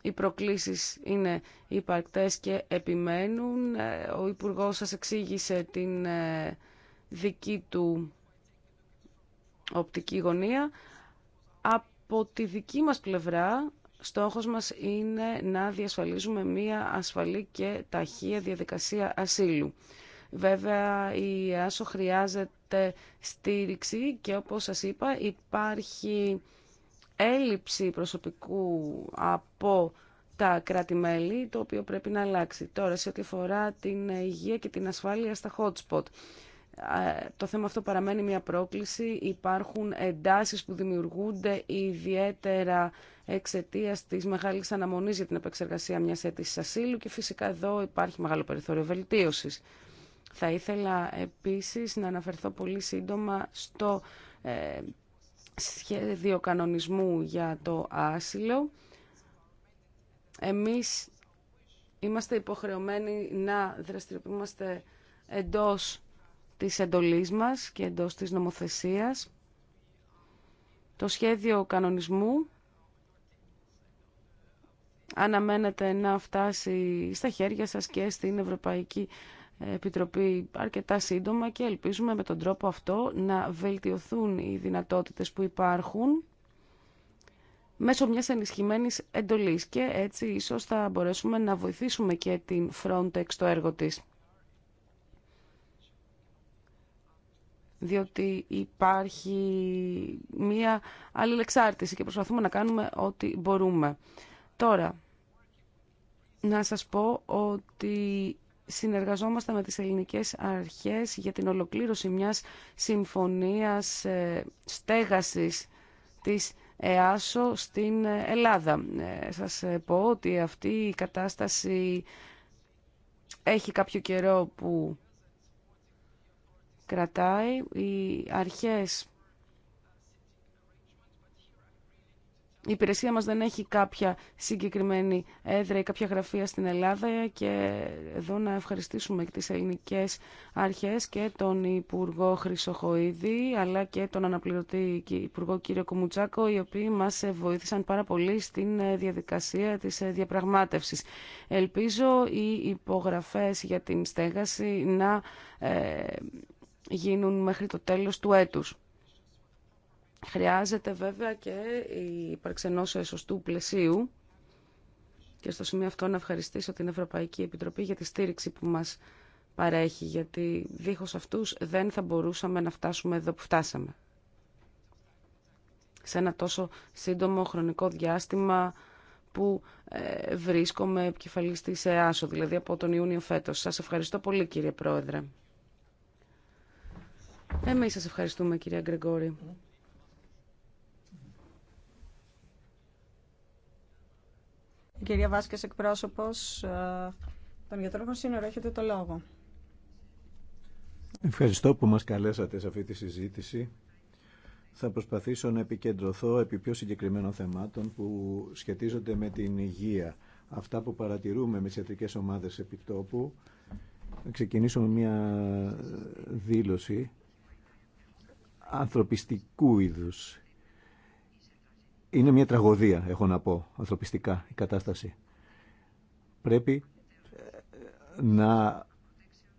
οι προκλήσεις είναι υπαρκτές και επιμένουν. Ε, ο Υπουργός σας εξήγησε την ε, δική του οπτική γωνία. Από τη δική μας πλευρά, στόχος μας είναι να διασφαλίζουμε μία ασφαλή και ταχεία διαδικασία ασύλου. Βέβαια, η ΆΣΟ χρειάζεται στήριξη και όπως σας είπα υπάρχει έλλειψη προσωπικού από τα κράτη-μέλη, το οποίο πρέπει να αλλάξει. Τώρα, σε ό,τι αφορά την υγεία και την ασφάλεια στα hot spot. Το θέμα αυτό παραμένει μια πρόκληση. Υπάρχουν εντάσεις που δημιουργούνται ιδιαίτερα εξαιτία τη μεγάλη αναμονή για την επεξεργασία μιας αίτηση ασύλου και φυσικά εδώ υπάρχει μεγάλο περιθώριο βελτίωση. Θα ήθελα επίσης να αναφερθώ πολύ σύντομα στο ε, σχέδιο κανονισμού για το άσυλο. Εμείς είμαστε υποχρεωμένοι να δραστηριοποιούμαστε εντός της εντολής μας και εντός της νομοθεσίας. Το σχέδιο κανονισμού αναμένεται να φτάσει στα χέρια σας και στην Ευρωπαϊκή Επιτροπή αρκετά σύντομα και ελπίζουμε με τον τρόπο αυτό να βελτιωθούν οι δυνατότητες που υπάρχουν μέσω μιας ενισχυμένης εντολής και έτσι ίσως θα μπορέσουμε να βοηθήσουμε και την Frontex το έργο της. διότι υπάρχει μία αλληλεξάρτηση και προσπαθούμε να κάνουμε ό,τι μπορούμε. Τώρα, να σας πω ότι συνεργαζόμαστε με τις ελληνικές αρχές για την ολοκλήρωση μιας συμφωνίας ε, στέγασης της ΕΑΣΟ στην Ελλάδα. Ε, σας ε, πω ότι αυτή η κατάσταση έχει κάποιο καιρό που κρατάει. Οι αρχές η υπηρεσία μας δεν έχει κάποια συγκεκριμένη έδρα ή κάποια γραφεία στην Ελλάδα και εδώ να ευχαριστήσουμε τις ελληνικές αρχές και τον Υπουργό Χρυσοχοίδη αλλά και τον αναπληρωτή Υπουργό κ. Κουμουτσάκο οι οποίοι μας βοήθησαν πάρα πολύ στην διαδικασία της διαπραγμάτευσης. Ελπίζω οι υπογραφές για την στέγαση να ε, γίνουν μέχρι το τέλος του έτους. Χρειάζεται βέβαια και η ενό σωστού πλαισίου και στο σημείο αυτό να ευχαριστήσω την Ευρωπαϊκή Επιτροπή για τη στήριξη που μας παρέχει, γιατί δίχως αυτούς δεν θα μπορούσαμε να φτάσουμε εδώ που φτάσαμε. Σε ένα τόσο σύντομο χρονικό διάστημα που ε, βρίσκομαι επικεφαλή ΕΑΣΟ, δηλαδή από τον Ιούνιο φέτος. Σας ευχαριστώ πολύ κύριε Πρόεδρε. Ε, εμείς σας ευχαριστούμε κυρία Γκρεγόρη. Η κυρία Βάσκε εκπρόσωπο ε, των γιατρών σύνορα, έχετε το λόγο. Ευχαριστώ που μας καλέσατε σε αυτή τη συζήτηση. Θα προσπαθήσω να επικεντρωθώ επί πιο συγκεκριμένων θεμάτων που σχετίζονται με την υγεία. Αυτά που παρατηρούμε με τις ιατρικές ομάδες επιτόπου. Ξεκινήσω με μια δήλωση ανθρωπιστικού είδους είναι μια τραγωδία, έχω να πω, ανθρωπιστικά η κατάσταση. Πρέπει ε, να,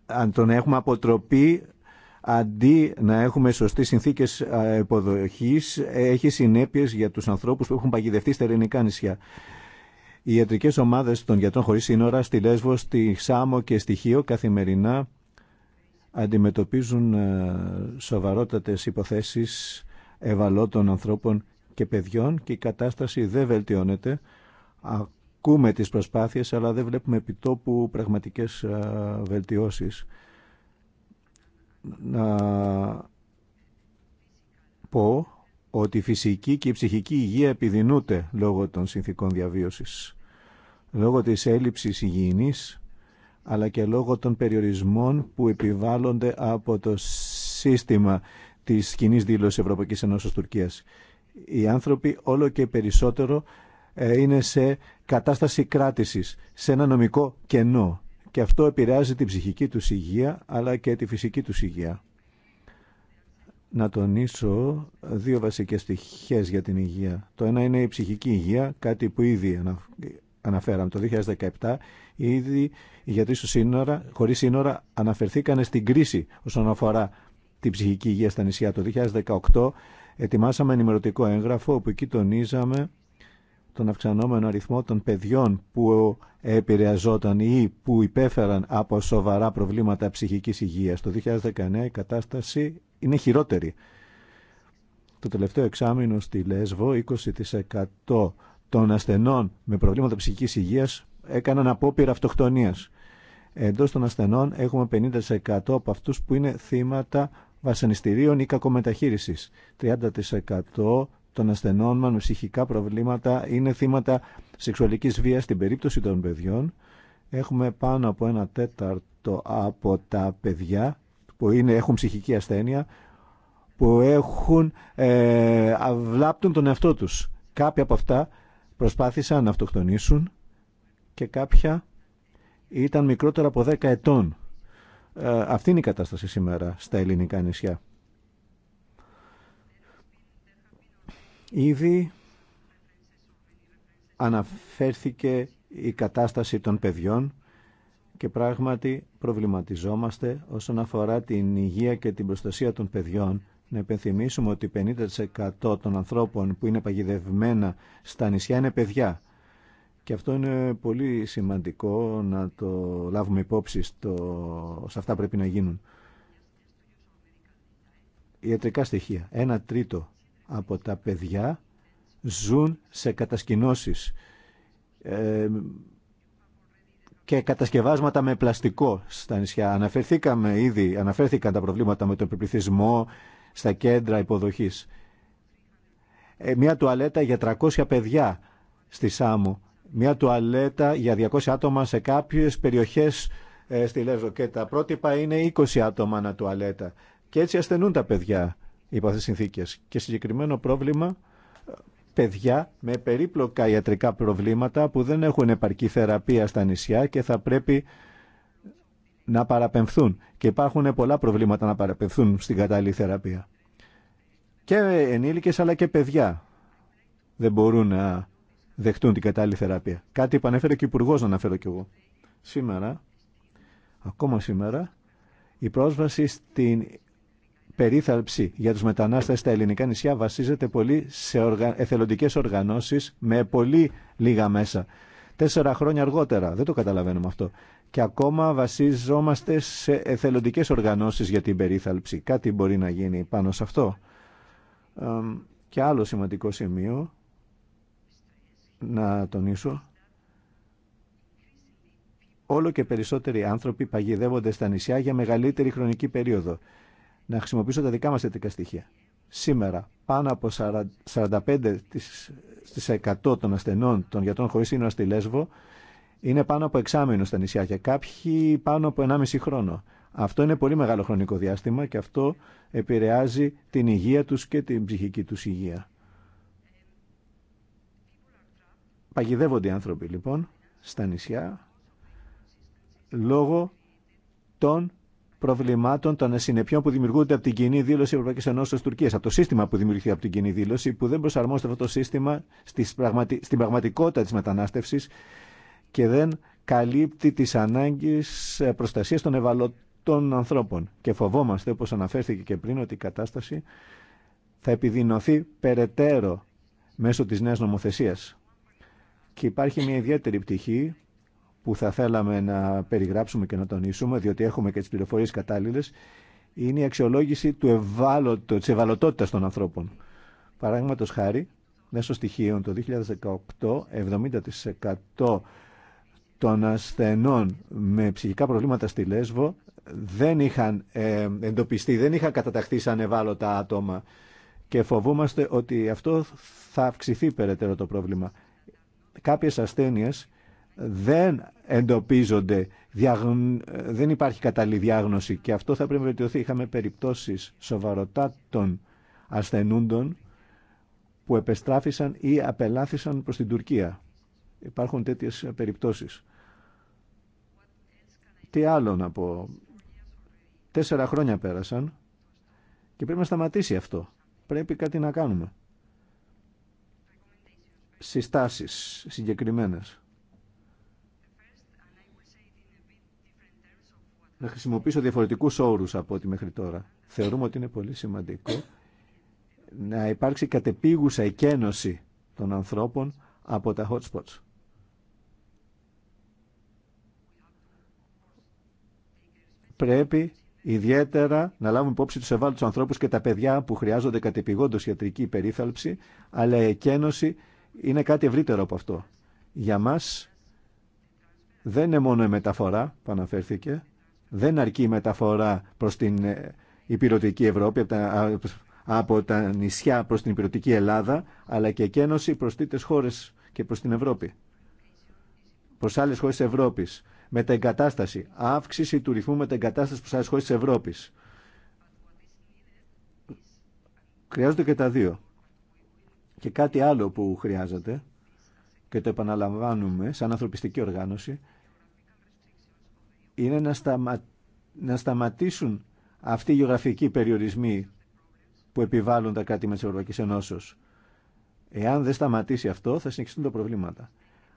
αν το έχουμε αποτροπή αντί να έχουμε σωστές συνθήκες υποδοχής, έχει συνέπειες για τους ανθρώπους που έχουν παγιδευτεί στα ελληνικά νησιά. Οι ιατρικές ομάδες των γιατρών χωρίς σύνορα στη Λέσβο, στη Σάμο και στη Χίο καθημερινά αντιμετωπίζουν ε, σοβαρότατες υποθέσεις ευαλώτων ανθρώπων και παιδιών και η κατάσταση δεν βελτιώνεται. Ακούμε τις προσπάθειες αλλά δεν βλέπουμε επιτόπου πραγματικές βελτιώσεις. Να πω ότι η φυσική και η ψυχική υγεία επιδεινούνται λόγω των συνθήκων διαβίωσης. Λόγω της έλλειψης υγιεινής αλλά και λόγω των περιορισμών που επιβάλλονται από το σύστημα της κοινή δήλωση Ευρωπαϊκής Ενώσης Τουρκίας οι άνθρωποι όλο και περισσότερο ε, είναι σε κατάσταση κράτησης, σε ένα νομικό κενό. Και αυτό επηρεάζει την ψυχική του υγεία, αλλά και τη φυσική του υγεία. Να τονίσω δύο βασικές στοιχές για την υγεία. Το ένα είναι η ψυχική υγεία, κάτι που ήδη αναφέραμε το 2017. Ήδη οι γιατροί στο σύνορα, χωρίς σύνορα αναφερθήκαν στην κρίση όσον αφορά την ψυχική υγεία στα νησιά. Το 2018 ετοιμάσαμε ενημερωτικό έγγραφο όπου εκεί τονίζαμε τον αυξανόμενο αριθμό των παιδιών που επηρεαζόταν ή που υπέφεραν από σοβαρά προβλήματα ψυχικής υγείας. Το 2019 η κατάσταση είναι χειρότερη. Το τελευταίο εξάμεινο στη Λέσβο 20% των ασθενών με προβλήματα ψυχικής υγείας έκαναν απόπειρα αυτοκτονίας. Εντός των ασθενών έχουμε 50% από αυτούς που είναι θύματα βασανιστήριων ή κακομεταχείριση 30% των ασθενών με ψυχικά προβλήματα είναι θύματα σεξουαλική βία στην περίπτωση των παιδιών. Έχουμε πάνω από ένα τέταρτο από τα παιδιά που είναι, έχουν ψυχική ασθένεια που έχουν ε, αυλάπτουν τον εαυτό τους. Κάποια από αυτά προσπάθησαν να αυτοκτονήσουν και κάποια ήταν μικρότερα από 10 ετών. Ε, αυτή είναι η κατάσταση σήμερα στα ελληνικά νησιά. Ήδη αναφέρθηκε η κατάσταση των παιδιών και πράγματι προβληματιζόμαστε όσον αφορά την υγεία και την προστασία των παιδιών. Να υπενθυμίσουμε ότι 50% των ανθρώπων που είναι παγιδευμένα στα νησιά είναι παιδιά. Και αυτό είναι πολύ σημαντικό να το λάβουμε υπόψη στο... σε αυτά πρέπει να γίνουν. Ιατρικά στοιχεία. Ένα τρίτο από τα παιδιά ζουν σε κατασκηνώσεις ε, και κατασκευάσματα με πλαστικό στα νησιά. Αναφερθήκαμε ήδη, αναφέρθηκαν τα προβλήματα με τον επιπληθισμό στα κέντρα υποδοχής. Ε, μια τουαλέτα για 300 παιδιά στη Σάμο μια τουαλέτα για 200 άτομα σε κάποιες περιοχές ε, στη Λέζο και τα πρότυπα είναι 20 άτομα ανά τουαλέτα. Και έτσι ασθενούν τα παιδιά υπό αυτές τις συνθήκες. Και συγκεκριμένο πρόβλημα ε, παιδιά με περίπλοκα ιατρικά προβλήματα που δεν έχουν επαρκή θεραπεία στα νησιά και θα πρέπει να παραπεμφθούν. Και υπάρχουν πολλά προβλήματα να παραπεμφθούν στην κατάλληλη θεραπεία. Και ενήλικες αλλά και παιδιά δεν μπορούν να δεχτούν την κατάλληλη θεραπεία. Κάτι που ανέφερε και ο Υπουργό να αναφέρω κι εγώ. Σήμερα, ακόμα σήμερα, η πρόσβαση στην περίθαλψη για τους μετανάστες στα ελληνικά νησιά βασίζεται πολύ σε οργα... εθελοντικές οργανώσεις με πολύ λίγα μέσα. Τέσσερα χρόνια αργότερα, δεν το καταλαβαίνουμε αυτό. Και ακόμα βασίζομαστε σε εθελοντικέ οργανώσει για την περίθαλψη. Κάτι μπορεί να γίνει πάνω σε αυτό. Και άλλο σημαντικό σημείο να τονίσω όλο και περισσότεροι άνθρωποι παγιδεύονται στα νησιά για μεγαλύτερη χρονική περίοδο. Να χρησιμοποιήσω τα δικά μας θετικά στοιχεία. Σήμερα, πάνω από 45% των ασθενών των γιατρών χωρίς σύνορα στη Λέσβο είναι πάνω από εξάμεινο στα νησιά και κάποιοι πάνω από 1,5 χρόνο. Αυτό είναι πολύ μεγάλο χρονικό διάστημα και αυτό επηρεάζει την υγεία τους και την ψυχική τους υγεία. Παγιδεύονται οι άνθρωποι λοιπόν στα νησιά λόγω των προβλημάτων των ασυνεπιών που δημιουργούνται από την κοινή δήλωση Ευρωπαϊκή Ενώσεω Τουρκία, από το σύστημα που δημιουργήθηκε από την κοινή δήλωση, που δεν προσαρμόζεται αυτό το σύστημα στην πραγματικότητα τη μετανάστευση και δεν καλύπτει τι ανάγκε προστασία των ευαλωτών ανθρώπων. Και φοβόμαστε, όπω αναφέρθηκε και πριν, ότι η κατάσταση θα επιδεινωθεί περαιτέρω μέσω τη νέα νομοθεσία. Και υπάρχει μια ιδιαίτερη πτυχή που θα θέλαμε να περιγράψουμε και να τονίσουμε, διότι έχουμε και τις πληροφορίες κατάλληλες, είναι η αξιολόγηση του ευάλωτο, της ευαλωτότητας των ανθρώπων. Παραδείγματο χάρη, μέσω στοιχείων το 2018, 70% των ασθενών με ψυχικά προβλήματα στη Λέσβο δεν είχαν ε, εντοπιστεί, δεν είχαν καταταχθεί σαν ευάλωτα άτομα και φοβούμαστε ότι αυτό θα αυξηθεί περαιτέρω το πρόβλημα κάποιες ασθένειες δεν εντοπίζονται, δεν υπάρχει κατάλληλη διάγνωση και αυτό θα πρέπει να βελτιωθεί. Είχαμε περιπτώσεις σοβαροτάτων ασθενούντων που επεστράφησαν ή απελάθησαν προς την Τουρκία. Υπάρχουν τέτοιες περιπτώσεις. Τι άλλο να πω. Τέσσερα χρόνια πέρασαν και πρέπει να σταματήσει αυτό. Πρέπει κάτι να κάνουμε συστάσεις συγκεκριμένες. Να χρησιμοποιήσω διαφορετικούς όρους από ό,τι μέχρι τώρα. Θεωρούμε ότι είναι πολύ σημαντικό να υπάρξει κατεπίγουσα εκένωση των ανθρώπων από τα hot spots. Πρέπει ιδιαίτερα να λάβουμε υπόψη τους ευάλωτους ανθρώπους και τα παιδιά που χρειάζονται κατεπηγόντως ιατρική περίθαλψη, αλλά η εκένωση είναι κάτι ευρύτερο από αυτό. Για μας δεν είναι μόνο η μεταφορά που αναφέρθηκε, δεν αρκεί η μεταφορά προς την ε, υπηρετική Ευρώπη, από τα, νησιά προς την υπηρετική Ελλάδα, αλλά και εκένωση προς τίτες χώρες και προς την Ευρώπη. Προς άλλες χώρες της Ευρώπης. Μεταεγκατάσταση. Αύξηση του ρυθμού μεταεγκατάσταση προς άλλες χώρες της Ευρώπης. Χρειάζονται και τα δύο. Και κάτι άλλο που χρειάζεται και το επαναλαμβάνουμε σαν ανθρωπιστική οργάνωση είναι να, να σταματήσουν αυτοί οι γεωγραφικοί περιορισμοί που επιβάλλουν τα κράτη με τις Ευρωπαϊκές Ενώσεις. Εάν δεν σταματήσει αυτό θα συνεχιστούν τα προβλήματα.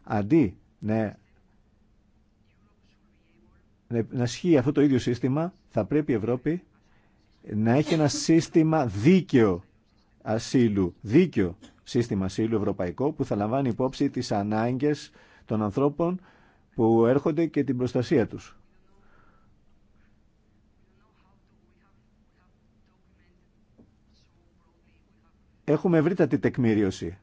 Αντί να να ισχύει αυτό το ίδιο σύστημα, θα πρέπει η Ευρώπη να έχει ένα σύστημα δίκαιο ασύλου, δίκαιο σύστημα ασύλου ευρωπαϊκό που θα λαμβάνει υπόψη τις ανάγκες των ανθρώπων που έρχονται και την προστασία τους. Έχουμε ευρύτατη τεκμήριωση.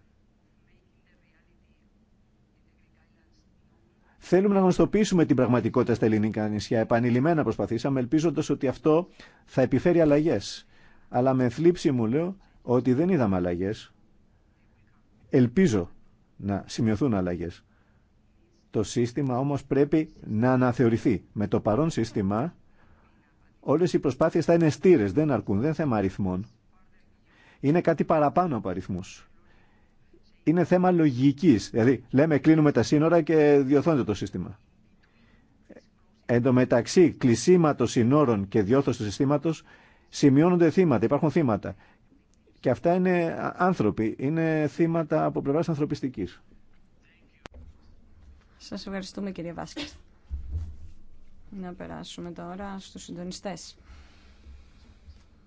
Θέλουμε να γνωστοποιήσουμε την πραγματικότητα στα ελληνικά νησιά. Επανειλημμένα προσπαθήσαμε, ελπίζοντας ότι αυτό θα επιφέρει αλλαγές. Αλλά με θλίψη μου λέω ότι δεν είδαμε αλλαγές. Ελπίζω να σημειωθούν αλλαγές. Το σύστημα όμως πρέπει να αναθεωρηθεί. Με το παρόν σύστημα όλες οι προσπάθειες θα είναι στήρες, δεν αρκούν, δεν θέμα αριθμών. Είναι κάτι παραπάνω από αριθμούς. Είναι θέμα λογικής. Δηλαδή λέμε κλείνουμε τα σύνορα και διορθώνεται το σύστημα. Ε, εν τω μεταξύ κλεισίματος συνόρων και διόρθωση του συστήματος σημειώνονται θύματα, υπάρχουν θύματα. Και αυτά είναι άνθρωποι, είναι θύματα από πλευράς ανθρωπιστικής. Σας ευχαριστούμε κύριε Βάσκη. Να περάσουμε τώρα στους συντονιστές.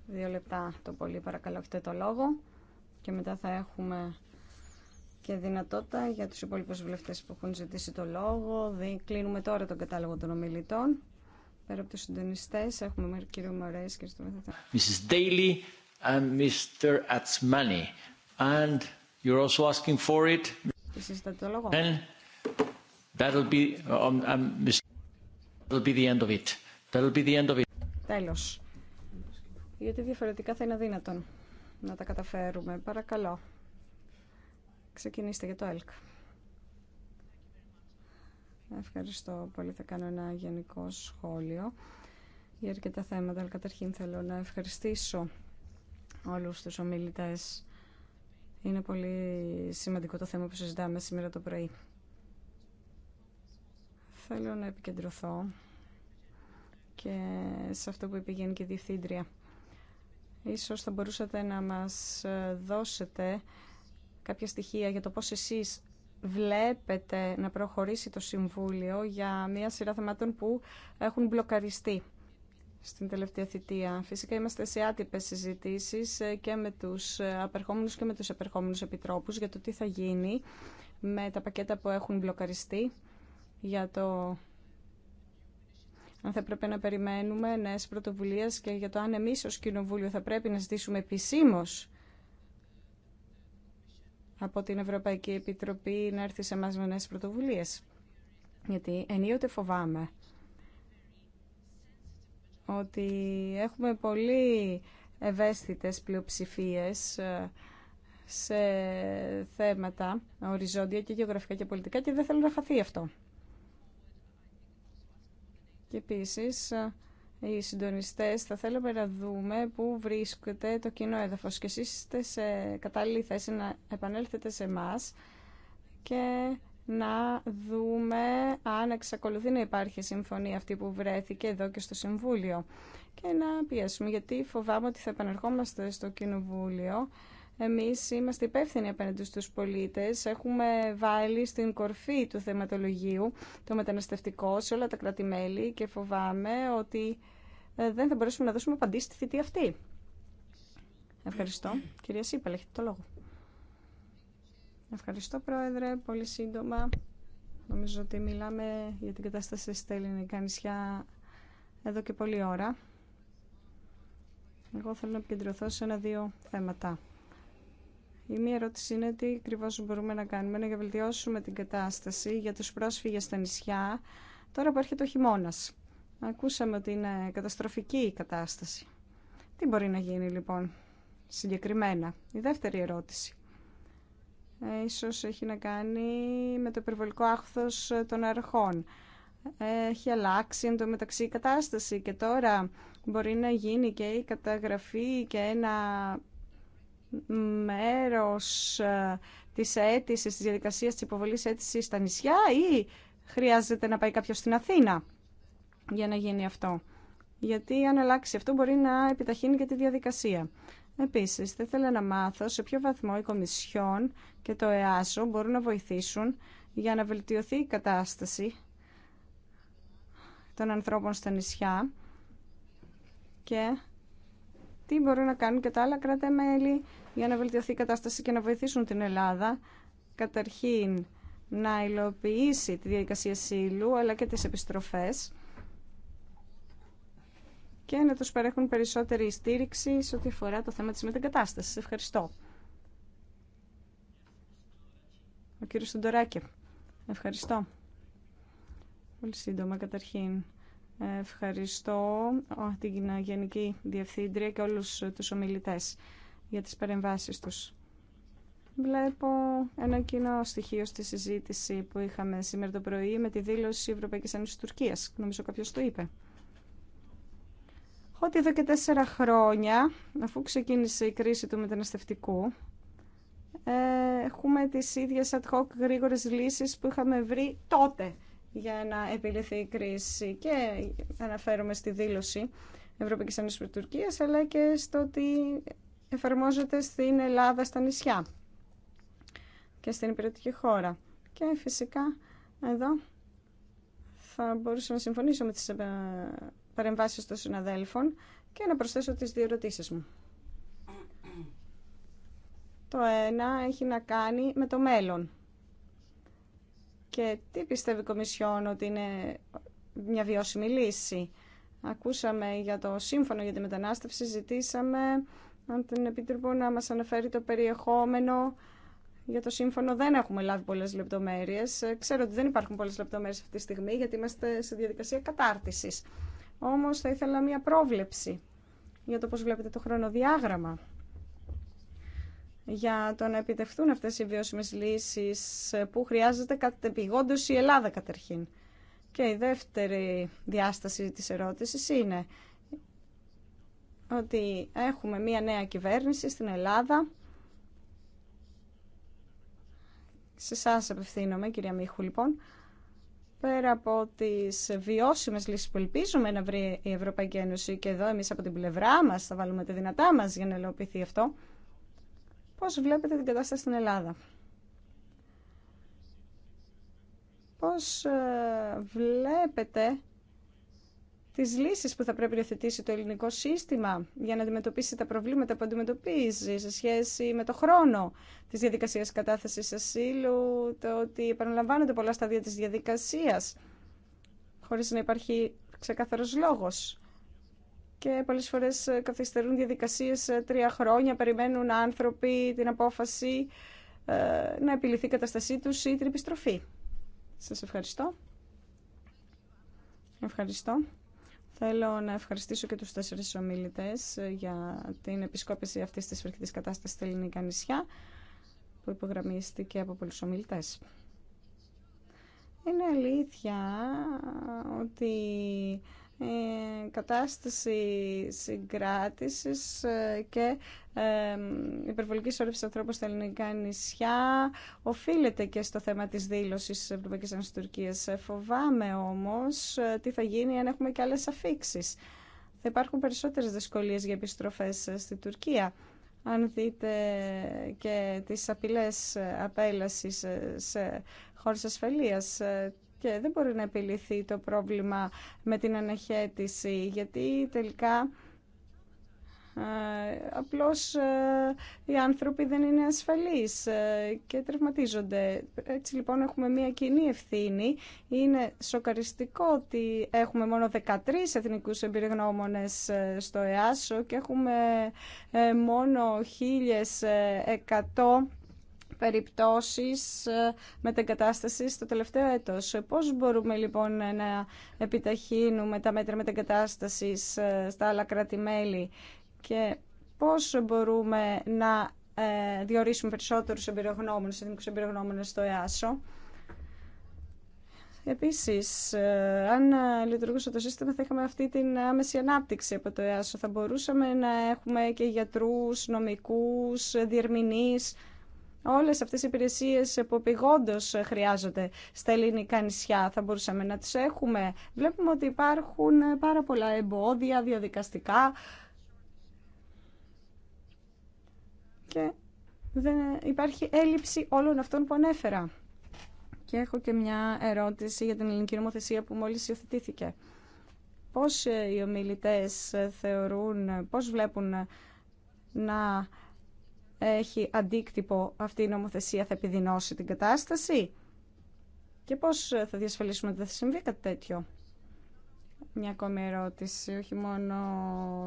Δύο λεπτά το πολύ παρακαλώ έχετε το λόγο και μετά θα έχουμε και δυνατότητα για τους υπόλοιπους βουλευτές που έχουν ζητήσει το λόγο. Κλείνουμε τώρα τον κατάλογο των ομιλητών. Πέρα από τους συντονιστές έχουμε κύριο και στο Mrs and Mr. το And you're Τέλος. Γιατί διαφορετικά θα είναι αδύνατον να τα καταφέρουμε. Παρακαλώ. Ξεκινήστε για το ΕΛΚ. Ευχαριστώ πολύ. Θα κάνω ένα γενικό σχόλιο για αρκετά θέματα. Αλλά καταρχήν θέλω να ευχαριστήσω όλους τους ομιλητές. Είναι πολύ σημαντικό το θέμα που συζητάμε σήμερα το πρωί. Θέλω να επικεντρωθώ και σε αυτό που είπε η Γενική Διευθύντρια. Ίσως θα μπορούσατε να μας δώσετε κάποια στοιχεία για το πώς εσείς βλέπετε να προχωρήσει το Συμβούλιο για μια σειρά θεμάτων που έχουν μπλοκαριστεί στην τελευταία θητεία. Φυσικά είμαστε σε άτυπες συζητήσεις ε, και με τους ε, απερχόμενους και με τους επερχόμενους επιτρόπους για το τι θα γίνει με τα πακέτα που έχουν μπλοκαριστεί για το αν θα πρέπει να περιμένουμε νέε πρωτοβουλίε και για το αν εμείς ως Κοινοβούλιο θα πρέπει να ζητήσουμε επισήμω από την Ευρωπαϊκή Επιτροπή να έρθει σε εμάς με νέες πρωτοβουλίε. Γιατί ενίοτε φοβάμαι ότι έχουμε πολύ ευαίσθητες πλειοψηφίες ε, σε θέματα οριζόντια και γεωγραφικά και πολιτικά και δεν θέλω να χαθεί αυτό. Και επίσης ε, οι συντονιστές θα θέλαμε να δούμε πού βρίσκεται το κοινό έδαφος και εσείς είστε σε κατάλληλη θέση να επανέλθετε σε εμά και να δούμε αν εξακολουθεί να υπάρχει συμφωνία αυτή που βρέθηκε εδώ και στο Συμβούλιο και να πιέσουμε, γιατί φοβάμαι ότι θα επανερχόμαστε στο Κοινοβούλιο. Εμείς είμαστε υπεύθυνοι απέναντι στους πολίτες, έχουμε βάλει στην κορφή του θεματολογίου το μεταναστευτικό σε όλα τα κρατημέλη και φοβάμαι ότι ε, δεν θα μπορέσουμε να δώσουμε απαντήσει στη αυτή. Ευχαριστώ. Κυρία Σίπελα, έχετε το λόγο. Ευχαριστώ Πρόεδρε, πολύ σύντομα. Νομίζω ότι μιλάμε για την κατάσταση στα ελληνικά νησιά εδώ και πολλή ώρα. Εγώ θέλω να επικεντρωθώ σε ένα-δύο θέματα. Η μία ερώτηση είναι τι ακριβώ μπορούμε να κάνουμε να βελτιώσουμε την κατάσταση για τους πρόσφυγες στα νησιά τώρα που έρχεται ο χειμώνα. Ακούσαμε ότι είναι καταστροφική η κατάσταση. Τι μπορεί να γίνει λοιπόν συγκεκριμένα. Η δεύτερη ερώτηση. Ε, ίσως έχει να κάνει με το υπερβολικό άχθος ε, των αρχών. Έχει αλλάξει εντωμεταξύ μεταξύ η κατάσταση και τώρα μπορεί να γίνει και η καταγραφή και ένα μέρος ε, της αίτηση, της διαδικασίας της υποβολής αίτηση στα νησιά ή χρειάζεται να πάει κάποιος στην Αθήνα για να γίνει αυτό. Γιατί αν αλλάξει αυτό μπορεί να επιταχύνει και τη διαδικασία. Επίσης, θα ήθελα να μάθω σε ποιο βαθμό η Κομισιόν και το ΕΑΣΟ μπορούν να βοηθήσουν για να βελτιωθεί η κατάσταση των ανθρώπων στα νησιά και τι μπορούν να κάνουν και τα άλλα κράτη-μέλη για να βελτιωθεί η κατάσταση και να βοηθήσουν την Ελλάδα καταρχήν να υλοποιήσει τη διαδικασία σύλλου αλλά και τις επιστροφές και να τους παρέχουν περισσότερη στήριξη σε ό,τι αφορά το θέμα της μετεγκατάστασης. Ευχαριστώ. Ο κύριος Στοντοράκη. Ευχαριστώ. Πολύ σύντομα καταρχήν. Ευχαριστώ την Γενική Διευθύντρια και όλους τους ομιλητές για τις παρεμβάσεις τους. Βλέπω ένα κοινό στοιχείο στη συζήτηση που είχαμε σήμερα το πρωί με τη δήλωση Ευρωπαϊκής Ένωσης Τουρκίας. Νομίζω κάποιος το είπε ότι εδώ και τέσσερα χρόνια, αφού ξεκίνησε η κρίση του μεταναστευτικού, ε, έχουμε τις ίδιες ad hoc γρήγορες λύσεις που είχαμε βρει τότε για να επιληθεί η κρίση. Και αναφέρομαι στη δήλωση Ευρωπαϊκής Ένωσης Τουρκίας, αλλά και στο ότι εφαρμόζεται στην Ελλάδα, στα νησιά και στην υπηρετική χώρα. Και φυσικά εδώ θα μπορούσα να συμφωνήσω με τις ε, παρεμβάσεις των συναδέλφων και να προσθέσω τις δύο ερωτήσεις μου. Το ένα έχει να κάνει με το μέλλον. Και τι πιστεύει η Κομισιόν ότι είναι μια βιώσιμη λύση. Ακούσαμε για το σύμφωνο για τη μετανάστευση, ζητήσαμε αν την Επίτροπο να μας αναφέρει το περιεχόμενο για το σύμφωνο δεν έχουμε λάβει πολλές λεπτομέρειες. Ξέρω ότι δεν υπάρχουν πολλές λεπτομέρειες αυτή τη στιγμή γιατί είμαστε σε διαδικασία κατάρτισης. Όμως θα ήθελα μια πρόβλεψη για το πώς βλέπετε το χρονοδιάγραμμα για το να επιτευχθούν αυτές οι βιώσιμες λύσεις που χρειάζεται κατεπηγόντως η Ελλάδα καταρχήν. Και η δεύτερη διάσταση της ερώτησης είναι ότι έχουμε μία νέα κυβέρνηση στην Ελλάδα. Σε εσά απευθύνομαι, κυρία Μίχου, λοιπόν πέρα από τις βιώσιμες λύσει που ελπίζουμε να βρει η Ευρωπαϊκή Ένωση και εδώ εμεί από την πλευρά μας θα βάλουμε τα δυνατά μας για να ελοπιθεί αυτό, πώς βλέπετε την κατάσταση στην Ελλάδα. Πώς ε, βλέπετε τις λύσεις που θα πρέπει να θετήσει το ελληνικό σύστημα για να αντιμετωπίσει τα προβλήματα που αντιμετωπίζει σε σχέση με το χρόνο της διαδικασίας κατάθεσης ασύλου, το ότι επαναλαμβάνονται πολλά στάδια της διαδικασίας χωρίς να υπάρχει ξεκάθαρος λόγος. Και πολλές φορές καθυστερούν διαδικασίες ε, τρία χρόνια, περιμένουν άνθρωποι την απόφαση ε, να επιληθεί η καταστασή του ή την επιστροφή. Σας ευχαριστώ. Ευχαριστώ. Θέλω να ευχαριστήσω και τους τέσσερις ομιλητές ε, για την επισκόπηση αυτής της φρικτής κατάστασης στα ελληνικά νησιά που υπογραμμίστηκε από πολλούς ομιλητές. Είναι αλήθεια ότι η ε, κατάσταση συγκράτησης ε, και ε, υπερβολική σώρευση ανθρώπων στα ελληνικά νησιά οφείλεται και στο θέμα της δήλωσης της Ευρωπαϊκής Ένωσης Τουρκίας. Φοβάμαι όμως τι θα γίνει αν έχουμε και άλλες αφήξεις. Θα υπάρχουν περισσότερες δυσκολίες για επιστροφές στη Τουρκία. Αν δείτε και τις απειλές απέλασης σε χώρες ασφαλείας, και δεν μπορεί να επιληθεί το πρόβλημα με την αναχέτηση γιατί τελικά ε, απλώς ε, οι άνθρωποι δεν είναι ασφαλείς ε, και τραυματίζονται. Έτσι λοιπόν έχουμε μια κοινή ευθύνη. Είναι σοκαριστικό ότι έχουμε μόνο 13 εθνικούς εμπειρογνώμονες στο ΕΑΣΟ και έχουμε μόνο 1.100 περιπτώσεις ε, μετεγκατάστασης το τελευταίο έτος. Πώς μπορούμε λοιπόν να επιταχύνουμε τα μέτρα μετεγκατάστασης ε, στα άλλα κράτη-μέλη και πώς μπορούμε να ε, διορίσουμε περισσότερους εμπειρογνώμονες, εθνικούς εμπειρογνώμονες στο ΕΑΣΟ. Επίσης, αν λειτουργούσε το σύστημα θα είχαμε αυτή την άμεση ανάπτυξη από το ΕΑΣΟ. Θα μπορούσαμε να έχουμε και γιατρούς, νομικούς, διερμηνείς, όλες αυτές οι υπηρεσίες που επιγόντως χρειάζονται στα ελληνικά νησιά θα μπορούσαμε να τις έχουμε. Βλέπουμε ότι υπάρχουν πάρα πολλά εμπόδια διαδικαστικά και δεν υπάρχει έλλειψη όλων αυτών που ανέφερα. Και έχω και μια ερώτηση για την ελληνική νομοθεσία που μόλις υιοθετήθηκε. Πώς ε, οι ομιλητές θεωρούν, πώς βλέπουν να έχει αντίκτυπο αυτή η νομοθεσία θα επιδεινώσει την κατάσταση και πώς θα διασφαλίσουμε ότι δεν θα συμβεί κάτι τέτοιο. Μια ακόμη ερώτηση, όχι μόνο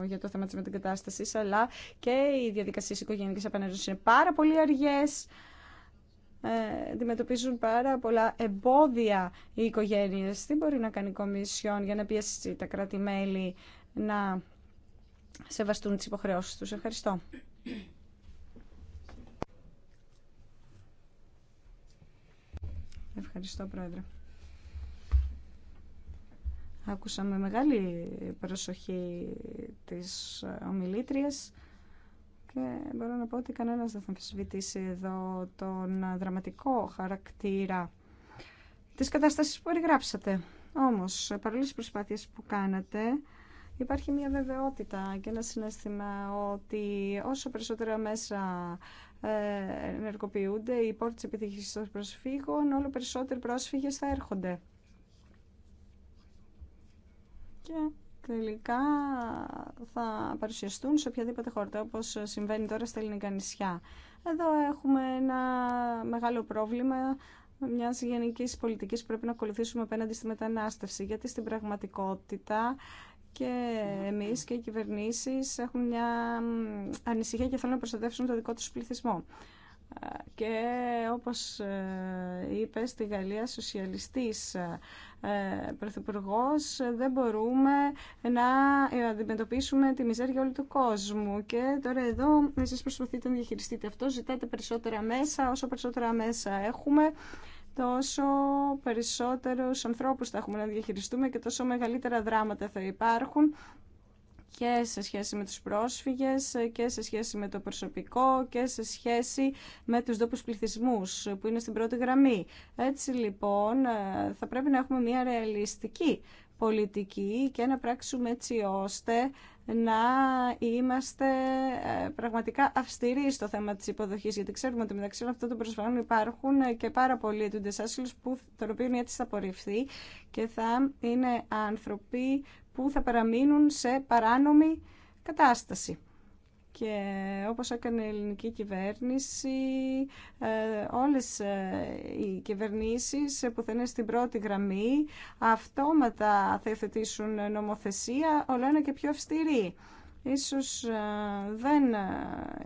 για το θέμα της μετεγκατάστασης, αλλά και οι διαδικασίες οικογενειακής επανέρωσης είναι πάρα πολύ αργές. Ε, αντιμετωπίζουν πάρα πολλά εμπόδια οι οικογένειες. Τι μπορεί να κάνει η Κομισιόν για να πιέσει τα κράτη-μέλη να σεβαστούν τις υποχρεώσεις τους. Ευχαριστώ. Ευχαριστώ, Πρόεδρε. Άκουσα με μεγάλη προσοχή της ομιλήτριας και μπορώ να πω ότι κανένας δεν θα αμφισβητήσει εδώ τον δραματικό χαρακτήρα της κατάστασης που περιγράψατε. Όμως, παρόλε τις προσπάθειες που κάνατε, υπάρχει μια βεβαιότητα και ένα συνέστημα ότι όσο περισσότερο μέσα ε, ενεργοποιούνται οι πόρτες επιτυχίας των προσφύγων, όλο περισσότεροι πρόσφυγες θα έρχονται. Και τελικά θα παρουσιαστούν σε οποιαδήποτε χώρα, όπως συμβαίνει τώρα στα ελληνικά νησιά. Εδώ έχουμε ένα μεγάλο πρόβλημα μια γενική πολιτική που πρέπει να ακολουθήσουμε απέναντι στη μετανάστευση, γιατί στην πραγματικότητα και εμείς και οι κυβερνήσεις έχουν μια ανησυχία και θέλουν να προστατεύσουν το δικό τους πληθυσμό. Και όπως ε, είπε στη Γαλλία σοσιαλιστής ε, Πρωθυπουργό, δεν μπορούμε να ε, αντιμετωπίσουμε τη μιζέρια όλου του κόσμου και τώρα εδώ εσείς προσπαθείτε να διαχειριστείτε αυτό ζητάτε περισσότερα μέσα όσο περισσότερα μέσα έχουμε τόσο περισσότερους ανθρώπους θα έχουμε να διαχειριστούμε και τόσο μεγαλύτερα δράματα θα υπάρχουν και σε σχέση με τους πρόσφυγες και σε σχέση με το προσωπικό και σε σχέση με τους ντόπους πληθυσμούς που είναι στην πρώτη γραμμή. Έτσι λοιπόν ε, θα πρέπει να έχουμε μια ρεαλιστική πολιτική και να πράξουμε έτσι ώστε να είμαστε ε, πραγματικά αυστηροί στο θέμα της υποδοχής, γιατί ξέρουμε ότι μεταξύ αυτών των προσφανών υπάρχουν ε, και πάρα πολλοί ετούντες άσυλους, που, τον οποίο έτσι θα απορριφθεί και θα είναι άνθρωποι που θα παραμείνουν σε παράνομη κατάσταση και όπως έκανε η ελληνική κυβέρνηση, ε, όλες ε, οι κυβερνήσεις που θα είναι στην πρώτη γραμμή αυτόματα θα υφετήσουν νομοθεσία όλο ένα και πιο αυστηρή. Ίσως ε, δεν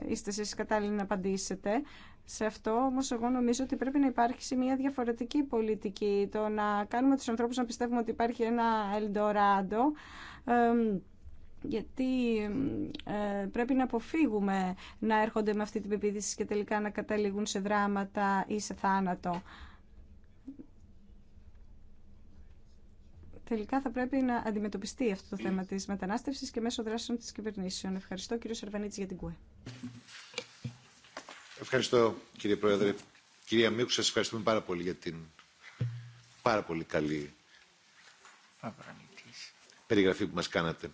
είστε εσείς κατάλληλοι να απαντήσετε σε αυτό, όμως εγώ νομίζω ότι πρέπει να υπάρχει μια διαφορετική πολιτική. Το να κάνουμε τους ανθρώπους να πιστεύουμε ότι υπάρχει ένα Ελντοράντο, γιατί ε, πρέπει να αποφύγουμε να έρχονται με αυτή την πεποίθηση και τελικά να καταλήγουν σε δράματα ή σε θάνατο. Τελικά θα πρέπει να αντιμετωπιστεί αυτό το θέμα της μετανάστευσης και μέσω δράσεων της κυβερνήσεων. Ευχαριστώ κύριο Σερβανίτης για την ΚΟΕ. Ευχαριστώ κύριε Πρόεδρε. Κυρία Μίκου, σας ευχαριστούμε πάρα πολύ για την πάρα πολύ καλή περιγραφή που μας κάνατε.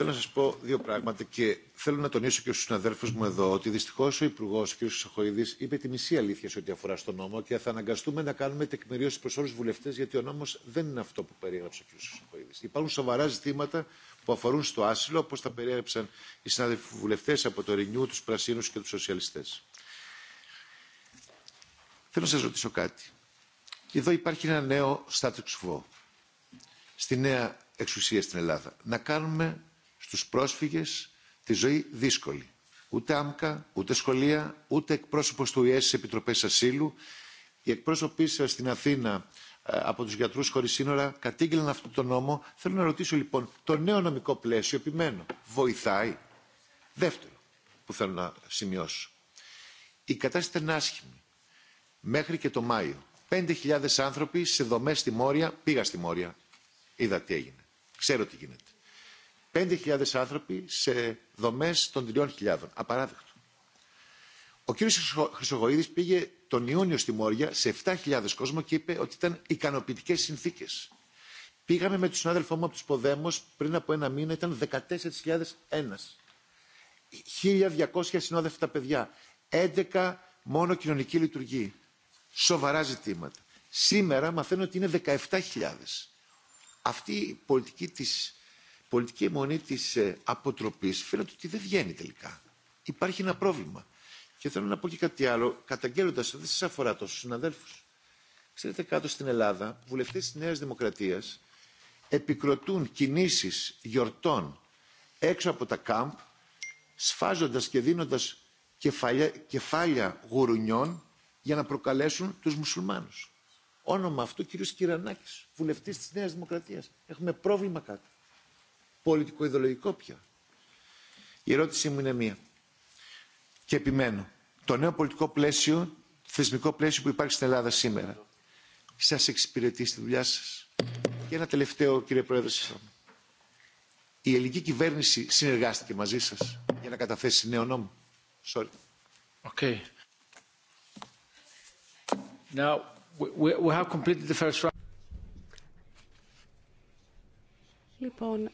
Θέλω να σα πω δύο πράγματα και θέλω να τονίσω και στου συναδέλφου μου εδώ ότι δυστυχώ ο Υπουργό κ. Σαχοϊδής είπε τη μισή αλήθεια σε ό,τι αφορά στον νόμο και θα αναγκαστούμε να κάνουμε τεκμηρίωση προ όλου τους βουλευτές γιατί ο νόμο δεν είναι αυτό που περιέγραψε ο κ. Σαχοϊδής. Υπάρχουν σοβαρά ζητήματα που αφορούν στο άσυλο όπω τα περιέγραψαν οι συνάδελφοι βουλευτέ από το Ρηνιού, του Πρασίνου και του Σοσιαλιστέ. Θέλω να σα ρωτήσω κάτι. Εδώ υπάρχει ένα νέο status quo στη νέα εξουσία στην Ελλάδα. Να κάνουμε στους πρόσφυγες τη ζωή δύσκολη. Ούτε άμκα, ούτε σχολεία, ούτε εκπρόσωπος του ΙΕΣ σε Επιτροπές Ασύλου. Οι εκπρόσωποι σα στην Αθήνα ε, από τους γιατρούς χωρίς σύνορα κατήγγειλαν αυτό τον νόμο. Θέλω να ρωτήσω λοιπόν, το νέο νομικό πλαίσιο, επιμένω, βοηθάει. Δεύτερο που θέλω να σημειώσω. Η κατάσταση ήταν άσχημη. Μέχρι και το Μάιο. 5.000 άνθρωποι σε δομές στη Μόρια, πήγα στη Μόρια, είδα τι έγινε. Ξέρω τι γίνεται. 5.000 άνθρωποι σε δομές των 3.000. Απαράδεκτο. Ο κύριος Χρυσογοίδης πήγε τον Ιούνιο στη Μόρια σε 7.000 κόσμο και είπε ότι ήταν ικανοποιητικέ συνθήκες. Πήγαμε με τον συνάδελφό μου από τους πριν από ένα μήνα ήταν 14.001. 1.200 συνόδευτα παιδιά. 11 μόνο κοινωνική λειτουργή. Σοβαρά ζητήματα. Σήμερα μαθαίνω ότι είναι 17.000. Αυτή η πολιτική της πολιτική αιμονή τη ε, αποτροπή φαίνεται ότι δεν βγαίνει τελικά. Υπάρχει ένα πρόβλημα. Και θέλω να πω και κάτι άλλο, καταγγέλλοντα, δεν σα αφορά τόσο συναδέλφου. Ξέρετε, κάτω στην Ελλάδα, βουλευτέ τη Νέα Δημοκρατία επικροτούν κινήσει γιορτών έξω από τα κάμπ, σφάζοντα και δίνοντα κεφάλια, κεφάλια γουρουνιών για να προκαλέσουν του μουσουλμάνους. Όνομα αυτού κύριο Κυρανάκη, βουλευτή τη Νέα Δημοκρατία. Έχουμε πρόβλημα κάτω πολιτικο πολιτικο-ιδεολογικό πια. Η ερώτησή μου είναι μία. Και επιμένω. Το νέο πολιτικό πλαίσιο, θεσμικό πλαίσιο που υπάρχει στην Ελλάδα σήμερα, σα εξυπηρετεί στη δουλειά σα. Και ένα τελευταίο, κύριε Πρόεδρε, η ελληνική κυβέρνηση συνεργάστηκε μαζί σα για να καταθέσει νέο νόμο. Sorry. Okay. Λοιπόν,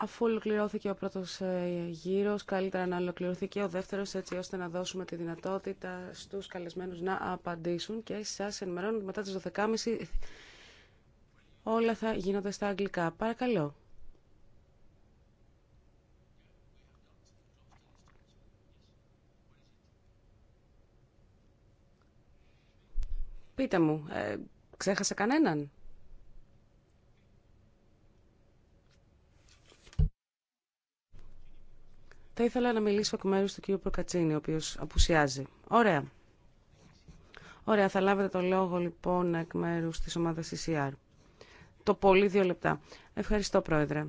Αφού ολοκληρώθηκε ο πρώτος ε, γύρος, καλύτερα να ολοκληρωθεί και ο δεύτερος, έτσι ώστε να δώσουμε τη δυνατότητα στους καλεσμένους να απαντήσουν και σας ενημερώνω ότι μετά τις 12.30 όλα θα γίνονται στα αγγλικά. Παρακαλώ. Πείτε μου, ε, ξέχασα κανέναν. Θα ήθελα να μιλήσω εκ μέρου του κ. Προκατσίνη, ο οποίο απουσιάζει. Ωραία. Ωραία, θα λάβετε το λόγο λοιπόν εκ μέρου τη ομάδα CCR. Το πολύ δύο λεπτά. Ευχαριστώ, Πρόεδρε.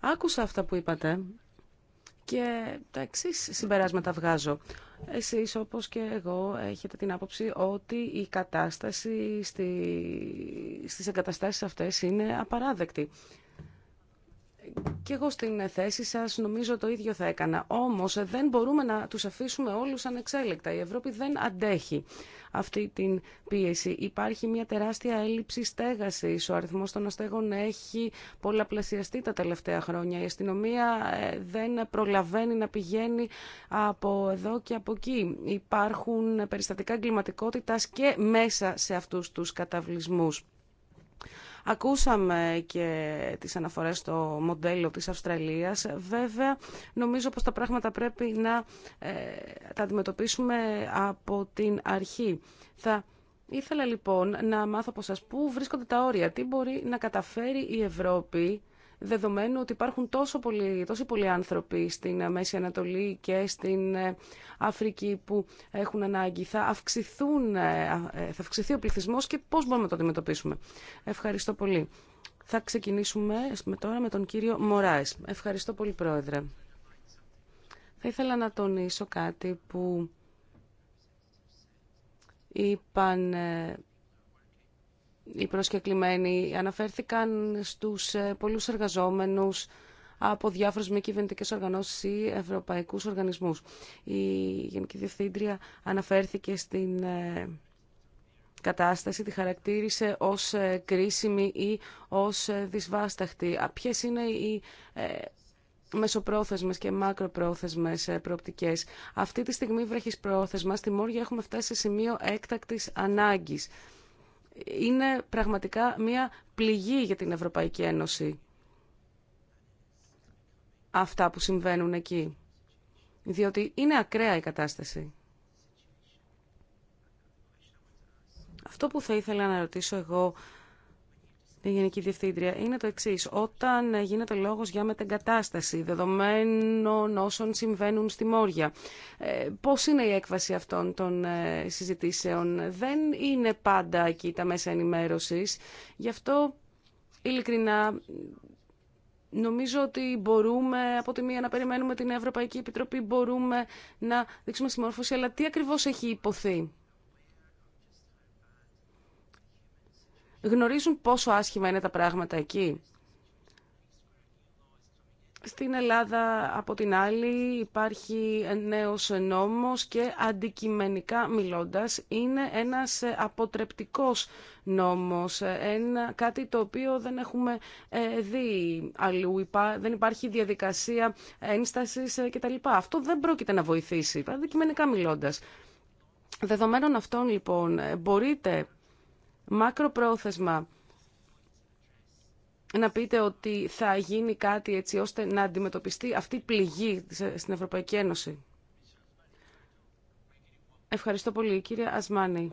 Άκουσα αυτά που είπατε και τα εξή συμπεράσματα βγάζω. Εσείς όπως και εγώ έχετε την άποψη ότι η κατάσταση στη... στις εγκαταστάσεις αυτές είναι απαράδεκτη και εγώ στην θέση σας νομίζω το ίδιο θα έκανα. Όμως ε, δεν μπορούμε να του αφήσουμε όλους ανεξέλεκτα. Η Ευρώπη δεν αντέχει αυτή την πίεση. Υπάρχει μια τεράστια έλλειψη στέγασης. Ο αριθμός των αστέγων έχει πολλαπλασιαστεί τα τελευταία χρόνια. Η αστυνομία ε, δεν προλαβαίνει να πηγαίνει από εδώ και από εκεί. Υπάρχουν περιστατικά εγκληματικότητα και μέσα σε αυτούς τους καταβλισμούς. Ακούσαμε και τις αναφορές στο μοντέλο της Αυστραλίας. Βέβαια, νομίζω πως τα πράγματα πρέπει να ε, τα αντιμετωπίσουμε από την αρχή. Θα ήθελα λοιπόν να μάθω από σας πού βρίσκονται τα όρια, τι μπορεί να καταφέρει η Ευρώπη δεδομένου ότι υπάρχουν τόσο πολλοί, πολλοί άνθρωποι στην Μέση Ανατολή και στην ε, Αφρική που έχουν ανάγκη. Θα, αυξηθούν, ε, ε, θα αυξηθεί ο πληθυσμός και πώς μπορούμε να το αντιμετωπίσουμε. Ευχαριστώ πολύ. Θα ξεκινήσουμε τώρα με τον κύριο Μωράης. Ευχαριστώ πολύ, Πρόεδρε. Θα ήθελα να τονίσω κάτι που είπαν οι προσκεκλημένοι αναφέρθηκαν στους ε, πολλούς εργαζόμενους από διάφορες μη κυβερνητικέ οργανώσεις ή ευρωπαϊκούς οργανισμούς. Η Γενική Διευθύντρια αναφέρθηκε στην ε, κατάσταση, τη χαρακτήρισε ως ε, κρίσιμη ή ως δυσβάσταχτη. Ποιες είναι οι μεσοπρόθεσμες και μακροπρόθεσμες προοπτικές. Αυτή τη στιγμή βρέχεις πρόθεσμα. Στη Μόρια έχουμε φτάσει σε σημείο έκτακτης ανάγκης είναι πραγματικά μια πληγή για την Ευρωπαϊκή Ένωση αυτά που συμβαίνουν εκεί. Διότι είναι ακραία η κατάσταση. Αυτό που θα ήθελα να ρωτήσω εγώ Γενική Διευθύντρια, είναι το εξή. Όταν γίνεται λόγος για μετεγκατάσταση δεδομένων όσων συμβαίνουν στη Μόρια, ε, πώς είναι η έκβαση αυτών των ε, συζητήσεων. Δεν είναι πάντα εκεί τα μέσα ενημέρωσης. Γι' αυτό, ειλικρινά, νομίζω ότι μπορούμε από τη μία να περιμένουμε την Ευρωπαϊκή Επιτροπή, μπορούμε να δείξουμε συμμόρφωση, αλλά τι ακριβώς έχει υποθεί. γνωρίζουν πόσο άσχημα είναι τα πράγματα εκεί. Στην Ελλάδα, από την άλλη, υπάρχει νέος νόμος και αντικειμενικά μιλώντας, είναι ένας αποτρεπτικός νόμος, ένα, κάτι το οποίο δεν έχουμε ε, δει αλλού, υπά, δεν υπάρχει διαδικασία ένστασης ε, κτλ. Αυτό δεν πρόκειται να βοηθήσει, αντικειμενικά μιλώντας. Δεδομένων αυτών, λοιπόν, μπορείτε μακροπρόθεσμα να πείτε ότι θα γίνει κάτι έτσι ώστε να αντιμετωπιστεί αυτή η πληγή στην Ευρωπαϊκή Ένωση. Ευχαριστώ πολύ. Κύριε Ασμάνη,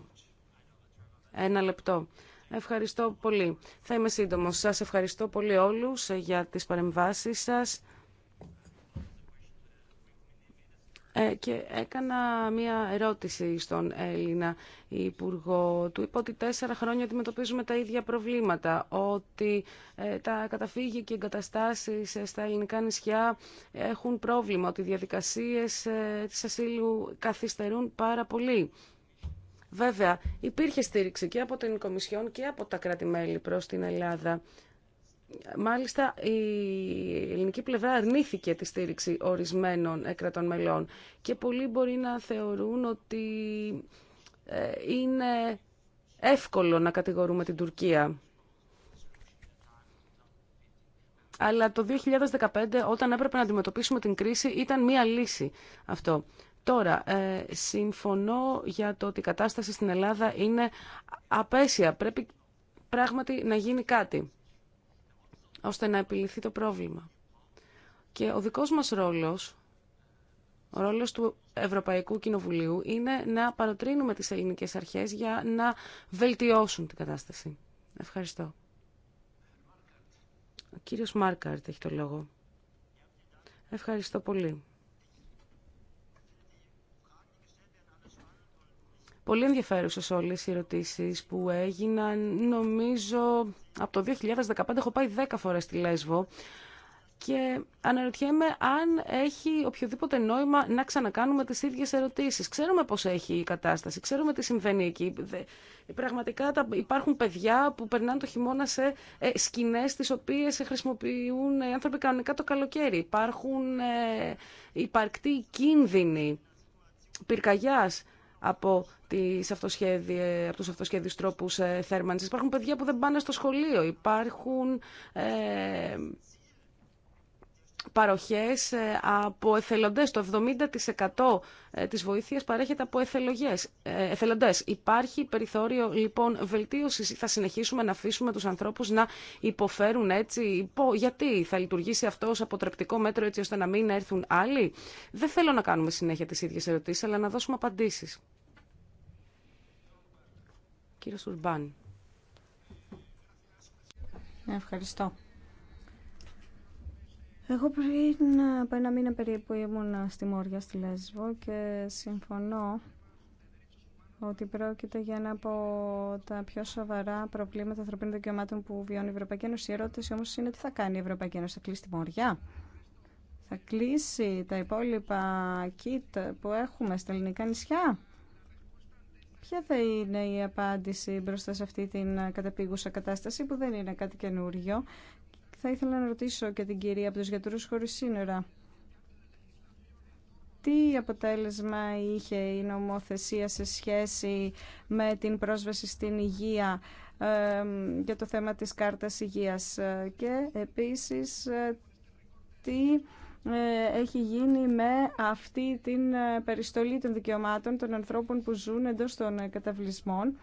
ένα λεπτό. Ευχαριστώ πολύ. Θα είμαι σύντομος. Σας ευχαριστώ πολύ όλους για τις παρεμβάσεις σας. Ε, και έκανα μία ερώτηση στον Έλληνα Υπουργό. Του είπα ότι τέσσερα χρόνια αντιμετωπίζουμε τα ίδια προβλήματα, ότι ε, τα καταφύγια και εγκαταστάσεις ε, στα ελληνικά νησιά έχουν πρόβλημα, ότι οι διαδικασίες της ασύλου καθυστερούν πάρα πολύ. Βέβαια, υπήρχε στήριξη και από την Κομισιόν και από τα κράτη-μέλη προς την Ελλάδα Μάλιστα, η ελληνική πλευρά αρνήθηκε τη στήριξη ορισμένων έκρατων μελών και πολλοί μπορεί να θεωρούν ότι ε, είναι εύκολο να κατηγορούμε την Τουρκία. Αλλά το 2015, όταν έπρεπε να αντιμετωπίσουμε την κρίση, ήταν μία λύση αυτό. Τώρα, ε, συμφωνώ για το ότι η κατάσταση στην Ελλάδα είναι απέσια. Πρέπει πράγματι να γίνει κάτι ώστε να επιληθεί το πρόβλημα. Και ο δικός μας ρόλος, ο ρόλος του Ευρωπαϊκού Κοινοβουλίου, είναι να παροτρύνουμε τις ελληνικές αρχές για να βελτιώσουν την κατάσταση. Ευχαριστώ. Ο κύριος Μάρκαρτ έχει το λόγο. Ευχαριστώ πολύ. Πολύ ενδιαφέρουσε όλες οι ερωτήσεις που έγιναν. Νομίζω από το 2015 έχω πάει 10 φορές στη Λέσβο και αναρωτιέμαι αν έχει οποιοδήποτε νόημα να ξανακάνουμε τις ίδιες ερωτήσεις. Ξέρουμε πώς έχει η κατάσταση, ξέρουμε τι συμβαίνει εκεί. Πραγματικά υπάρχουν παιδιά που περνάνε το χειμώνα σε ε, σκηνές τις οποίες χρησιμοποιούν ε, οι άνθρωποι κανονικά το καλοκαίρι. Υπάρχουν ε, υπαρκτοί κίνδυνοι πυρκαγιάς από, τις από τους αυτοσχέδιους τρόπους ε, θέρμανσης. Υπάρχουν παιδιά που δεν πάνε στο σχολείο. Υπάρχουν ε, παροχές ε, από εθελοντές. Το 70% ε, της βοήθειας παρέχεται από εθελογές, ε, εθελοντές. Υπάρχει περιθώριο λοιπόν βελτίωσης. Θα συνεχίσουμε να αφήσουμε τους ανθρώπους να υποφέρουν έτσι. Γιατί θα λειτουργήσει αυτό ως αποτρεπτικό μέτρο έτσι ώστε να μην έρθουν άλλοι. Δεν θέλω να κάνουμε συνέχεια τις ίδιες ερωτήσεις, αλλά να δώσουμε απαντήσεις. Κύριε Σουρμπάνη. Ευχαριστώ. Εγώ πριν από ένα μήνα περίπου ήμουν στη Μόρια, στη Λέσβο και συμφωνώ ότι πρόκειται για ένα από τα πιο σοβαρά προβλήματα ανθρωπίνων δικαιωμάτων που βιώνει η Ευρωπαϊκή Ένωση. Η ερώτηση όμω είναι τι θα κάνει η Ευρωπαϊκή Ένωση, θα κλείσει τη Μόρια. Θα κλείσει τα υπόλοιπα κίτ που έχουμε στα ελληνικά νησιά. Ποια θα είναι η απάντηση μπροστά σε αυτή την καταπήγουσα κατάσταση που δεν είναι κάτι καινούριο θα ήθελα να ρωτήσω και την κυρία από τους γιατρούς χωρίς σύνορα. Τι αποτέλεσμα είχε η νομοθεσία σε σχέση με την πρόσβαση στην υγεία για το θέμα της κάρτας υγείας και επίσης ε, τι ε, έχει γίνει με αυτή την ε, περιστολή των δικαιωμάτων των ανθρώπων που ζουν εντός των καταβλισμών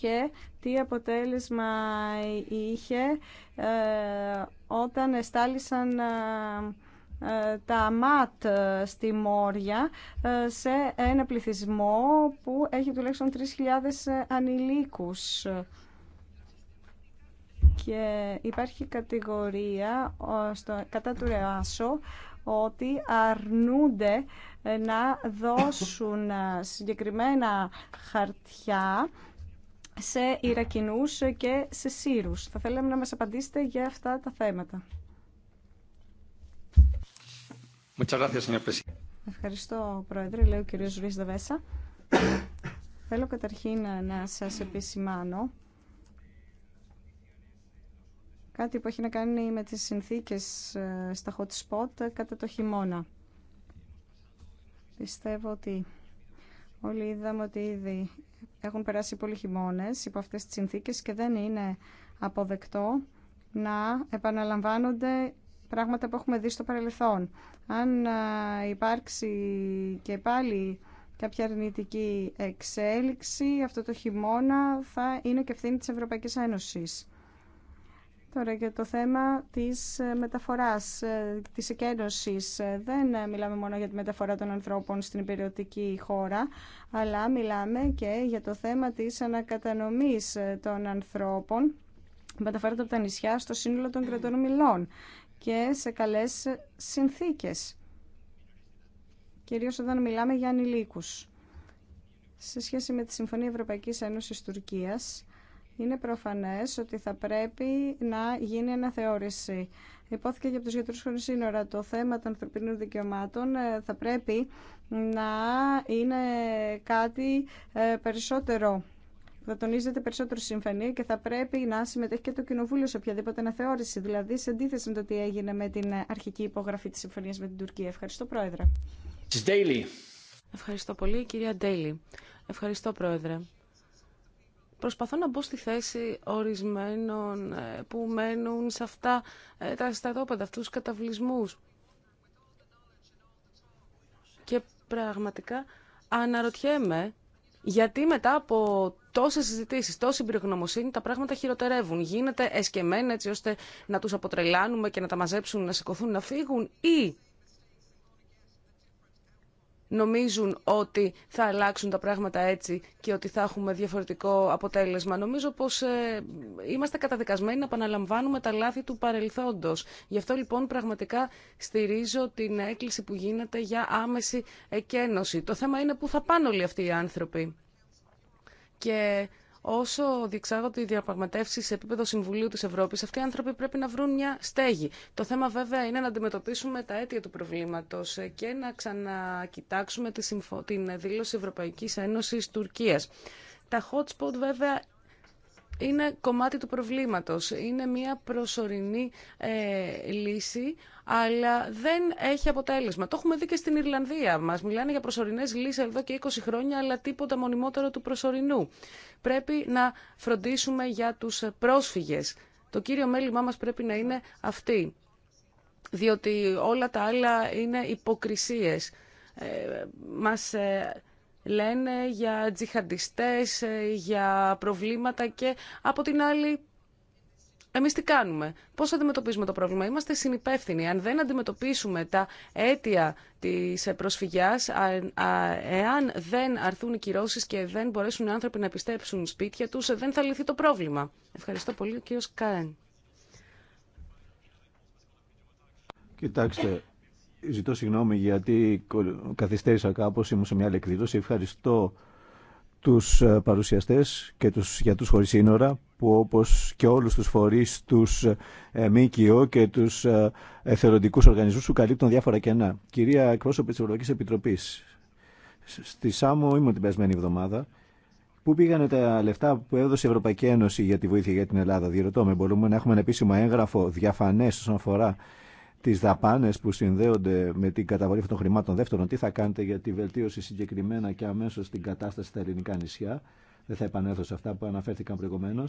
και τι αποτέλεσμα είχε ε, όταν εστάλησαν ε, ε, τα ΜΑΤ στη Μόρια σε ένα πληθυσμό που έχει τουλάχιστον 3.000 ανηλίκους. Και υπάρχει κατηγορία στο, κατά του ΡΕΑΣΟ ότι αρνούνται να δώσουν συγκεκριμένα χαρτιά σε Ιρακινούς και σε Σύρους. Θα θέλαμε να μας απαντήσετε για αυτά τα θέματα. Ευχαριστώ, Πρόεδρε. Λέω ο κύριος Ρουίς Δεβέσα. Θέλω καταρχήν να σας επισημάνω κάτι που έχει να κάνει με τις συνθήκες ε, στα hot spot κατά το χειμώνα. Πιστεύω ότι όλοι είδαμε ότι ήδη έχουν περάσει πολλοί χειμώνες υπό αυτές τις συνθήκες και δεν είναι αποδεκτό να επαναλαμβάνονται πράγματα που έχουμε δει στο παρελθόν. Αν υπάρξει και πάλι κάποια αρνητική εξέλιξη, αυτό το χειμώνα θα είναι και ευθύνη της Ευρωπαϊκής Ένωσης. Τώρα για το θέμα της ε, μεταφοράς, ε, της εκένωσης. Ε, δεν μιλάμε μόνο για τη μεταφορά των ανθρώπων στην υπηρετική χώρα, αλλά μιλάμε και για το θέμα της ανακατανομής των ανθρώπων μεταφέρονται από τα νησιά στο σύνολο των κρατών μιλών και σε καλές συνθήκες, κυρίως όταν μιλάμε για ανηλίκους. Σε σχέση με τη Συμφωνία Ευρωπαϊκής Ένωσης Τουρκίας, είναι προφανές ότι θα πρέπει να γίνει αναθεώρηση. Υπόθηκε και από τους γιατρούς χωρίς σύνορα το θέμα των ανθρωπίνων δικαιωμάτων ε, θα πρέπει να είναι κάτι ε, περισσότερο θα τονίζεται περισσότερο συμφωνία και θα πρέπει να συμμετέχει και το Κοινοβούλιο σε οποιαδήποτε αναθεώρηση, δηλαδή σε αντίθεση με το τι έγινε με την αρχική υπογραφή τη συμφωνία με την Τουρκία. Ευχαριστώ, Πρόεδρε. Ευχαριστώ πολύ, κυρία Ντέιλι. Ευχαριστώ, Πρόεδρε προσπαθώ να μπω στη θέση ορισμένων ε, που μένουν σε αυτά ε, τα στρατόπεδα, αυτούς τους καταβλισμούς. Και πραγματικά αναρωτιέμαι γιατί μετά από τόσες συζητήσεις, τόση πυρογνωμοσύνη, τα πράγματα χειροτερεύουν. Γίνεται εσκεμμένα έτσι ώστε να τους αποτρελάνουμε και να τα μαζέψουν, να σηκωθούν, να φύγουν ή νομίζουν ότι θα αλλάξουν τα πράγματα έτσι και ότι θα έχουμε διαφορετικό αποτέλεσμα. Νομίζω πως ε, είμαστε καταδικασμένοι να επαναλαμβάνουμε τα λάθη του παρελθόντος. Γι' αυτό λοιπόν πραγματικά στηρίζω την έκκληση που γίνεται για άμεση εκένωση. Το θέμα είναι πού θα πάνε όλοι αυτοί οι άνθρωποι. Και όσο διεξάγονται οι διαπραγματεύσει σε επίπεδο Συμβουλίου τη Ευρώπη, αυτοί οι άνθρωποι πρέπει να βρουν μια στέγη. Το θέμα βέβαια είναι να αντιμετωπίσουμε τα αίτια του προβλήματο και να ξανακοιτάξουμε τη την δήλωση Ευρωπαϊκή Ένωση Τουρκία. Τα hot spot βέβαια είναι κομμάτι του προβλήματος. Είναι μια προσωρινή ε, λύση, αλλά δεν έχει αποτέλεσμα. Το έχουμε δει και στην Ιρλανδία. Μας μιλάνε για προσωρινές λύσεις εδώ και 20 χρόνια, αλλά τίποτα μονιμότερο του προσωρινού. Πρέπει να φροντίσουμε για τους πρόσφυγες. Το κύριο μέλημά μας πρέπει να είναι αυτή, διότι όλα τα άλλα είναι υποκρισίες. Ε, μας... Ε, λένε για τζιχαντιστές, ε, για προβλήματα και από την άλλη εμεί τι κάνουμε, πώς αντιμετωπίζουμε το πρόβλημα. Είμαστε συνυπεύθυνοι. Αν δεν αντιμετωπίσουμε τα αίτια τη προσφυγιάς, εάν δεν αρθούν οι κυρώσεις και δεν μπορέσουν οι άνθρωποι να επιστρέψουν σπίτια τους, ε, δεν θα λυθεί το πρόβλημα. Ευχαριστώ πολύ, κύριο Κάεν. Κοιτάξτε, Ζητώ συγγνώμη γιατί καθυστέρησα κάπως, ήμουν σε μια άλλη εκδήλωση. Ευχαριστώ τους ε, παρουσιαστές και τους γιατρούς χωρίς σύνορα που όπως και όλους τους φορείς, τους ε, ΜΚΟ και τους ε, εθελοντικούς οργανισμούς που καλύπτουν διάφορα κενά. Κυρία εκπρόσωπη της Ευρωπαϊκής Επιτροπής, στη ΣΑΜΟ ήμουν την περασμένη εβδομάδα. Πού πήγανε τα λεφτά που έδωσε η Ευρωπαϊκή Ένωση για τη βοήθεια για την Ελλάδα. Διερωτώ με, μπορούμε να έχουμε ένα επίσημο έγγραφο διαφανές όσον αφορά τι δαπάνε που συνδέονται με την καταβολή αυτών των χρημάτων. Δεύτερον, τι θα κάνετε για τη βελτίωση συγκεκριμένα και αμέσω στην κατάσταση στα ελληνικά νησιά. Δεν θα επανέλθω σε αυτά που αναφέρθηκαν προηγουμένω.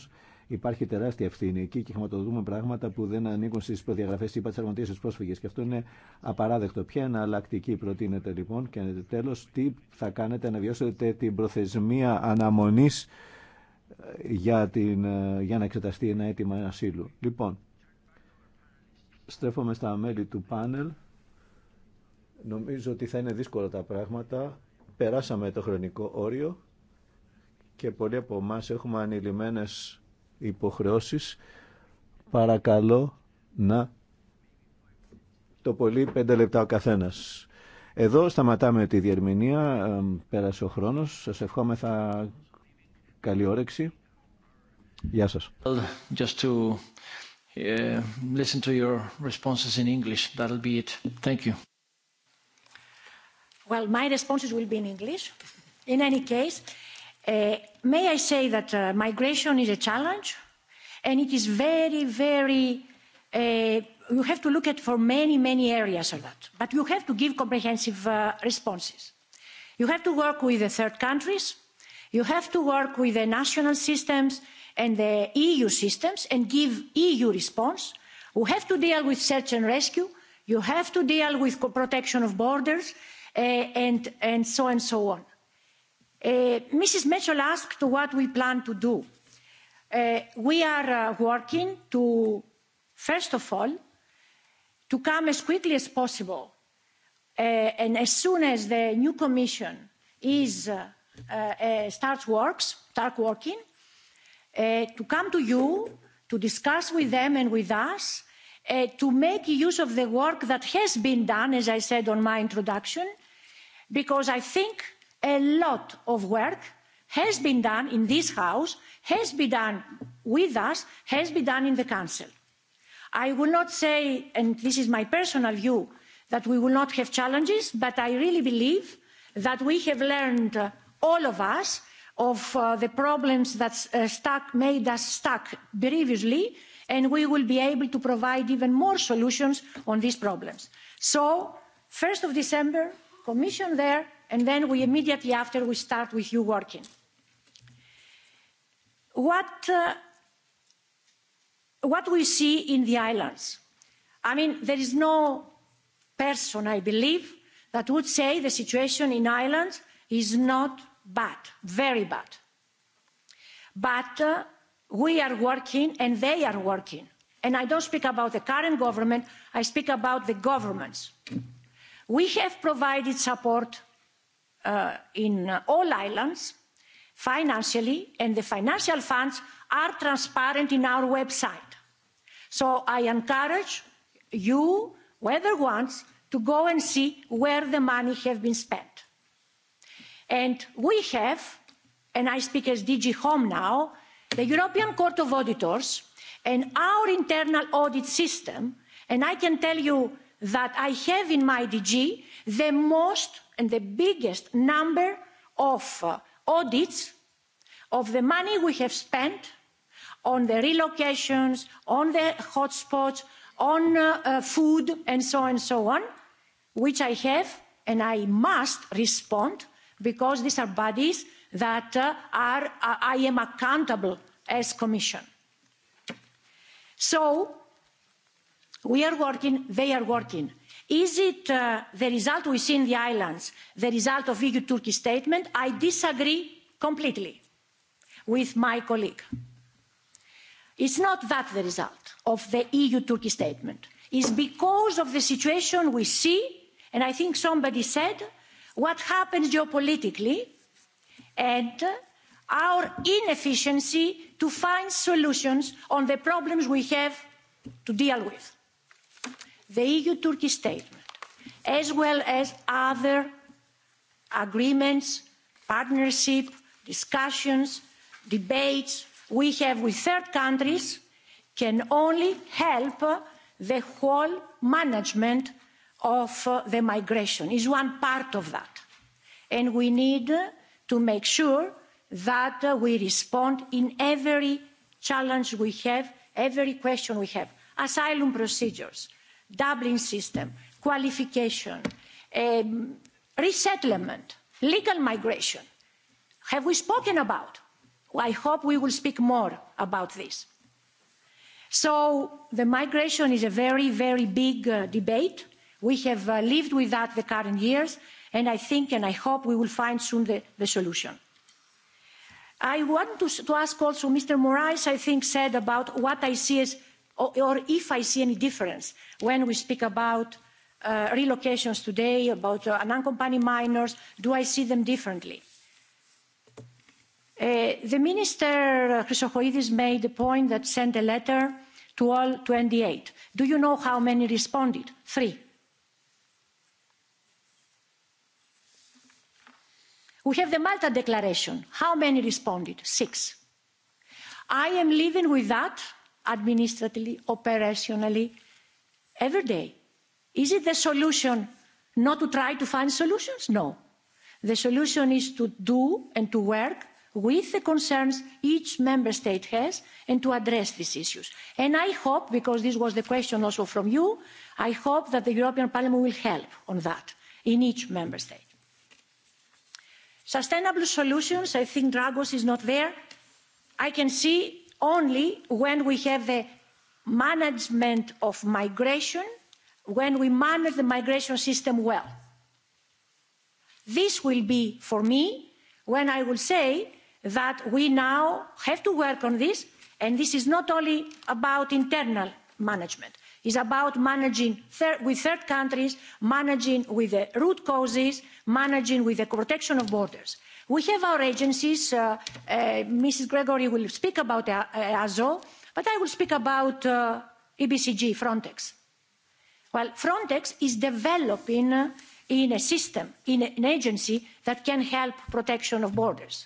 Υπάρχει τεράστια ευθύνη εκεί και χρηματοδοτούμε πράγματα που δεν ανήκουν στι προδιαγραφέ τη υπαρξαρμοντία πρόσφυγε. Και αυτό είναι απαράδεκτο. Ποια εναλλακτική προτείνεται λοιπόν και τέλο, τι θα κάνετε να βιώσετε την προθεσμία αναμονή ε, για, την, ε, για να εξεταστεί ένα αίτημα ασύλου. Λοιπόν, Στρέφομαι στα μέλη του πάνελ. Νομίζω ότι θα είναι δύσκολα τα πράγματα. Περάσαμε το χρονικό όριο και πολλοί από εμά έχουμε ανηλυμένες υποχρεώσεις. Παρακαλώ να το πολύ πέντε λεπτά ο καθένας. Εδώ σταματάμε τη διερμηνία, ε, πέρασε ο χρόνος. Σας ευχόμεθα καλή όρεξη. Γεια σας. Just listen to your responses in English. That'll be it. Thank you. Well, my responses will be in English. In any case, may I say that migration is a challenge and it is very, very, you have to look at for many, many areas of that. But you have to give comprehensive responses. You have to work with the third countries. You have to work with the national systems and the eu systems and give eu response we have to deal with search and rescue you have to deal with protection of borders and and so and so on. mrs mitchell asked what we plan to do. we are working to first of all to come as quickly as possible and as soon as the new commission starts working to come to you to discuss with them and with us to make use of the work that has been done as i said on my introduction because i think a lot of work has been done in this house has been done with us has been done in the council. i will not say and this is my personal view that we will not have challenges but i really believe that we have learned all of us of the problems that stuck made us stuck previously and we will be able to provide even more solutions on these problems. so first of december commission there and then we immediately after we start with you working. what we see in the islands i mean there is no person i believe that would say the situation in ireland is not bad very bad but we are working and they are working and i don't speak about the current government i speak about the governments we have provided support in all islands financially and the financial funds are transparent in our website so i encourage you whether once, to go and see where the money has been spent and we have and i speak as dg home now the european court of auditors and our internal audit system and i can tell you that i have in my dg the most and the biggest number of audits of the money we have spent on the relocations on the hotspots on food and so on and so on which i have and i must respond because these are bodies that are i am accountable as commission. so we are working they are working. is it the result we see in the islands the result of eu turkey statement? i disagree completely with my colleague. it's not that the result of the eu turkey statement. it's because of the situation we see and i think somebody said what happens geopolitically and our inefficiency to find solutions on the problems we have to deal with. The EU Turkey statement, as well as other agreements, partnership, discussions, debates we have with third countries can only help the whole management of the migration is one part of that and we need to make sure that we respond in every challenge we have every question we have asylum procedures dublin system qualification resettlement legal migration have we spoken about? i hope we will speak more about this. so the migration is a very very big debate we have lived with that the current years and i think and i hope we will find soon the solution. i want to ask also mr moraes i think said about what i see as or if i see any difference when we speak about relocations today about unaccompanied minors do i see them differently? the minister chrysochoidis made the point that sent a letter to all twenty eight. do you know how many responded? three we have the malta declaration how many responded? six. i am living with that administratively operationally every day. is it the solution not to try to find solutions? no. the solution is to do and to work with the concerns each member state has and to address these issues. and i hope because this was the question also from you i hope that the european parliament will help on that in each member state sustainable solutions i think dragos is not there i can see only when we have the management of migration when we manage the migration system well. this will be for me when i will say that we now have to work on this and this is not only about internal management is about managing with third countries managing with the root causes managing with the protection of borders. we have our agencies mrs gregory will speak about easo but i will speak about ebcg frontex. well frontex is developing in a system in an agency that can help protection of borders.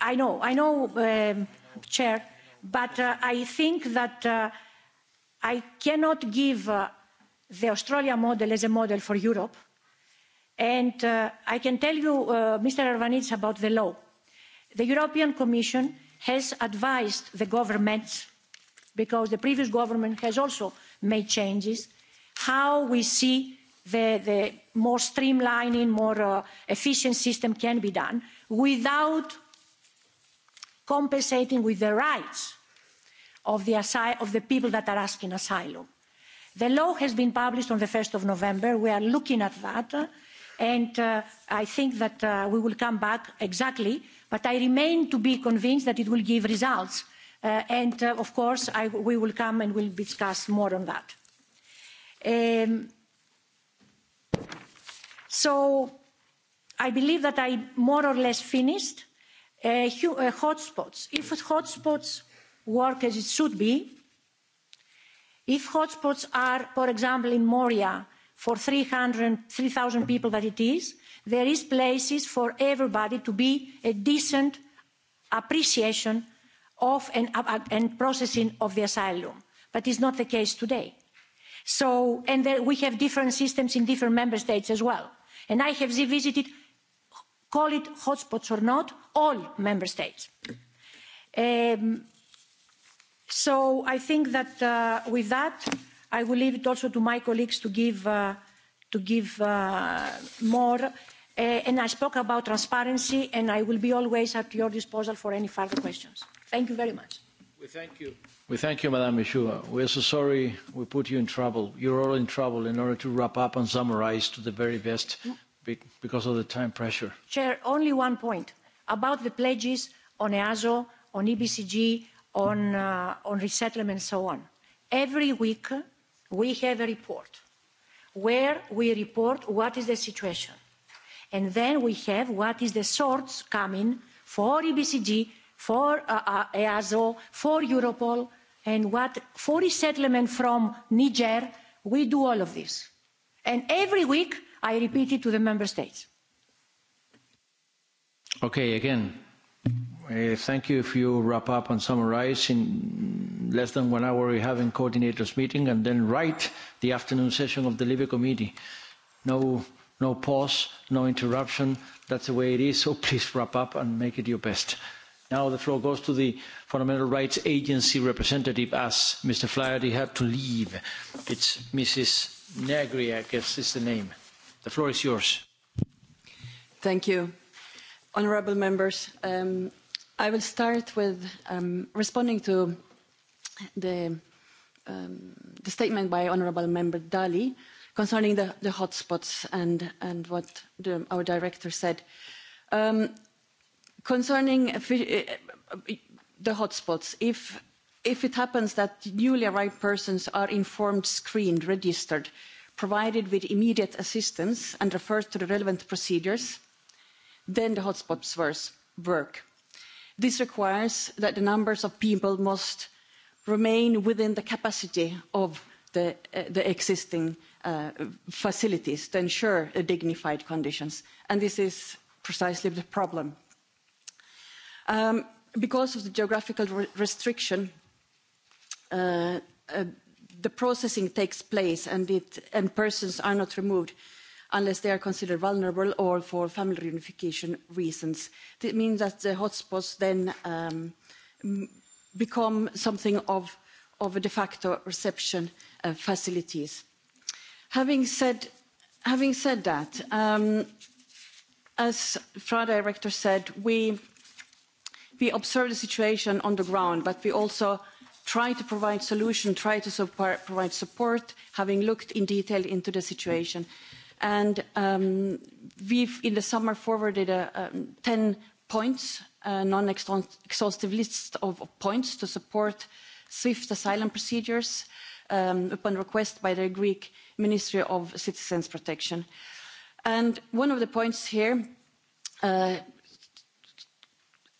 i know i know chair but i think that I cannot give the Australia model as a model for Europe. And I can tell you, Mr. Arvanits, about the law. The European Commission has advised the governments, because the previous government has also made changes, how we see the more streamlining, more efficient system can be done without compensating with the rights of the people that are asking asylum. The law has been published on the 1st of November. We are looking at that. And I think that we will come back exactly. But I remain to be convinced that it will give results. And, of course, we will come and will discuss more on that. So I believe that I more or less finished. Hotspots. If hotspots work as it should be. If hotspots are, for example, in Moria for 3,000 people that it is, there is places for everybody to be a decent appreciation of and processing of the asylum. But it's not the case today. So, and we have different systems in different member states as well. And I have visited, call it hotspots or not, all member states. So I think that with that, I will leave it also to my colleagues to give to give more. And I spoke about transparency, and I will be always at your disposal for any further questions. Thank you very much. We thank you. We thank you, Madam Michoud. We are so sorry we put you in trouble. You're all in trouble in order to wrap up and summarize to the very best because of the time pressure. Chair, only one point about the pledges on EASO, on EBCG on on resettlement and so on. Every week we have a report where we report what is the situation. And then we have what is the source coming for EBCG, for EASO, for Europol, and what for resettlement from Niger. We do all of this. And every week I repeat it to the member states. Okay, again, Thank you if you wrap up and summarize. In less than one hour, we have a coordinators meeting and then right the afternoon session of the LIBE committee. No, no pause, no interruption. That's the way it is. So please wrap up and make it your best. Now the floor goes to the Fundamental Rights Agency representative, as Mr. Flaherty had to leave. It's Mrs. Negri, I guess is the name. The floor is yours. Thank you. Honourable members, I will start with responding to the statement by Honourable Member Dalli concerning the hotspots and what our director said. Concerning the hotspots, if it happens that newly arrived persons are informed, screened, registered, provided with immediate assistance and referred to the relevant procedures, then the hotspots work this requires that the numbers of people must remain within the capacity of the existing facilities to ensure dignified conditions and this is precisely the problem. because of the geographical restriction the processing takes place and persons are not removed unless they are considered vulnerable or for family reunification reasons. This means that the hotspots then become something of a de facto reception facilities. Having said that, as FRA Director said, we observe the situation on the ground, but we also try to provide solutions, try to provide support, having looked in detail into the situation and we've in the summer forwarded 10 points a non exhaustive list of points to support swift asylum procedures upon request by the greek ministry of citizens protection and one of the points here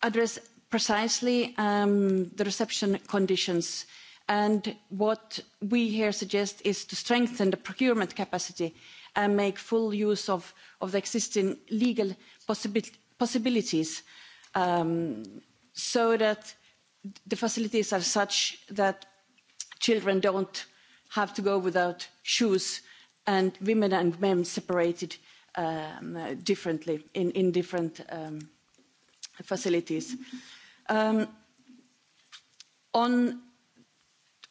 address precisely the reception conditions and what we here suggest is to strengthen the procurement capacity and make full use of the existing legal possibilities so that the facilities are such that children don't have to go without shoes and women and men separated differently in different facilities. on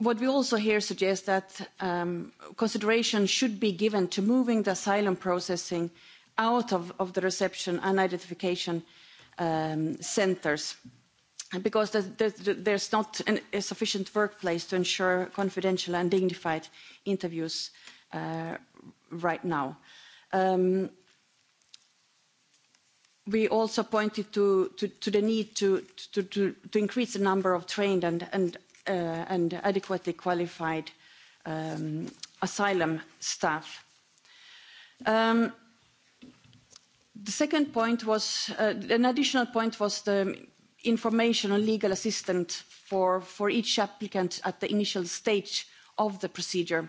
What we also here suggest that consideration should be given to moving the asylum processing out of the reception and identification centres, because there's not a sufficient workplace to ensure confidential and dignified interviews right now. We also pointed to the need to increase the number of trained and and adequately qualified asylum staff. The second point was, an additional point was the information on legal assistance for for each applicant at the initial stage of the procedure,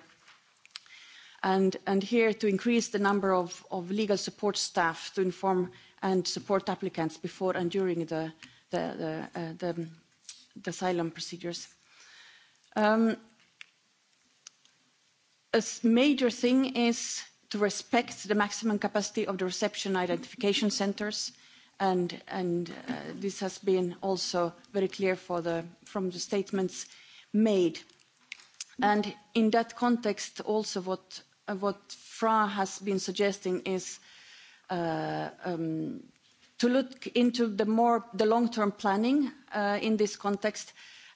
and here to increase the number of legal support staff to inform and support applicants before and during the the the asylum procedures a major thing is to respect the maximum capacity of the reception identification centres and and this has been also very clear from the statements made. and in that context also what what fra has been suggesting is to look into the more the long term planning in this context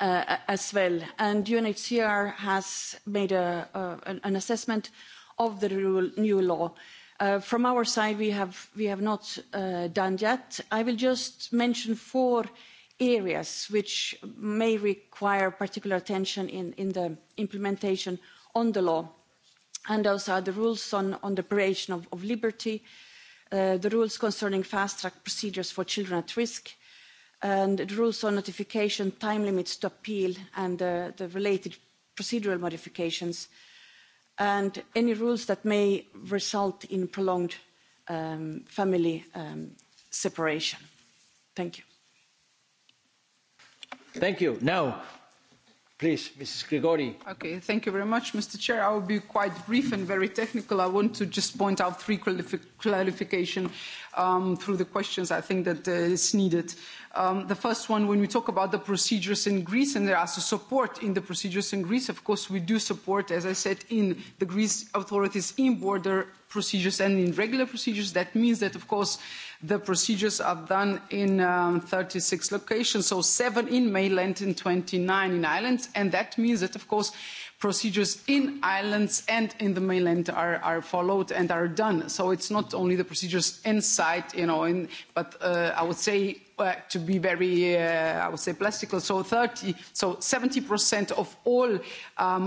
as well. And UNHCR has made an assessment of the new law. From our side, we have not done yet. I will just mention four areas which may require particular attention in the implementation of the law. And those are the rules on the operation of liberty, the rules concerning fast-track procedures for children at risk, and the rules on notification time limits to appeal and the related procedural modifications and any rules that may result in prolonged family separation. Thank you. Thank you. Now, please, Mrs. Grigori. Okay, thank you very much, Mr. Chair. I will be quite brief and very technical. I want to just point out three clarifications through the questions I think that is needed. The first one, when we talk about the procedures in Greece and there some support in the procedures in Greece, of course we do support, as I said, in the Greece authorities in border procedures and in regular procedures. That means that, of course, the procedures are done in 36 locations, so seven in mainland and 29 in islands, and that means that, of course, procedures in islands and in the mainland are followed and are done. So it's not only the procedures inside, you know, but I would say to be very, I would say, plastical. So 30, so 70% of all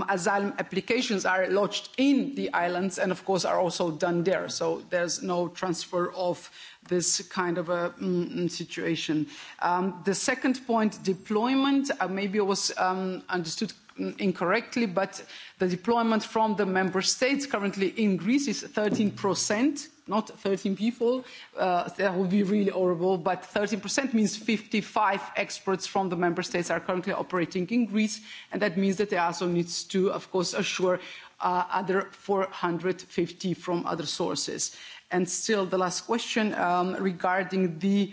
asylum applications are lodged in the islands and, of course, are also done there. So there's no transfer of this kind of a situation. The second point, deployment. Maybe it was understood incorrectly, but the deployment from the member states currently in Greece is 13%, not 13 people. That would be really horrible, but 13% means 55 experts from the member states are currently operating in Greece, and that means that also needs to, of course, assure other 450 from other sources. And still, the last question regarding the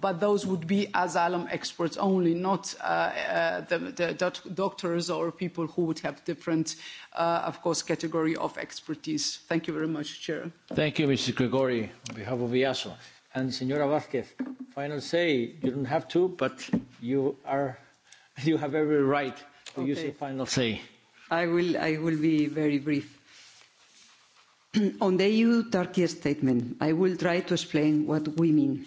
but those would be asylum experts only, not the doctors or people who would have different, of course, category of expertise. Thank you very much, Chair. Thank you, Mr. Gregory, on behalf of IASO. And Senora Vázquez, final say, you don't have to, but you are, you have every right to use your final say. I will, I will be very brief. On the EU-Turkey statement, I will try to explain what we mean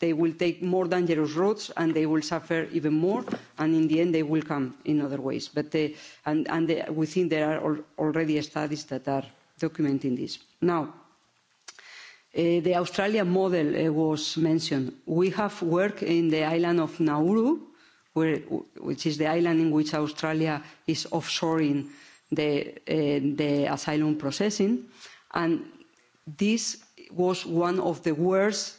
they will take more dangerous routes and they will suffer even more and in the end they will come in other ways. But and think there are already studies that are documenting this. Now the Australian model was mentioned. We have work in the island of Nauru, where which is the island in which Australia is offshoring the the asylum processing and this was one of the worst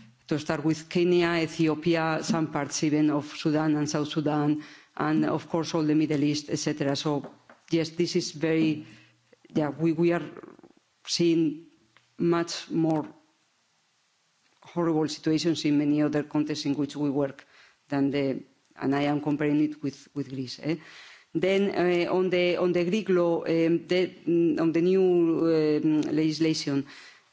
to start with Kenya, Ethiopia, some parts even of Sudan and South Sudan, and of course all the Middle East, etc. So yes, this is very, yeah, we, we are seeing much more horrible situations in many other contexts in which we work than the, and I am comparing it with, with Greece. Then on the on the Greek law, on the new legislation